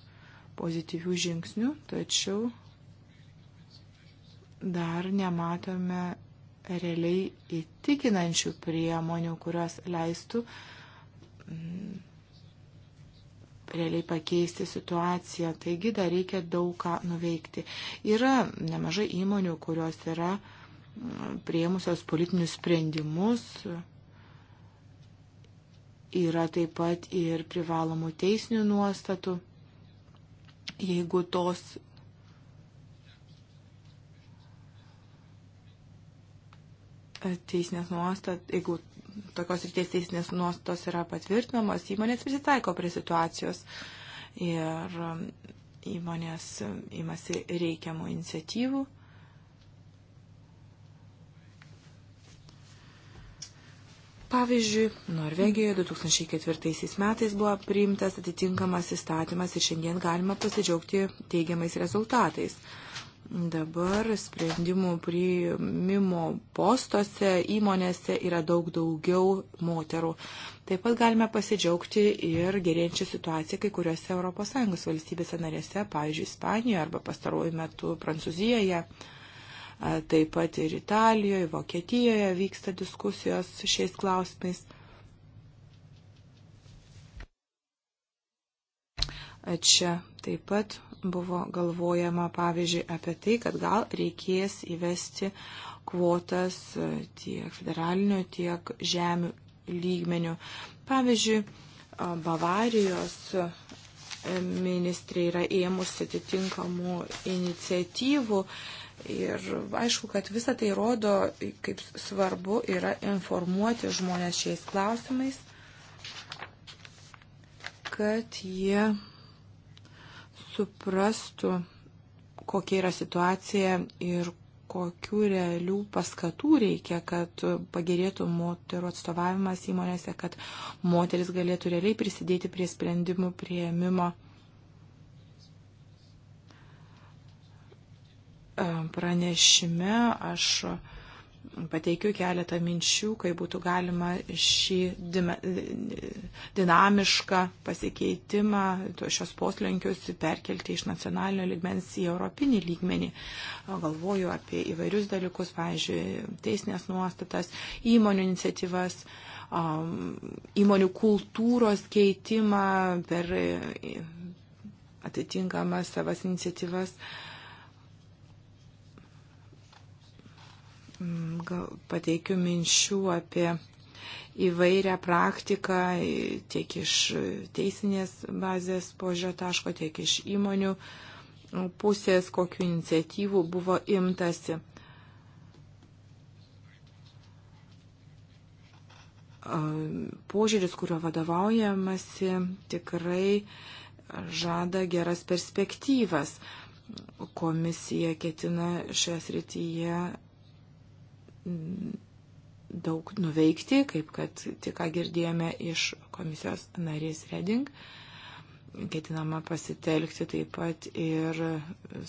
pozityvių žingsnių, tačiau dar nematome realiai įtikinančių priemonių, kurios leistų mm, realiai pakeisti situaciją. Taigi dar reikia daug ką nuveikti. Yra nemažai įmonių, kurios yra mm, prieimusios politinius sprendimus. Yra taip pat ir privalomų teisinių nuostatų. Jeigu tos E, teisinės nuostat, jeigu tokios ryties teisinės nuostatos yra patvirtinamos, įmonės prisitaiko prie situacijos ir e, įmonės imasi reikiamų iniciatyvų. Pavyzdžiui, Norvegijoje 2004 metais buvo priimtas atitinkamas įstatymas ir šiandien galima pasidžiaugti teigiamais rezultatais. Dabar sprendimų priimimo postuose įmonėse yra daug daugiau moterų. Taip pat galime pasidžiaugti ir gerėjančią situaciją kai kuriuose ES valstybėse narėse, pavyzdžiui, Ispanijoje arba pastaruoju metu Prancūzijoje. Taip pat ir Italijoje, Vokietijoje vyksta diskusijos šiais klausimais. Čia taip pat buvo galvojama, pavyzdžiui, apie tai, kad gal reikės įvesti kvotas tiek federalinių, tiek žemių lygmenių. Pavyzdžiui, Bavarijos ministrė yra ėmusi atitinkamų iniciatyvų ir aišku, kad visa tai rodo, kaip svarbu yra informuoti žmonės šiais klausimais, kad jie suprastų, kokia yra situacija ir kokių realių paskatų reikia, kad pagerėtų moterų atstovavimas įmonėse, kad moteris galėtų realiai prisidėti prie sprendimų prieimimo. Pranešime aš pateikiu keletą minčių, kaip būtų galima šį dinamišką pasikeitimą, šios poslenkius perkelti iš nacionalinio lygmens į europinį lygmenį. Galvoju apie įvairius dalykus, pavyzdžiui, teisinės nuostatas, įmonių iniciatyvas įmonių kultūros keitimą per atitinkamas savas iniciatyvas. Uh, Mm, pateikiu minčių apie įvairią praktiką tiek iš teisinės bazės požiūrio taško, tiek iš įmonių pusės, kokiu iniciatyvu buvo imtasi. Požiūris, kuriuo vadovaujamasi, tikrai žada geras perspektyvas. Komisija ketina šioje srityje Mm, daug nuveikti, kaip kad tik ką girdėjome iš komisijos narės Reding. Ketinama pasitelkti taip pat ir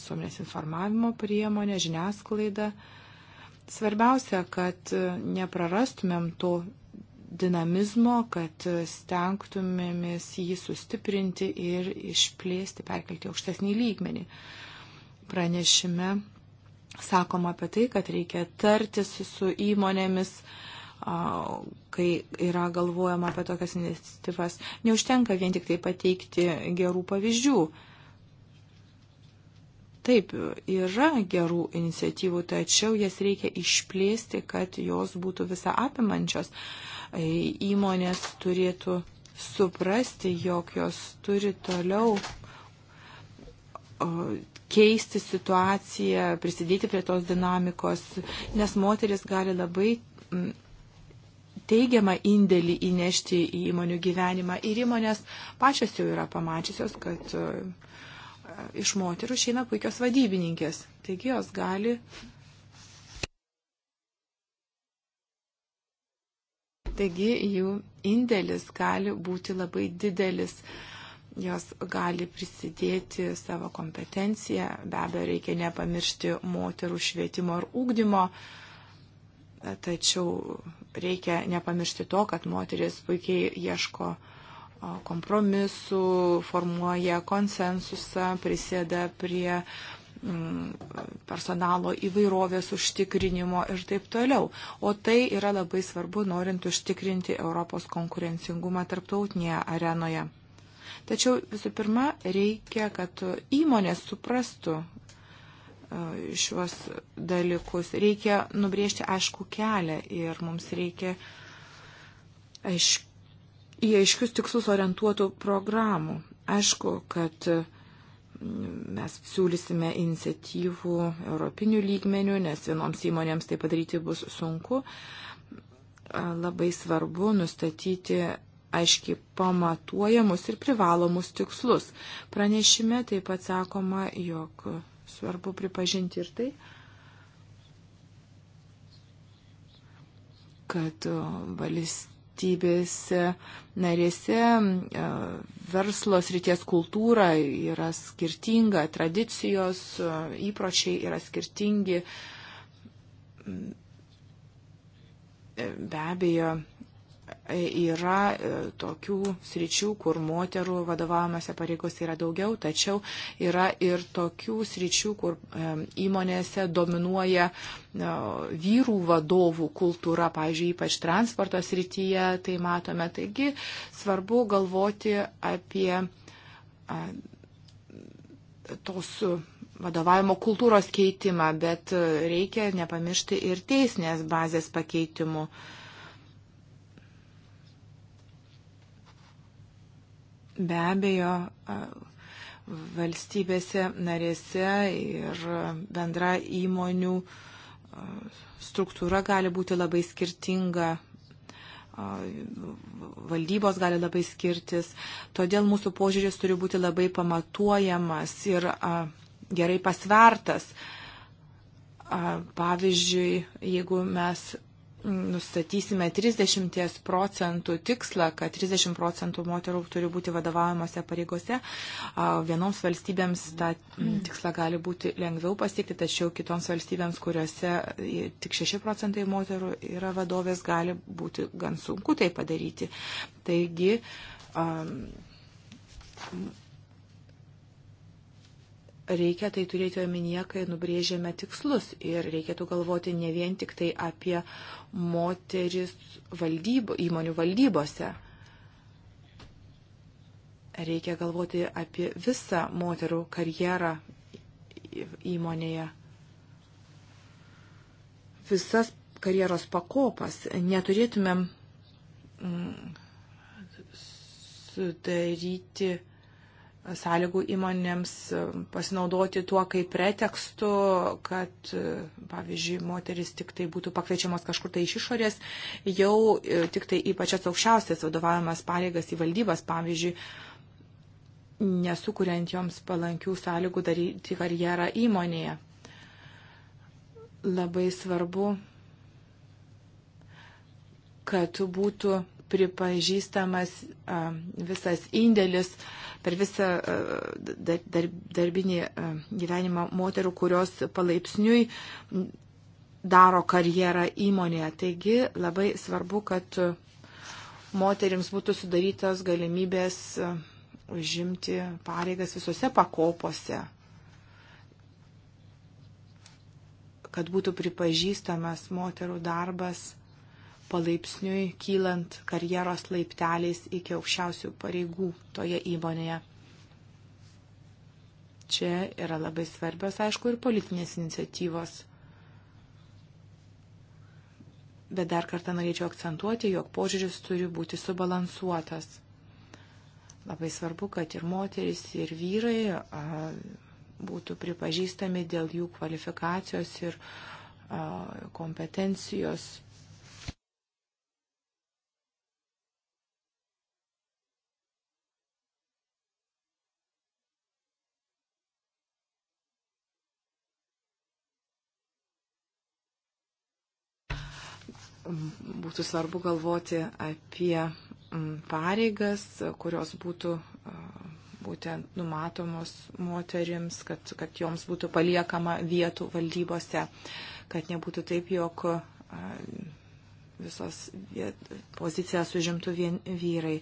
suomenės informavimo priemonę, žiniasklaidą. Svarbiausia, kad neprarastumėm to dinamizmo, kad stengtumėmės jį sustiprinti ir išplėsti, perkelti aukštesnį lygmenį. Pranešime sakoma apie tai, kad reikia tartis su įmonėmis, kai yra galvojama apie tokias iniciatyvas. Neužtenka vien tik tai pateikti gerų pavyzdžių. Taip, yra gerų iniciatyvų, tačiau jas reikia išplėsti, kad jos būtų visą apimančios. E, įmonės turėtų suprasti, jog jos turi toliau keisti situaciją, prisidėti prie tos dinamikos, nes moteris gali labai mm, teigiamą indėlį įnešti į įmonių gyvenimą ir įmonės pačios jau yra pamačiusios, kad e, iš moterų išeina puikios vadybininkės. Taigi jos gali. Taigi jų indėlis gali būti labai didelis uh, jos gali prisidėti savo kompetenciją. Be abejo, reikia nepamiršti moterų švietimo ir ūkdymo, tačiau reikia nepamiršti to, kad moteris puikiai ieško kompromisų, formuoja konsensusą, prisėda prie mm, personalo įvairovės užtikrinimo ir taip toliau. O tai yra labai svarbu, norint užtikrinti Europos konkurencingumą tarptautinėje arenoje. Tačiau visų pirma, reikia, kad įmonės suprastų e, šiuos dalykus. Reikia nubriežti aišku kelią ir mums reikia aišk... į aiškius tikslus orientuotų programų. Aišku, kad e, mes siūlysime iniciatyvų europinių lygmenių, nes vienoms įmonėms tai padaryti bus sunku. E, labai svarbu nustatyti aiškiai pamatuojamus ir privalomus tikslus. Pranešime taip pat sakoma, jog svarbu pripažinti ir tai, kad uh, valstybės narėse uh, verslos ryties kultūra yra skirtinga, tradicijos, uh, įpročiai yra skirtingi. Mm, be abejo, yra e, tokių sričių, kur moterų vadovavimuose pareigose yra daugiau, tačiau yra ir tokių sričių, kur e, įmonėse dominuoja e, vyrų vadovų kultūra, pavyzdžiui, ypač transporto srityje, tai matome. Taigi svarbu galvoti apie tos vadovavimo kultūros keitimą, bet reikia nepamiršti ir teisinės bazės pakeitimų. Uh, Be abejo, valstybėse narėse ir bendra įmonių struktūra gali būti labai skirtinga, valdybos gali labai skirtis, todėl mūsų požiūris turi būti labai pamatuojamas ir gerai pasvertas. Pavyzdžiui, jeigu mes nustatysime 30 procentų tikslą, kad 30 procentų moterų turi būti vadovaujamosi pareigose. Vienoms valstybėms tą tikslą gali būti lengviau pasiekti, tačiau kitoms valstybėms, kuriuose tik 6 procentai moterų yra vadovės, gali būti gan sunku tai padaryti. Taigi, um, reikia tai turėti omenyje, kai nubrėžėme tikslus ir reikėtų galvoti ne vien tik tai apie moteris valdybo, įmonių valdybose. Reikia galvoti apie visą moterų karjerą įmonėje. Visas karjeros pakopas neturėtumėm mm, sudaryti sąlygų įmonėms e, pasinaudoti tuo kaip pretekstu, kad, e, pavyzdžiui, moteris tik tai būtų pakviečiamas kažkur tai iš išorės, jau e, tik tai į pačias aukščiausias vadovavimas pareigas į valdybas, pavyzdžiui, nesukuriant joms palankių sąlygų daryti karjerą įmonėje. Labai svarbu, kad būtų pripažįstamas visas indėlis per visą darbinį gyvenimą moterų, kurios palaipsniui daro karjerą įmonėje. Taigi labai svarbu, kad moteriams būtų sudarytos galimybės užimti pareigas visose pakopose, kad būtų pripažįstamas moterų darbas palaipsniui kylant karjeros laipteliais iki aukščiausių pareigų toje įmonėje. Čia yra labai svarbios, aišku, ir politinės iniciatyvos. Bet dar kartą norėčiau akcentuoti, jog požiūris turi būti subalansuotas. Labai svarbu, kad ir moteris, ir vyrai a, būtų pripažįstami dėl jų kvalifikacijos ir a, kompetencijos būtų svarbu galvoti apie mm, pareigas, kurios būtų būtent numatomos moterims, kad, kad joms būtų paliekama vietų valdybose, kad nebūtų taip, jog visos viet, pozicijas užimtų vien vyrai.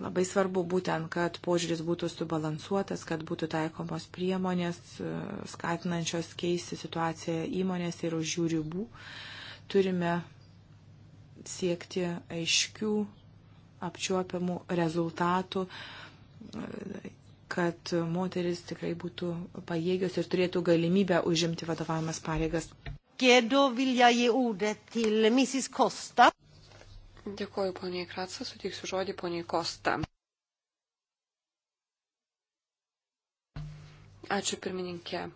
Labai svarbu būtent, kad požiūris būtų subalansuotas, kad būtų taikomos priemonės, skatinančios keisti situaciją įmonėse ir už jų ribų. Uh, Turime siekti aiškių, apčiuopiamų rezultatų, kad moteris tikrai būtų pajėgios ir turėtų galimybę užimti vadovavimas pareigas. Dėkuoju poniai Kratsa, suteiksiu žodį poniai Kosta. Ačiū pirmininkė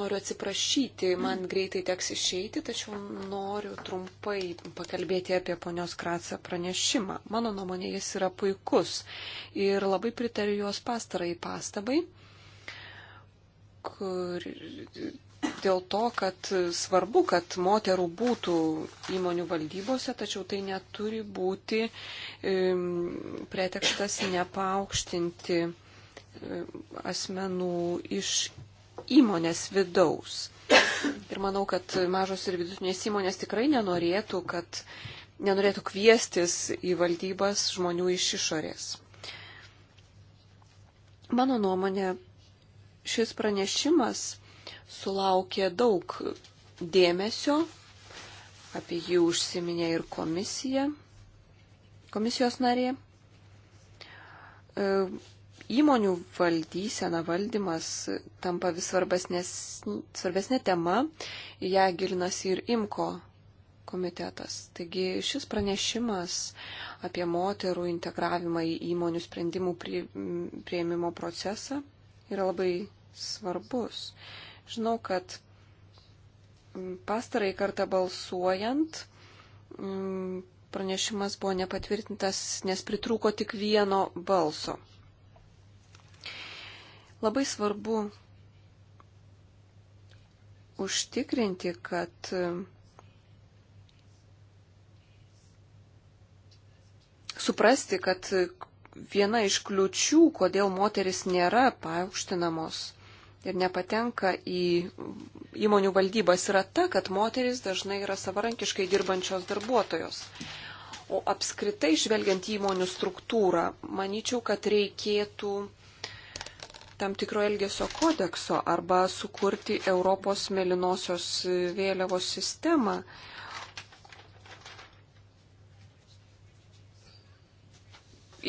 noriu atsiprašyti, man greitai teks išeiti, tačiau noriu trumpai pakalbėti apie ponios Kratsa pranešimą. Mano nuomonė jis yra puikus ir labai pritariu jos pastarai pastabai, kur dėl to, kad svarbu, kad moterų būtų įmonių valdybose, tačiau tai neturi būti pretekstas nepaukštinti asmenų iš įmonės vidaus. Ir manau, kad mažos ir vidutinės įmonės tikrai nenorėtų, kad nenorėtų kviestis į valdybas žmonių iš išorės. Mano nuomonė, šis pranešimas sulaukė daug dėmesio, apie jį užsiminė ir komisija, komisijos narė. E, Įmonių valdysena, valdymas tampa vis svarbesnė tema, ją gilinasi ir IMKO komitetas. Taigi šis pranešimas apie moterų integravimą į įmonių sprendimų prieimimo procesą yra labai svarbus. Žinau, kad pastarai kartą balsuojant mm, pranešimas buvo nepatvirtintas, nes pritrūko tik vieno balso. Labai svarbu užtikrinti, kad suprasti, kad viena iš kliučių, kodėl moteris nėra paaukštinamos ir nepatenka į įmonių valdybas, yra ta, kad moteris dažnai yra savarankiškai dirbančios darbuotojos. O apskritai, žvelgiant į įmonių struktūrą, manyčiau, kad reikėtų tam tikro elgesio kodekso arba sukurti Europos mėlynosios vėliavos sistemą.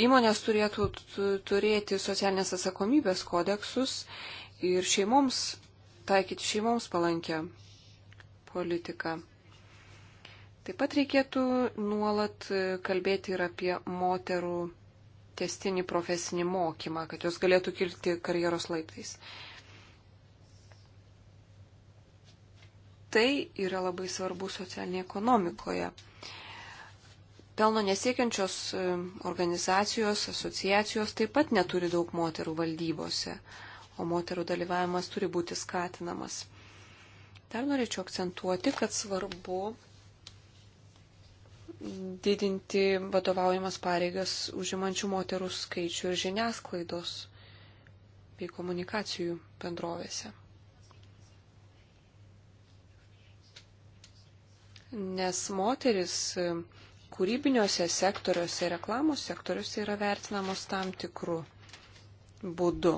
Įmonės turėtų turėti socialinės atsakomybės kodeksus ir šeimoms taikyti šeimoms palankę politiką. Taip pat reikėtų nuolat kalbėti ir apie moterų testinį profesinį mokymą, kad jos galėtų kilti karjeros laiptais. Tai yra labai svarbu socialinėje ekonomikoje. Pelno nesiekiančios e, organizacijos, asociacijos taip pat neturi daug moterų valdybose, o moterų dalyvavimas turi būti skatinamas. Dar norėčiau akcentuoti, kad svarbu didinti vadovaujamas pareigas užimančių moterų skaičių ir žiniasklaidos bei komunikacijų bendrovėse. Nes moteris kūrybiniuose sektoriuose ir reklamos sektoriuose yra vertinamos tam tikrų būdų.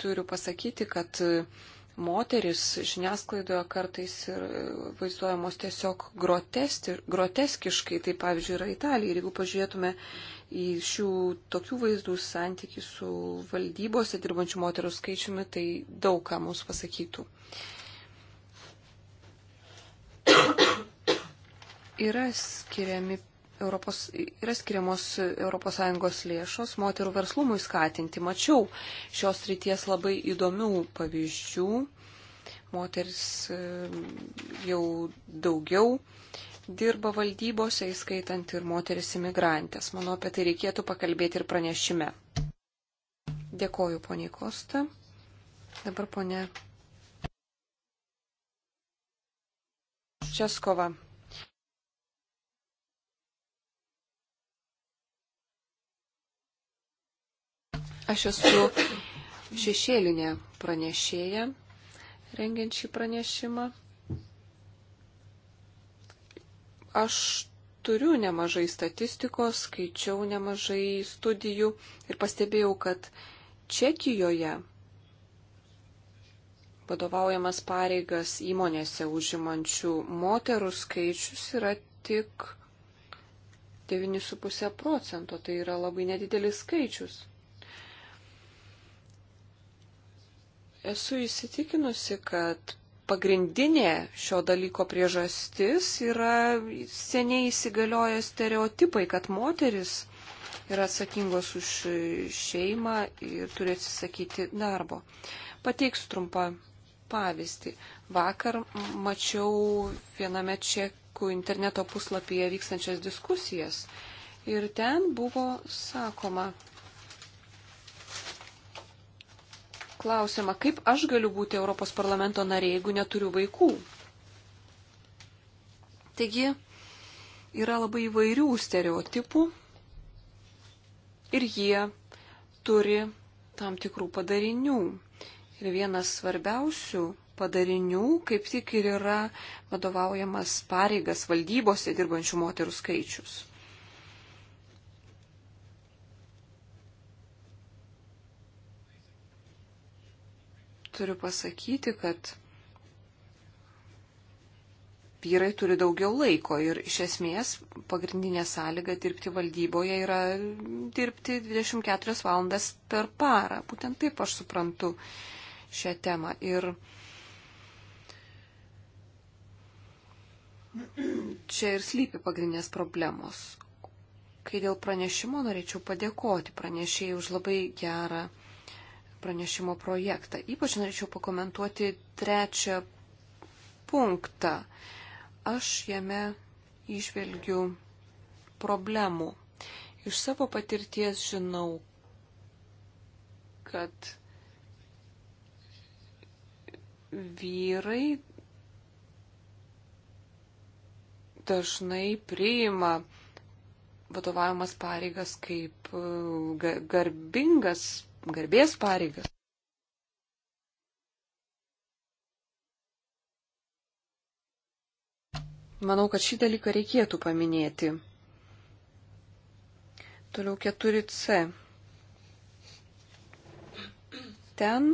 Turiu pasakyti, kad moteris žiniasklaidoje kartais ir e, vaizduojamos tiesiog grotesti, groteskiškai, tai pavyzdžiui yra Italija. Ir jeigu pažiūrėtume į šių tokių vaizdų santykių su valdybose dirbančių moterų skaičiumi, tai daug ką mums pasakytų. yra skiriami Europos, yra skiriamos ES lėšos moterų verslumui skatinti. Mačiau šios ryties labai įdomių pavyzdžių. Moteris e, jau daugiau dirba valdybose, įskaitant ir moteris imigrantės. Manau, apie tai reikėtų pakalbėti ir pranešime. Dėkoju, poniai Kosta. Dabar ponė Českova. Aš esu šešėlinė pranešėja, rengiant šį pranešimą. Aš turiu nemažai statistikos, skaičiau nemažai studijų ir pastebėjau, kad Čekijoje vadovaujamas pareigas įmonėse užimančių moterų skaičius yra tik 9,5 procento. Tai yra labai nedidelis skaičius. Esu įsitikinusi, kad pagrindinė šio dalyko priežastis yra seniai įsigalioję stereotipai, kad moteris yra atsakingos už šeimą ir turi atsisakyti darbo. Pateiksiu trumpą pavyzdį. Vakar mačiau viename čekų interneto puslapyje vykstančias diskusijas ir ten buvo sakoma, klausimą, kaip aš galiu būti Europos parlamento narė, jeigu neturiu vaikų. Taigi yra labai įvairių stereotipų ir jie turi tam tikrų padarinių. Ir vienas svarbiausių padarinių kaip tik ir yra vadovaujamas pareigas valdybose dirbančių moterų skaičius. turiu pasakyti, kad vyrai turi daugiau laiko ir iš esmės pagrindinė sąlyga dirbti valdyboje yra dirbti 24 valandas per parą. Būtent taip aš suprantu šią temą. Ir čia ir slypi pagrindinės problemos. Kai dėl pranešimo norėčiau padėkoti pranešėjai už labai gerą pranešimo projektą. Ypač norėčiau pakomentuoti trečią punktą. Aš jame išvelgiu problemų. Iš savo patirties žinau, kad vyrai dažnai priima vadovavimas pareigas kaip garbingas garbės pareigas. Manau, kad šį dalyką reikėtų paminėti. Toliau 4C. Ten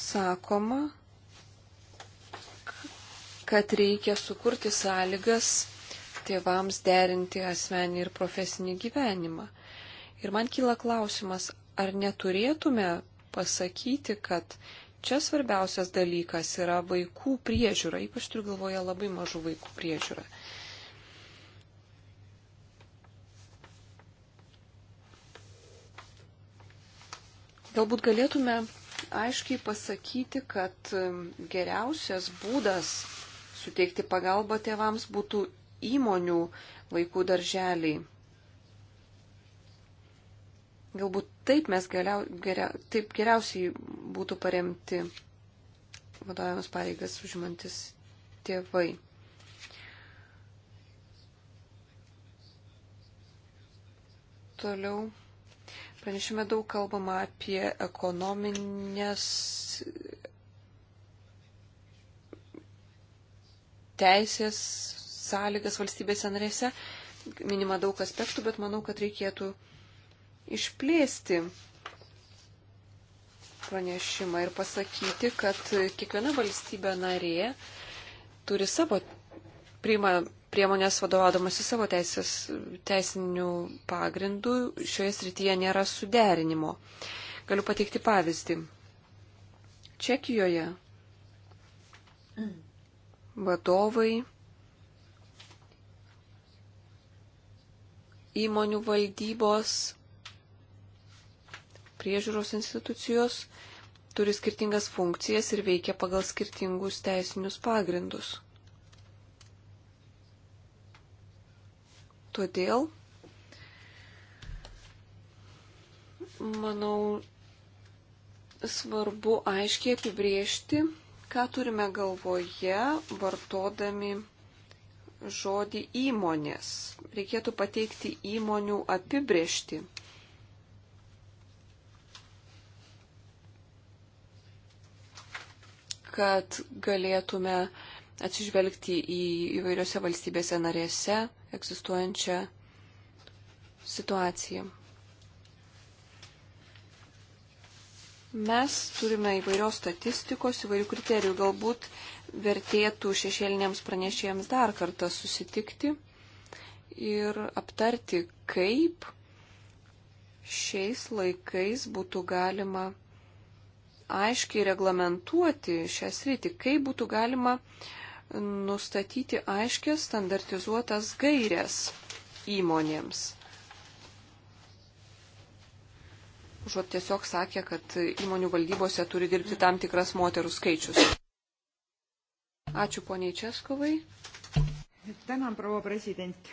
sakoma, kad reikia sukurti sąlygas tėvams derinti asmenį ir profesinį gyvenimą. Ir man kyla klausimas, ar neturėtume pasakyti, kad čia svarbiausias dalykas yra vaikų priežiūra, ypač turiu galvoje labai mažų vaikų priežiūra. Galbūt galėtume aiškiai pasakyti, kad um, geriausias būdas suteikti pagalbą tėvams būtų įmonių vaikų darželiai. Galbūt taip mes geriau, geriau, taip geriausiai būtų paremti vadovavimas pareigas užimantis tėvai. Toliau pranešime daug kalbama apie ekonominės teisės sąlygas valstybėse narėse. Minima daug aspektų, bet manau, kad reikėtų išplėsti pranešimą ir pasakyti, kad kiekviena valstybė narė turi savo, priima priemonės vadovaudomasi savo teisės, teisinių pagrindų, šioje srityje nėra suderinimo. Galiu pateikti pavyzdį. Čekijoje vadovai, įmonių valdybos priežiūros institucijos turi skirtingas funkcijas ir veikia pagal skirtingus teisinius pagrindus. Todėl, manau, svarbu aiškiai apibriežti, ką turime galvoje, vartodami žodį įmonės. Reikėtų pateikti įmonių apibriežti kad galėtume atsižvelgti į įvairiose valstybėse narėse egzistuojančią situaciją. Mes turime įvairios statistikos, įvairių kriterijų. Galbūt vertėtų šešėliniams pranešėjams dar kartą susitikti ir aptarti, kaip šiais laikais būtų galima aiškiai reglamentuoti šią sritį, kaip būtų galima nustatyti aiškės standartizuotas gairias įmonėms. Užuot tiesiog sakė, kad įmonių valdybose turi dirbti tam tikras moterų skaičius. Ačiū poniai Českovai. Tänan, proua president.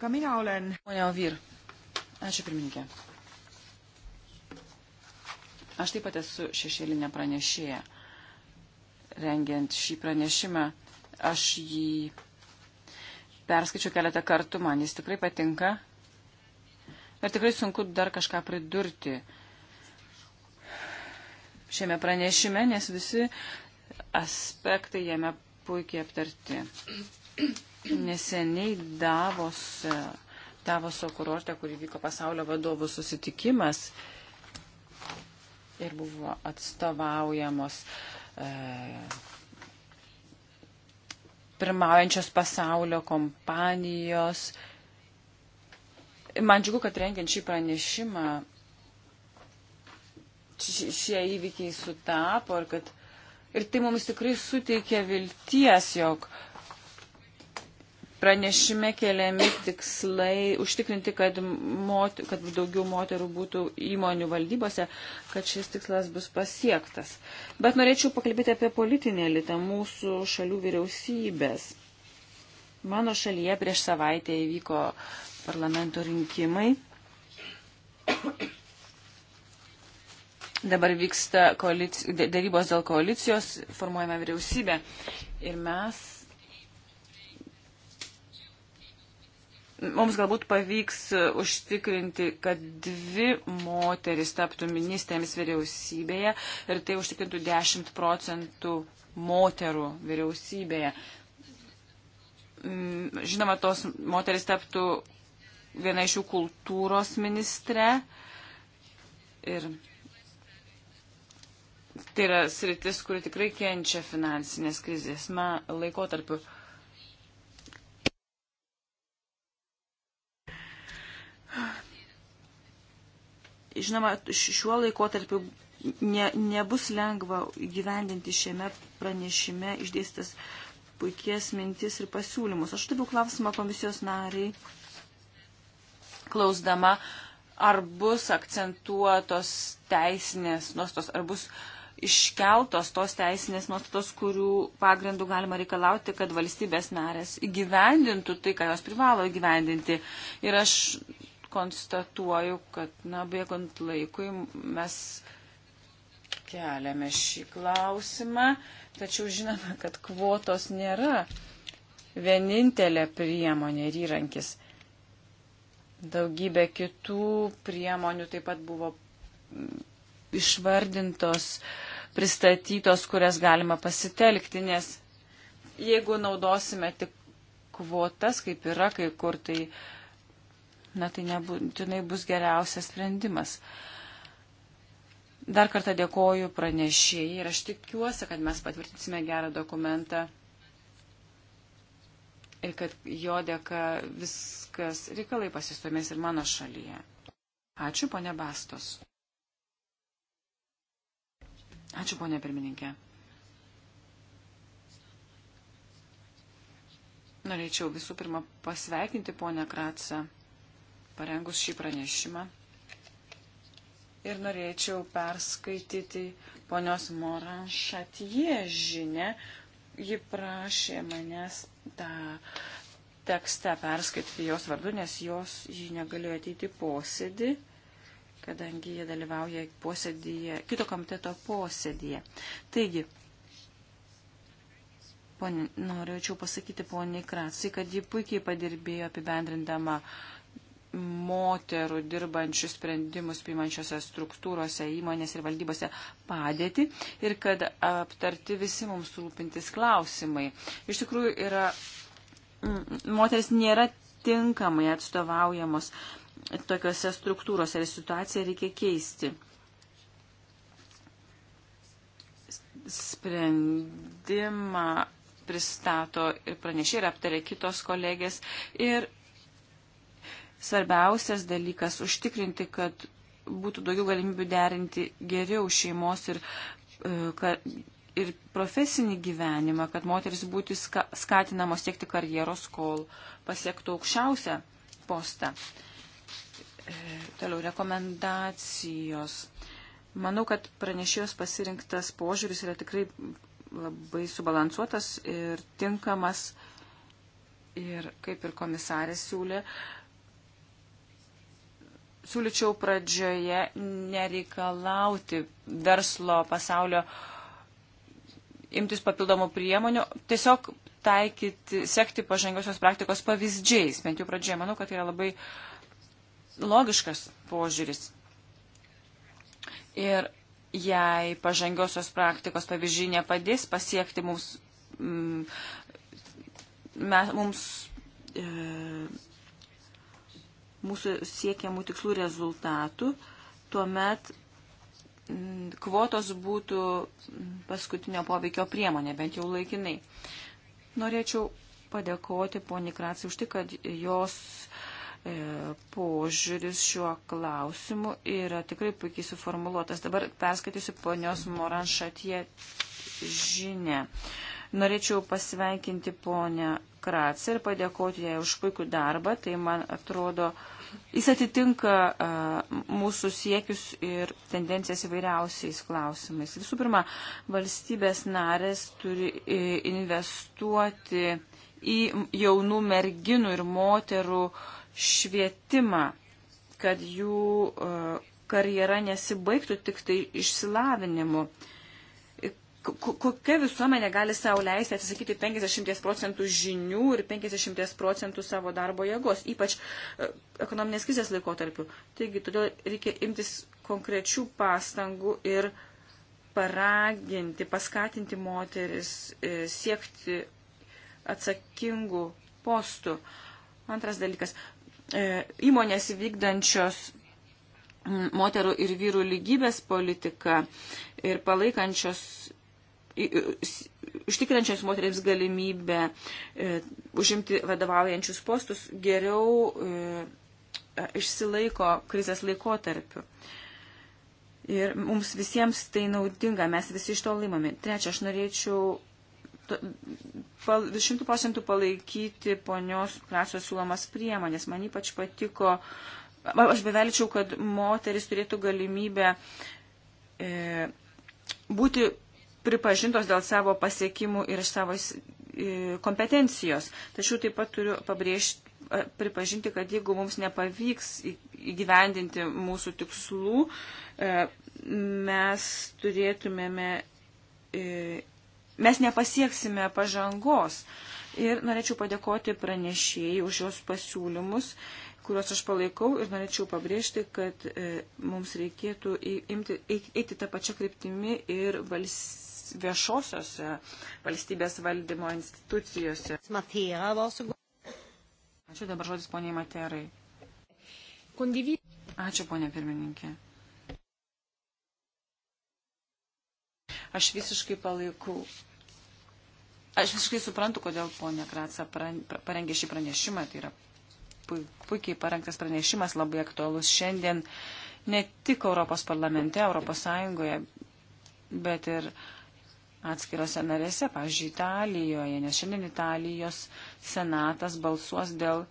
Ka mina olen... Ponia Ovir. Ačiū pirmininkė. Aš taip pat esu šešėlinė pranešėja. Rengiant šį pranešimą, aš jį perskaičiu keletą kartų, man jis tikrai patinka. Ir tikrai sunku dar kažką pridurti šiame pranešime, nes visi aspektai jame puikiai aptarti. Neseniai Davos, Davoso kurorte, kur įvyko pasaulio vadovų susitikimas, ir buvo atstovaujamos e, pirmaujančios pasaulio kompanijos. Man džiugu, kad rengiant šį pranešimą šie įvykiai sutapo ir kad ir tai mums tikrai suteikia vilties, jog e, Pranešime keliami tikslai užtikrinti, kad, mot, kad daugiau moterų būtų įmonių valdybose, kad šis tikslas bus pasiektas. Bet norėčiau pakalbėti apie politinę elitą mūsų šalių vyriausybės. Mano šalyje prieš savaitę įvyko parlamento rinkimai. dabar vyksta koalic... darybos dėl koalicijos, formuojame vyriausybę. Ir mes mums galbūt pavyks užtikrinti, kad dvi moteris taptų ministrėmis vyriausybėje ir tai užtikrintų 10 procentų moterų vyriausybėje. Mm, žinoma, tos moteris taptų viena iš jų kultūros ministre. Ir tai yra sritis, kuri tikrai kenčia finansinės krizės laikotarpiu. Žinoma, šiuo laikotarpiu ne, nebus lengva gyvendinti šiame pranešime išdėstas puikies mintis ir pasiūlymus. Aš turiu klausimą komisijos nariai, klausdama, ar bus akcentuotos teisinės nuostos, ar bus iškeltos tos teisinės nuostatos, kurių pagrindų galima reikalauti, kad valstybės narės įgyvendintų tai, ką jos privalo įgyvendinti. Ir aš konstatuoju, kad, na, bėgant laikui mes keliame šį klausimą, tačiau žinome, kad kvotos nėra vienintelė priemonė ir įrankis. Daugybė kitų priemonių taip pat buvo mm, išvardintos, pristatytos, kurias galima pasitelkti, nes jeigu naudosime tik kvotas, kaip yra kai kur, tai uh, na tai nebūtinai bus geriausias sprendimas. Dar kartą dėkoju pranešėjai ir aš tikiuosi, kad mes patvirtinsime gerą dokumentą ir kad jo dėka viskas reikalai pasistumės ir mano šalyje. Ačiū, ponė Bastos. Ačiū, ponė pirmininkė. Norėčiau visų pirma pasveikinti ponę Kratsą parengus šį pranešimą. Ir norėčiau perskaityti ponios Moran Šatie žinę. Ji prašė manęs tą tekstą perskaityti jos vardu, nes jos ji negalėjo ateiti posėdį kadangi jie dalyvauja posėdyje, kito komiteto posėdyje. Taigi, poni, norėčiau pasakyti poniai Kratsai, kad ji puikiai padirbėjo apibendrindama uh, moterų dirbančių sprendimus priimančiose struktūrose, įmonės ir valdybose padėti ir kad aptarti visi mums rūpintis klausimai. Iš tikrųjų, yra, moteris nėra tinkamai atstovaujamos tokiuose struktūrose ir situaciją reikia keisti. Sprendimą pristato ir pranešė ir aptarė kitos kolegės ir svarbiausias dalykas - užtikrinti, kad būtų daugiau galimybių derinti geriau šeimos ir, e, kad, ir profesinį gyvenimą, kad moteris būtų ska, skatinamos siekti karjeros, kol pasiektų aukščiausią postą. E, toliau rekomendacijos. Manau, kad pranešėjos pasirinktas požiūris yra tikrai labai subalansuotas ir tinkamas. Ir kaip ir komisarė siūlė, uh, siūlyčiau pradžioje nereikalauti verslo pasaulio imtis papildomų priemonių, tiesiog taikyti, sekti pažangiosios praktikos pavyzdžiais, bent jau pradžioje. Manau, kad tai yra labai logiškas požiūris. Ir jei pažangiosios praktikos pavyzdžiai nepadės pasiekti mums, mm, mes, mums e, mūsų siekiamų tikslų rezultatų, tuomet mm, kvotos būtų paskutinio poveikio priemonė, bent jau laikinai. Norėčiau padėkoti poni Kracijai už tai, kad jos e, požiūris šiuo klausimu yra tikrai puikiai suformuluotas. Dabar perskaitysiu ponios Moranšatie žinę. Norėčiau pasveikinti ponę Kratzer ir padėkoti jai už puikų darbą. Tai man atrodo, jis atitinka mūsų siekius ir tendencijas įvairiausiais klausimais. Visų pirma, valstybės narės turi e, investuoti į jaunų merginų ir moterų švietimą, kad jų karjera nesibaigtų tik tai išsilavinimu. Uh, kokia visuomenė gali savo leisti atsisakyti 50 procentų žinių ir 50 procentų savo darbo jėgos, ypač e, ekonominės krizės laikotarpiu. Taigi, todėl reikia imtis konkrečių pastangų ir paraginti, paskatinti moteris e, siekti atsakingų postų. Antras dalykas. E, įmonės vykdančios moterų ir vyrų lygybės politiką ir palaikančios užtikrinančios moteriams galimybę e, užimti vadovaujančius postus geriau e, išsilaiko krizės laikotarpiu. Ir mums visiems tai naudinga, mes visi iš to laimame. Trečia, aš norėčiau šimtų procentų palaikyti ponios Krasos siūlomas priemonės. Man ypač patiko, aš bevelčiau, kad moteris turėtų galimybę e, būti pripažintos dėl savo pasiekimų ir savo kompetencijos. Tačiau taip pat turiu pabrėžti, pripažinti, kad jeigu mums nepavyks įgyvendinti mūsų tikslų, e, mes turėtumėme, e, mes nepasieksime pažangos. Ir norėčiau padėkoti pranešėjai už jos pasiūlymus, kuriuos aš palaikau ir norėčiau pabrėžti, kad e, mums reikėtų imti, eiti tą pačią kryptimį ir valstybę viešosiose valstybės valdymo institucijose. Ačiū dabar žodis poniai Materai. Ačiū ponė pirmininkė. Aš visiškai palaikau. Aš visiškai suprantu, kodėl ponė Kratsa parengė šį pranešimą. Tai yra puikiai parengtas pranešimas, labai aktualus šiandien ne tik Europos parlamente, Europos Sąjungoje, bet ir atskirose narėse, pavyzdžiui, Italijoje, nes šiandien Italijos senatas balsuos dėl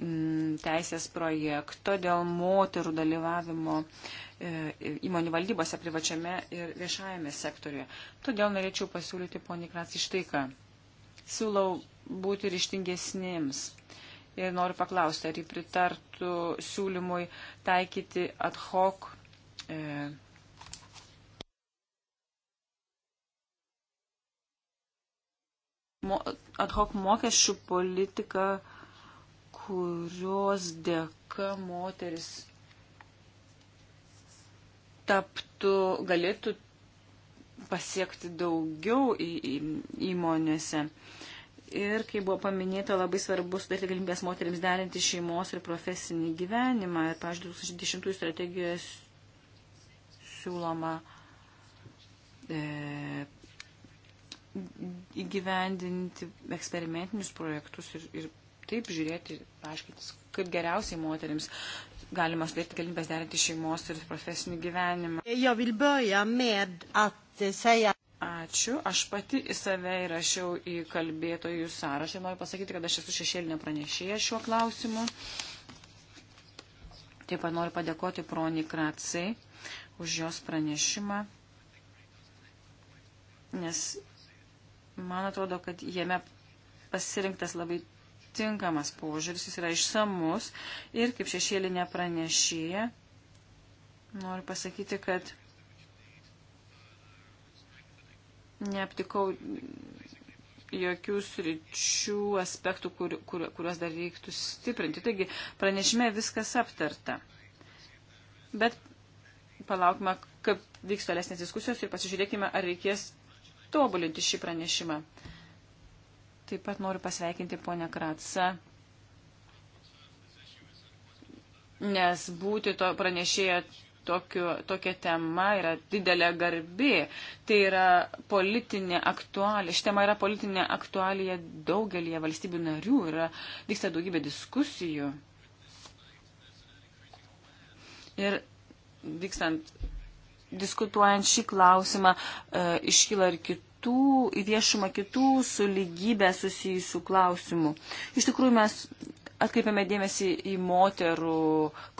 mm, teisės projekto, dėl moterų dalyvavimo e, įmonių valdybose privačiame ir viešajame sektoriuje. Todėl norėčiau pasiūlyti poniai Kratsi štai ką. Siūlau būti ryštingesnėms. Ir noriu paklausti, ar jį pritartų siūlymui taikyti ad hoc e, ad hoc mokesčių politiką, kurios dėka moteris taptų, galėtų pasiekti daugiau į, į, įmonėse. Ir, kaip buvo paminėta, labai svarbu sudaryti galimybės moteriams derinti šeimos ir profesinį gyvenimą. Ir, pavyzdžiui, 2010 strategijoje siūloma e, įgyvendinti eksperimentinius projektus ir, ir taip žiūrėti, aiškintis, kaip geriausiai moteriams galima sudaryti galimybės derinti šeimos ir profesinį gyvenimą. Eh, Ačiū. Aš pati į save įrašiau į kalbėtojų sąrašą. Noriu pasakyti, kad aš esu šešėlinė pranešėja šiuo klausimu. Taip pat noriu padėkoti Proni Kratsai už jos pranešimą, nes Man atrodo, kad jame pasirinktas labai tinkamas požiūris, jis yra išsamus ir kaip šešėlinė pranešėja noriu pasakyti, kad neaptikau jokių sričių aspektų, kur, kur, kuriuos dar reiktų stiprinti. Taigi, pranešime viskas aptarta. Bet palaukime, kaip vyks tolesnės diskusijos ir pasižiūrėkime, ar reikės tobulinti šį pranešimą. Taip pat noriu pasveikinti ponę Kratsą, nes būti to pranešėję tokiu, tokia tema yra didelė garbė. Tai yra politinė aktualija, ši tema yra politinė aktualija daugelie valstybių narių, yra, vyksta daugybė diskusijų. Ir vykstant diskutuojant šį klausimą e, iškyla ir kitų, į viešumą kitų su lygybė susijusių klausimų. Iš tikrųjų, mes atkreipiame dėmesį į moterų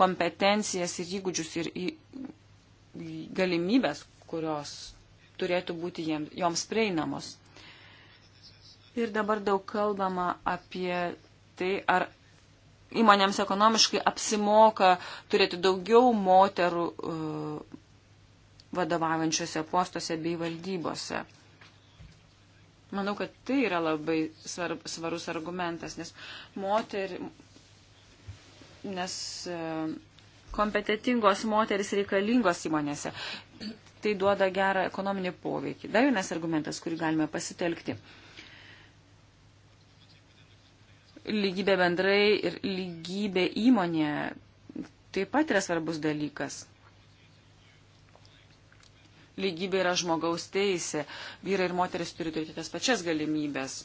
kompetencijas ir įgūdžius ir į galimybės, kurios turėtų būti jiems, joms prieinamos. Ir dabar daug kalbama apie tai, ar įmonėms ekonomiškai apsimoka turėti daugiau moterų uh, vadovaujančiose postuose bei valdybose. Manau, kad tai yra labai svar, svarus argumentas, nes moter, nes e, kompetitingos moteris reikalingos įmonėse. Tai duoda gerą ekonominį poveikį. Dar vienas argumentas, kurį galime pasitelkti. Lygybė bendrai ir lygybė įmonėje taip pat yra svarbus dalykas lygybė yra žmogaus teisė. Vyrai ir moteris turi turėti tas pačias galimybės.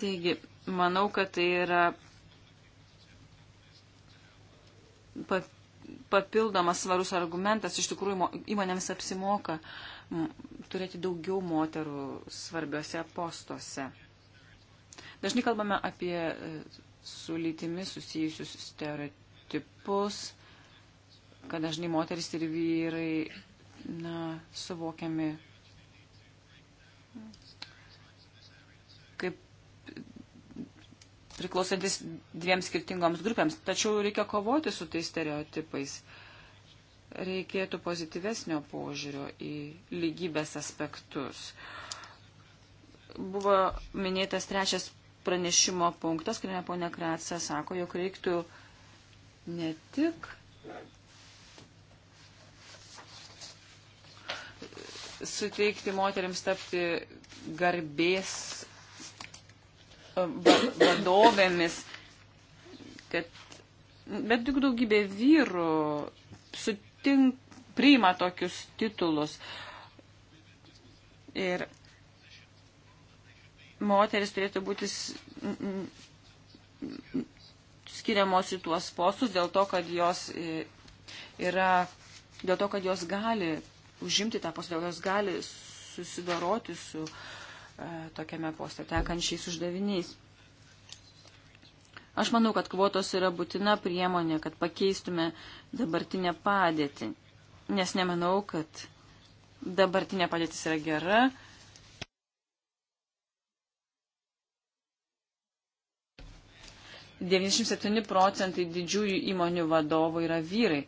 Taigi, manau, kad tai yra papildomas svarus argumentas. Iš tikrųjų, įmonėms apsimoka turėti daugiau moterų svarbiose postuose. Dažnai kalbame apie su lytimi susijusius stereotipus, kad dažnai moteris ir vyrai na, suvokiami kaip priklausantis dviem skirtingoms grupėms. Tačiau reikia kovoti su tais stereotipais. Reikėtų pozityvesnio požiūrio į lygybės aspektus. Buvo minėtas trečias pranešimo punktas, kuriame ponia Kratsa sako, jog reiktų ne tik suteikti moteriams tapti garbės vadovėmis, kad, bet tik daugybė vyrų sutink, priima tokius titulus. Ir moteris turėtų būti skiriamos į tuos postus dėl to, kad jos e, yra, dėl to, kad jos gali užimti tą postą, dėl jos gali susidoroti su e, tokiame poste tekančiais uždaviniais. Aš manau, kad kvotos yra būtina priemonė, kad pakeistume dabartinę padėtį, nes nemanau, kad dabartinė padėtis yra gera 97 procentai didžiųjų įmonių vadovų yra vyrai.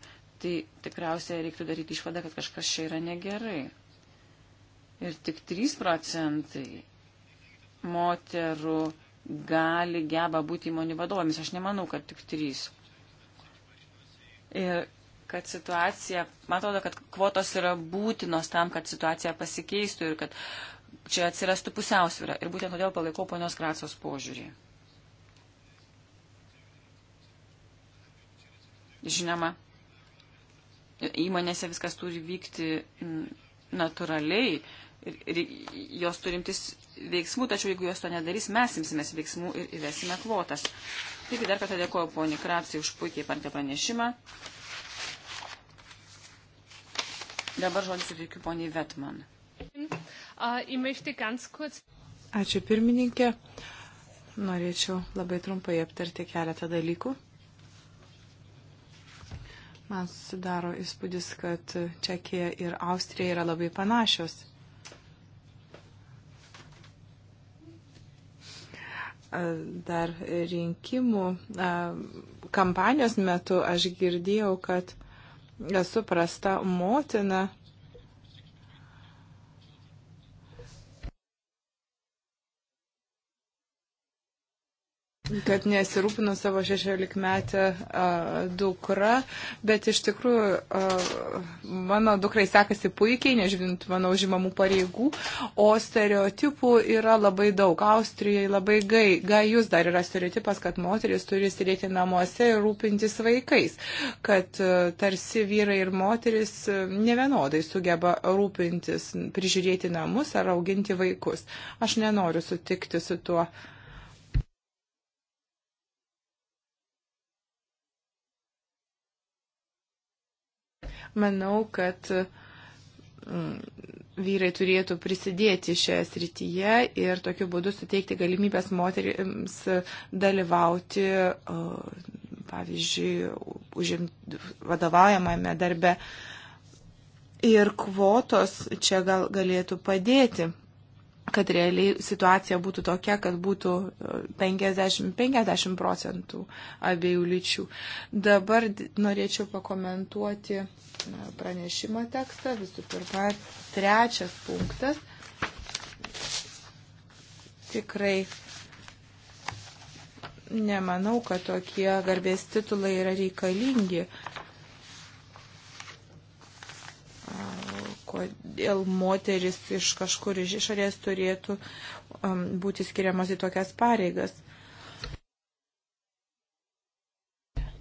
Tai tikriausiai reiktų daryti išvadą, kad kažkas čia yra negerai. Ir tik 3 procentai moterų gali, geba būti įmonių vadovėmis. Aš nemanau, kad tik 3. Ir kad situacija, man atrodo, kad kvotos yra būtinos tam, kad situacija pasikeistų ir kad čia atsirastų pusiausvyrą. Ir būtent todėl palaikau ponios Gracijos požiūrį. Žinoma, įmonėse viskas turi vykti natūraliai ir jos turimtis veiksmų, tačiau jeigu jos to nedarys, mes imsimės veiksmų ir įvesime kvotas. Taigi dar kartą dėkoju poniai Kracijai už puikiai parengtą pranešimą. Dabar žodžiu suteikiu poniai Vetman. Äh, Ačiū pirmininkė. Norėčiau labai trumpai aptarti keletą dalykų. Man susidaro įspūdis, kad Čekija ir Austrija yra labai panašios. Dar rinkimų kampanijos metu aš girdėjau, kad suprasta motina kad nesirūpinu savo 16-metę dukra, bet iš tikrųjų a, mano dukrai sekasi puikiai, nežinant mano užimamų pareigų, o stereotipų yra labai daug. Austrijai labai gai, gaius dar yra stereotipas, kad moteris turi sėdėti namuose ir rūpintis vaikais, kad a, tarsi vyrai ir moteris nevienodai sugeba rūpintis, prižiūrėti namus ar auginti vaikus. Aš nenoriu sutikti su tuo. Manau, kad mm, vyrai turėtų prisidėti šioje srityje ir tokiu būdu suteikti galimybės moterims dalyvauti, pavyzdžiui, užim, vadovaujamame darbe. Ir kvotos čia gal galėtų padėti kad realiai situacija būtų tokia, kad būtų 50-50 e, procentų abiejų lyčių. Dabar norėčiau pakomentuoti e, pranešimo tekstą. Visų pirma, trečias punktas. Tikrai nemanau, kad tokie garbės titulai yra reikalingi. Uh, kodėl moteris iš kažkur iš išorės turėtų um, būti skiriamas į tokias pareigas.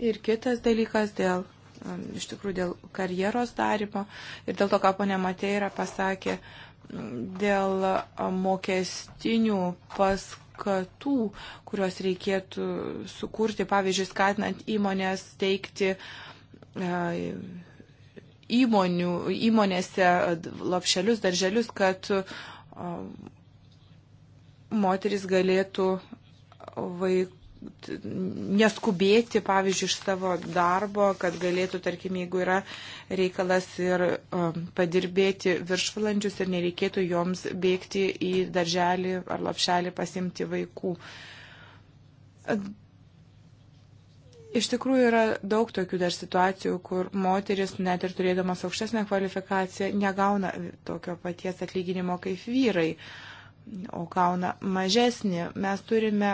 Ir kitas dalykas dėl, um, iš tikrųjų, dėl karjeros darimo ir dėl to, ką ponė Mateira pasakė, dėl um, mokestinių paskatų paskatų, kurios reikėtų sukurti, pavyzdžiui, skatinant įmonės teikti uh, įmonių, įmonėse lapšelius, darželius, kad moteris galėtų vaikų neskubėti, pavyzdžiui, iš savo darbo, kad galėtų, tarkim, jeigu yra reikalas ir um, padirbėti viršvalandžius ir nereikėtų joms bėgti į darželį ar lapšelį pasimti vaikų. Iš tikrųjų yra daug tokių dar situacijų, kur moteris, net ir turėdamas aukštesnę kvalifikaciją, negauna tokio paties atlyginimo kaip vyrai, o gauna mažesnį. Mes turime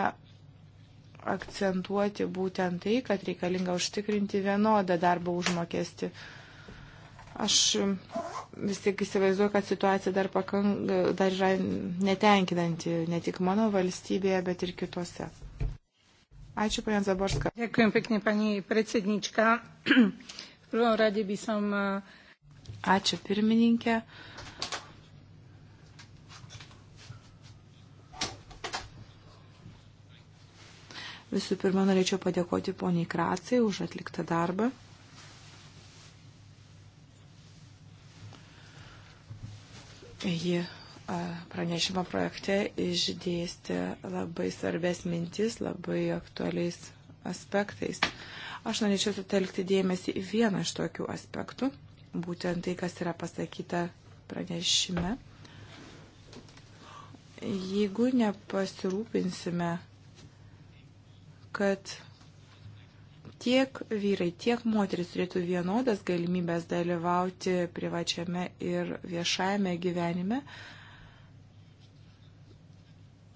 akcentuoti būtent tai, kad reikalinga užtikrinti vienodą darbo užmokestį. Aš vis tik įsivaizduoju, kad situacija dar, pakank, dar yra netenkinanti ne tik mano valstybėje, bet ir kitose. Ačiū, ponia Zaborska. Dėkuoju, pekne, pani predsednička. Prvom rade by som. E, Ačiū, pirmininkė. Visų pirma, norėčiau padėkoti poniai Kracijai už atliktą darbą. Ji pranešimo projekte išdėstė labai svarbės mintis, labai aktualiais aspektais. Aš norėčiau sutelkti dėmesį į vieną iš tokių aspektų, būtent tai, kas yra pasakyta pranešime. Jeigu nepasirūpinsime, kad tiek vyrai, tiek moteris turėtų vienodas galimybės dalyvauti privačiame ir viešajame gyvenime,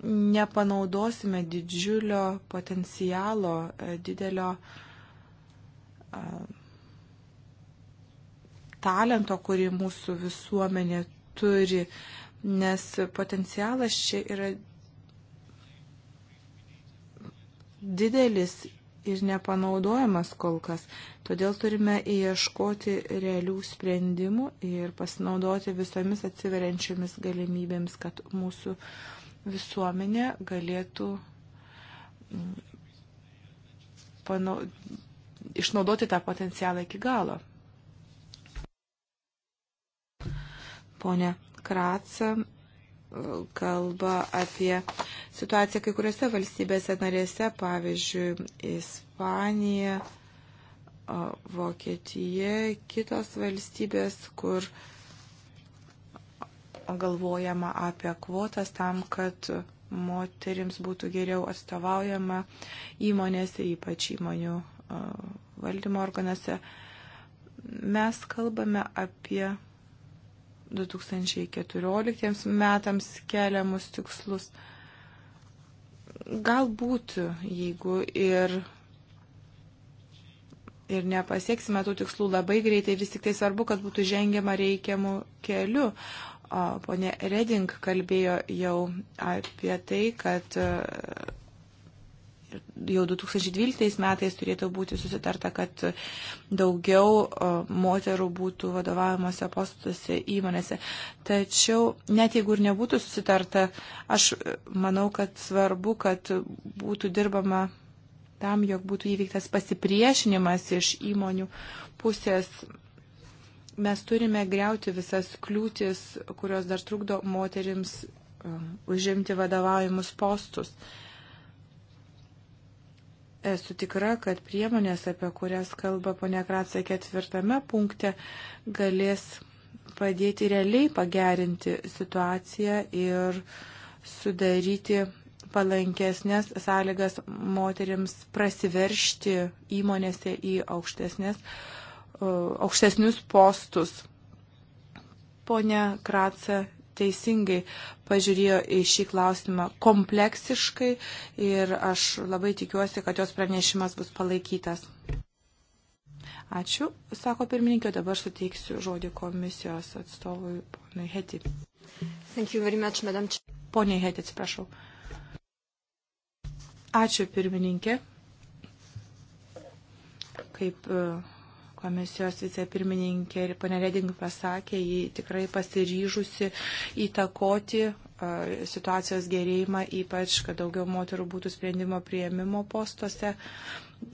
nepanaudosime didžiulio potencialo, e, didelio e, talento, kurį mūsų visuomenė turi, nes potencialas čia yra didelis ir nepanaudojamas kol kas. Todėl turime ieškoti realių sprendimų ir pasinaudoti visomis atsiveriančiomis galimybėmis, kad mūsų uh, visuomenė galėtų mm, panau, išnaudoti tą potencialą iki galo. Pone Kratsa kalba apie situaciją kai kuriuose valstybėse narėse, pavyzdžiui, Ispanija, Vokietija, kitos valstybės, kur uh, galvojama apie kvotas tam, kad moterims būtų geriau atstovaujama įmonėse, ypač įmonių valdymo organuose. Mes kalbame apie 2014 metams keliamus tikslus. Galbūt, jeigu ir ir nepasieksime tų tikslų labai greitai, vis tik tai svarbu, kad būtų žengiama reikiamų kelių. Pone Reding kalbėjo jau apie tai, kad e, jau 2012 metais turėtų būti susitarta, kad daugiau e, moterų būtų vadovavimuose postuose įmonėse. Tačiau net jeigu ir nebūtų susitarta, aš manau, kad svarbu, kad būtų dirbama tam, jog būtų įvyktas pasipriešinimas iš įmonių pusės Mes turime greuti visas kliūtis, kurios dar trukdo moterims um, užimti vadovaujamus postus. Esu tikra, kad priemonės, apie kurias kalba ponia Kratsa ketvirtame punkte, galės padėti realiai pagerinti situaciją ir sudaryti palankesnės sąlygas moteriams prasiveršti įmonėse į aukštesnės E, aukštesnius postus. Pone Kratsa teisingai pažiūrėjo į šį klausimą kompleksiškai ir aš labai tikiuosi, kad jos pranešimas bus palaikytas. Ačiū, sako pirmininkė, dabar suteiksiu žodį komisijos atstovui ponui Heti. Much, madam. Pone Heti, atsiprašau. Ačiū pirmininkė. Kaip uh, komisijos vicepirmininkė ir ponė Reding pasakė, ji tikrai pasiryžusi įtakoti situacijos gerėjimą, ypač, kad daugiau moterų būtų sprendimo prieimimo postuose.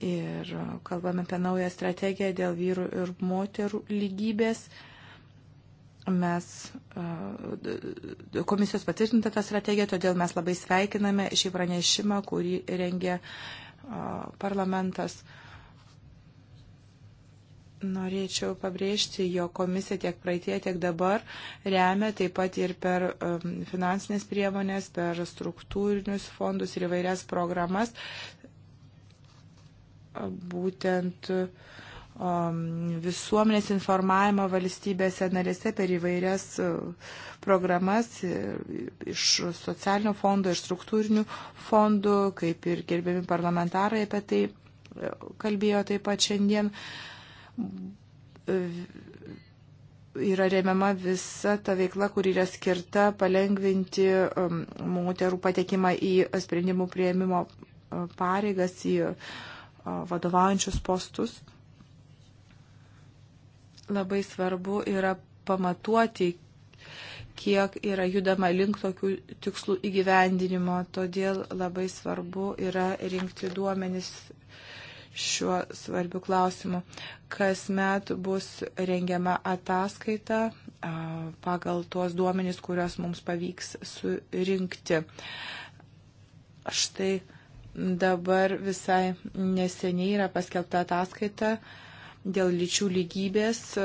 Ir kalbame apie naują strategiją dėl vyrų ir moterų lygybės. Mes, komisijos patvirtinta tą strategiją, todėl mes labai sveikiname šį pranešimą, kurį rengia parlamentas. Uh, Norėčiau pabrėžti, jo komisija tiek praeitie, tiek dabar remia taip pat ir per um, finansinės priemonės, per struktūrinius fondus ir įvairias programas būtent um, visuomenės informavimo valstybėse narėse per įvairias uh, programas iš socialinio fondo ir struktūrinių fondų, kaip ir gerbiami parlamentarai apie tai uh, kalbėjo taip pat šiandien. Uh, yra remiama visa ta veikla, kur yra skirta palengvinti um, moterų patekimą į sprendimų prieimimo uh, pareigas, į uh, vadovaujančius postus. Labai svarbu yra pamatuoti, kiek yra judama link tokių tikslų įgyvendinimo. Todėl labai svarbu yra rinkti duomenis šiuo svarbiu klausimu. Kas met bus rengiama ataskaita pagal tuos duomenys, kuriuos mums pavyks surinkti. Štai dabar visai neseniai yra paskelbta ataskaita dėl lyčių lygybės e,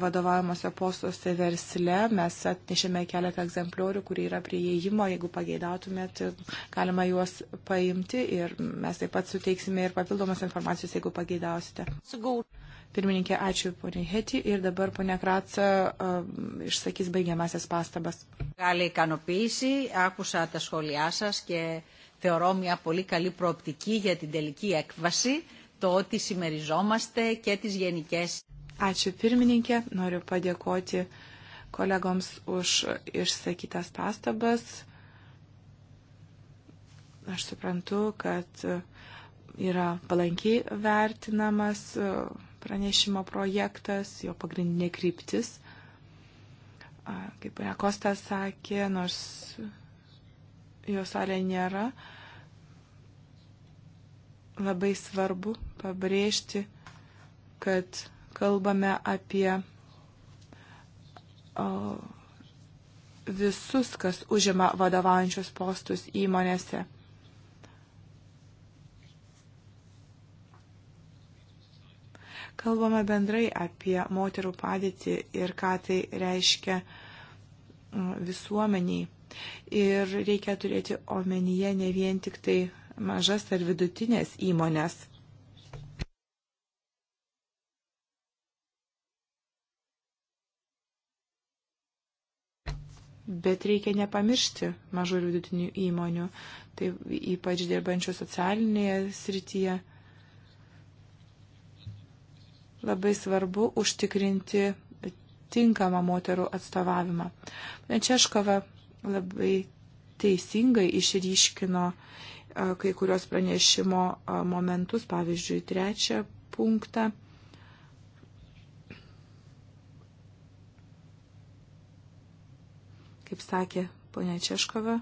vadovavimuose postuose versle. Mes atnešėme keletą egzempliorių, kurie yra prieėjimo. Jeigu pageidautumėt, galima juos paimti ir mes taip pat suteiksime ir papildomas informacijos, jeigu pageidausite. Pirmininkė, ačiū poniai Heti ir dabar ponia Kratsa uh, išsakys baigiamasias pastabas. Gali ικανοποίηση, άκουσα τα σχόλιά σας και θεωρώ μια πολύ καλή προοπτική για την τελική έκβαση το ότι συμμεριζόμαστε και τις γενικές. Ačiū pirmininkė, noriu padėkoti kolegoms už išsakytas pastabas. Aš suprantu, kad yra palankiai vertinamas pranešimo projektas, jo pagrindinė kryptis. Kaip Rekostas sakė, nors jo salė nėra, labai svarbu pabrėžti, kad kalbame apie o, visus, kas užima vadovaujančius postus įmonėse. Kalbame bendrai apie moterų padėtį ir ką tai reiškia visuomeniai. Ir reikia turėti omenyje ne vien tik tai mažas ar vidutinės įmonės. Bet reikia nepamiršti mažų ir vidutinių įmonių, tai ypač dirbančių socialinėje srityje. Labai svarbu užtikrinti tinkamą moterų atstovavimą. Češkova labai teisingai išryškino e, kai kurios pranešimo e, momentus, pavyzdžiui, trečią punktą kaip sakė ponia Češkova,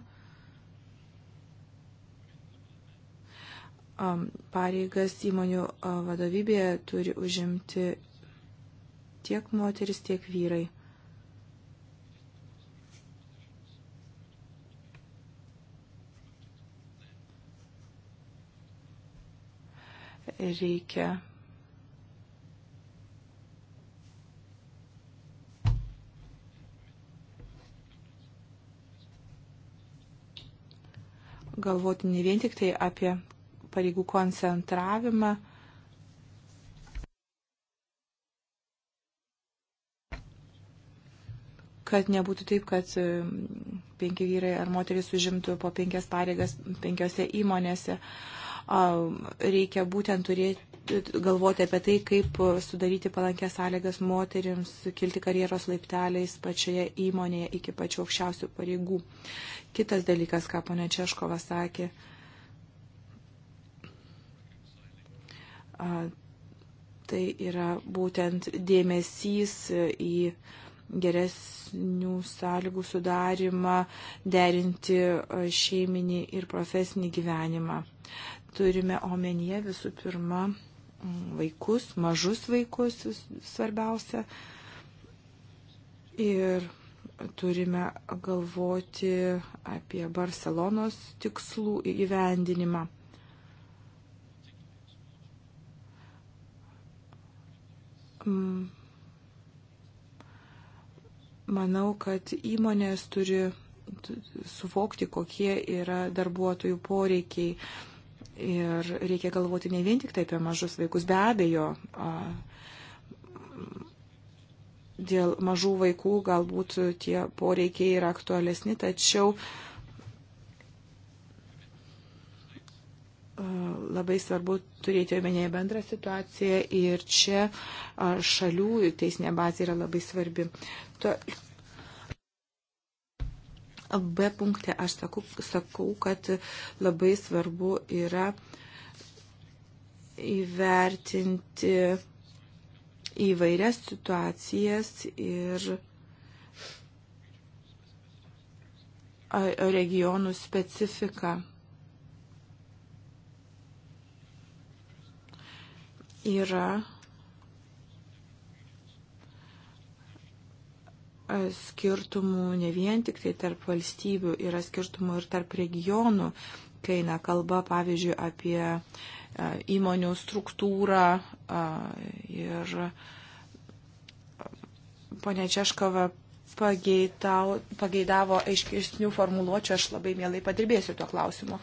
um, pareigas įmonių uh, vadovybėje turi užimti tiek moteris, tiek vyrai. reikia galvoti ne vien tik tai apie pareigų koncentravimą, kad nebūtų taip, kad um, penki vyrai ar moteris užimtų po penkias pareigas penkiose įmonėse. Reikia būtent turėti galvoti apie tai, kaip sudaryti palankę sąlygas moteriams kilti karjeros laipteliais pačioje įmonėje iki pačių aukščiausių pareigų. Kitas dalykas, ką ponė Češkova sakė, tai yra būtent dėmesys į geresnių sąlygų sudarimą, derinti šeiminį ir profesinį gyvenimą. Turime omenyje visų pirma vaikus, mažus vaikus svarbiausia. Ir turime galvoti apie Barcelonos tikslų įgyvendinimą. Mm. Manau, kad įmonės turi suvokti, kokie yra darbuotojų poreikiai Ir reikia galvoti ne vien tik tai apie mažus vaikus, be abejo. A, dėl mažų vaikų galbūt tie poreikiai yra aktualesni, tačiau labai svarbu turėti omenyje bendrą situaciją ir čia šalių teisinė bazė yra labai svarbi. B punkte aš sakau, sakau kad labai svarbu yra įvertinti įvairias situacijas ir regionų specifiką. Yra skirtumų ne vien tik tai tarp valstybių, yra skirtumų ir tarp regionų, kai eina kalba, pavyzdžiui, apie e, įmonių struktūrą e, ir e, ponia Češkova pageidavo, pageidavo aiškesnių formuluočių, aš labai mielai padirbėsiu tuo klausimu.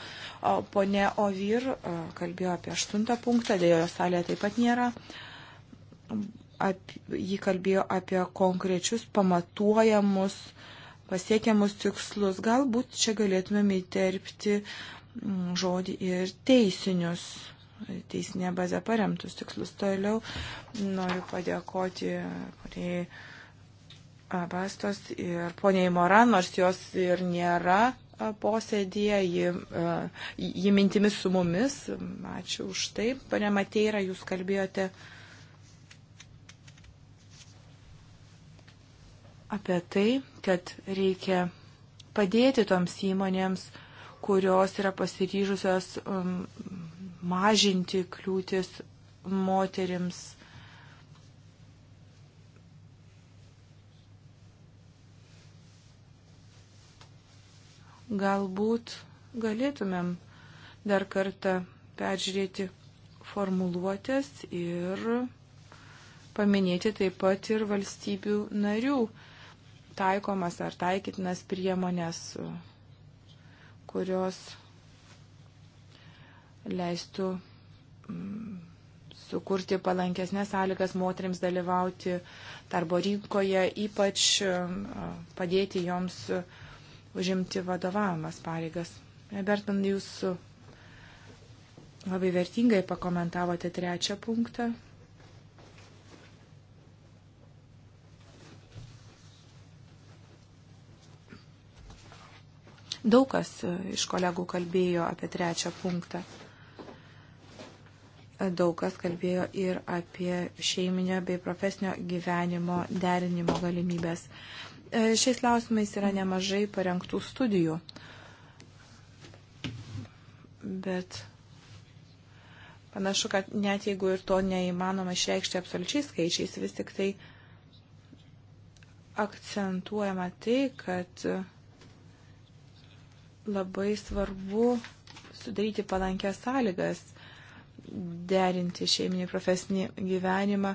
Pone Ovir kalbėjo apie aštuntą punktą, dėjo salėje taip pat nėra ap, jį kalbėjo apie konkrečius pamatuojamus, pasiekiamus tikslus. Galbūt čia galėtumėm įterpti mm, žodį ir teisinius, teisinė bazė paremtus tikslus. Toliau noriu padėkoti poniai Bastos ir poniai Moran, nors jos ir nėra posėdėje, ji, ji mintimis su mumis. Ačiū už tai. Pane Mateira, jūs kalbėjote apie tai, kad reikia padėti toms įmonėms, kurios yra pasiryžusios um, mažinti kliūtis moterims. Galbūt galėtumėm dar kartą peržiūrėti formuluotės ir paminėti taip pat ir valstybių narių taikomas ar taikytinas priemonės, kurios leistų mm, sukurti palankesnės sąlygas moteriams dalyvauti darbo rinkoje, ypač mm, padėti joms užimti vadovavimas pareigas. Bertan, jūs labai vertingai pakomentavote trečią punktą Daug kas e, iš kolegų kalbėjo apie trečią punktą. E, daug kas kalbėjo ir apie šeiminio bei profesinio gyvenimo derinimo galimybės. E, šiais klausimais yra nemažai parengtų studijų. Bet panašu, kad net jeigu ir to neįmanoma išreikšti absoliučiai skaičiais, vis tik tai akcentuojama tai, kad labai svarbu sudaryti palankias sąlygas, derinti šeiminį profesinį gyvenimą,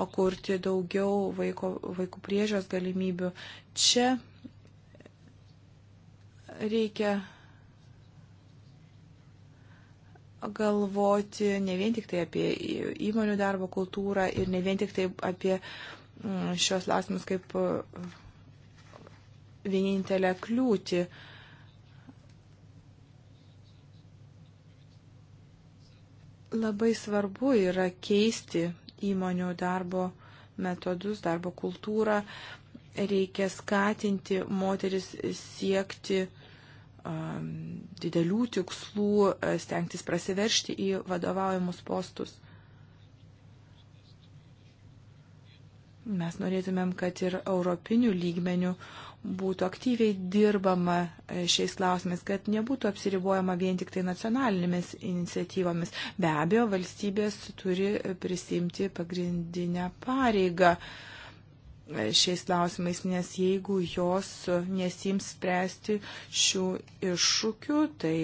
o kurti daugiau vaiko, vaikų priežios galimybių. Čia reikia galvoti ne vien tik tai apie įmonių darbo kultūrą ir ne vien tik tai apie mm, šios lasmus kaip mm, vienintelę kliūtį, uh, Labai svarbu yra keisti įmonių darbo metodus, darbo kultūrą. Reikia skatinti moteris siekti um, didelių tikslų, e, stengtis prasiveršti į vadovaujamus postus. Mes norėtumėm, kad ir europinių lygmenių uh, būtų aktyviai dirbama e, šiais klausimais, kad nebūtų apsiribuojama vien tik tai nacionalinėmis iniciatyvomis. Be abejo, valstybės turi e, prisimti pagrindinę pareigą e, šiais klausimais, nes jeigu jos nesims spręsti šių iššūkių, tai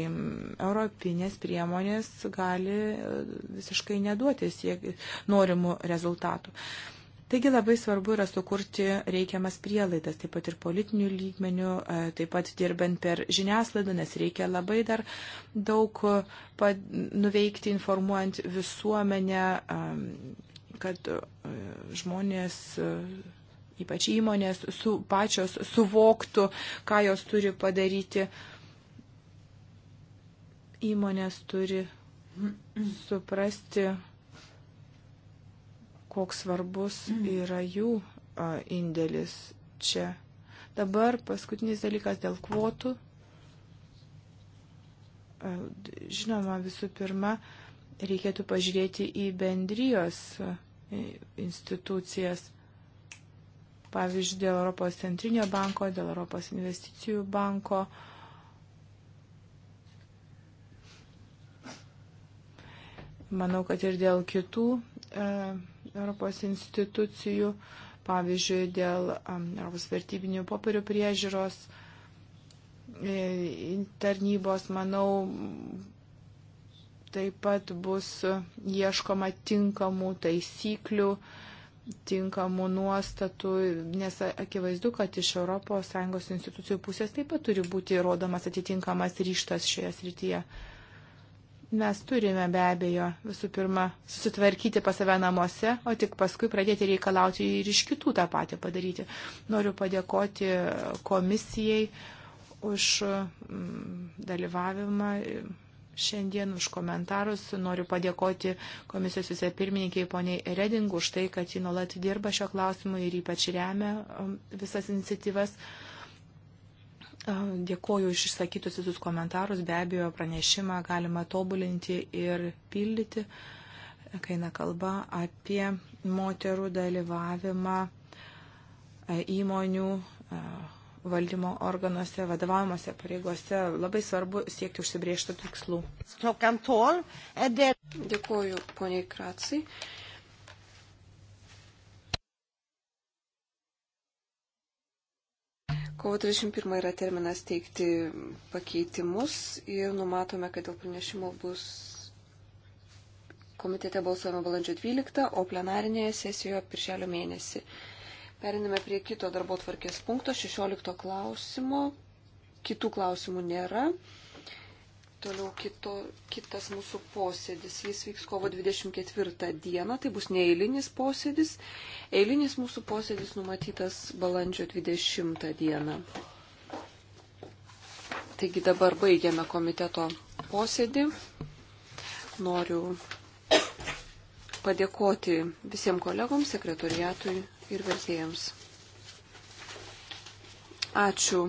europinės priemonės gali visiškai neduoti siek, norimų rezultatų. Taigi labai svarbu yra sukurti reikiamas prielaidas, taip pat ir politinių lygmenių, e, taip pat dirbant per žiniaslaidą, nes reikia labai dar daug e, nuveikti informuojant visuomenę, e, kad žmonės, ypač įmonės, su, pačios suvoktų, ką jos turi padaryti. Įmonės turi suprasti koks svarbus mhm. yra jų indėlis čia. Dabar paskutinis dalykas dėl kvotų. Žinoma, visų pirma, reikėtų pažiūrėti į bendrijos institucijas, pavyzdžiui, dėl Europos centrinio banko, dėl Europos investicijų banko. Manau, kad ir dėl kitų. E, Europos institucijų, pavyzdžiui, dėl Europos vertybinių popierių priežiūros e, tarnybos, manau, taip pat bus ieškoma tinkamų taisyklių, tinkamų nuostatų, nes akivaizdu, kad iš ES institucijų pusės taip pat turi būti rodomas atitinkamas ryštas šioje srityje. Mes turime be abejo visų pirma susitvarkyti pas save namuose, o tik paskui pradėti reikalauti ir iš kitų tą patį padaryti. Noriu padėkoti komisijai už mm, dalyvavimą šiandien, už komentarus. Noriu padėkoti komisijos visai pirmininkiai poniai Reding už tai, kad ji nuolat dirba šio klausimu ir ypač remia mm, visas iniciatyvas. Uh, Dėkoju iš išsakytus visus komentarus, be abejo, pranešimą galima tobulinti ir pildyti, kai eina kalba apie moterų dalyvavimą e, įmonių e, valdymo organuose, vadovavimuose pareigose. Labai svarbu siekti užsibriežtų tikslų. Dėkuoju, poniai Kratsai. Kovo 31 yra terminas teikti pakeitimus ir numatome, kad dėl pranešimo bus komitete balsuojama balandžio 12, o plenarinėje sesijoje piršelio mėnesį. Periname prie kito darbo tvarkės punkto, 16 klausimo. Kitų klausimų nėra. Toliau kito, kitas mūsų posėdis. Jis vyks kovo 24 dieną, tai bus neeilinis posėdis. Eilinis mūsų posėdis numatytas balandžio 20 dieną. Taigi dabar baigiame komiteto posėdį. Noriu padėkoti visiems kolegoms, sekretoriatui ir vertėjams. Ačiū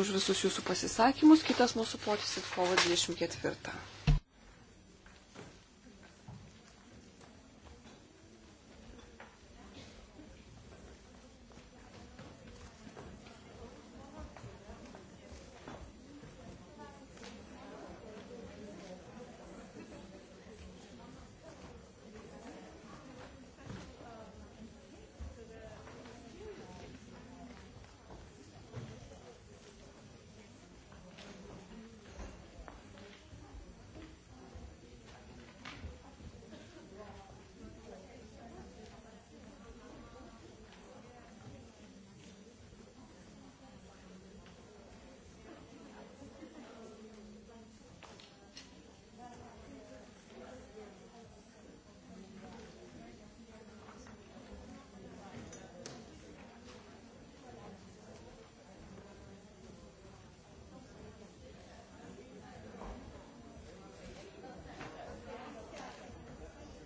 už visus jūsų pasisakymus. Kitas mūsų potis į kovo 24.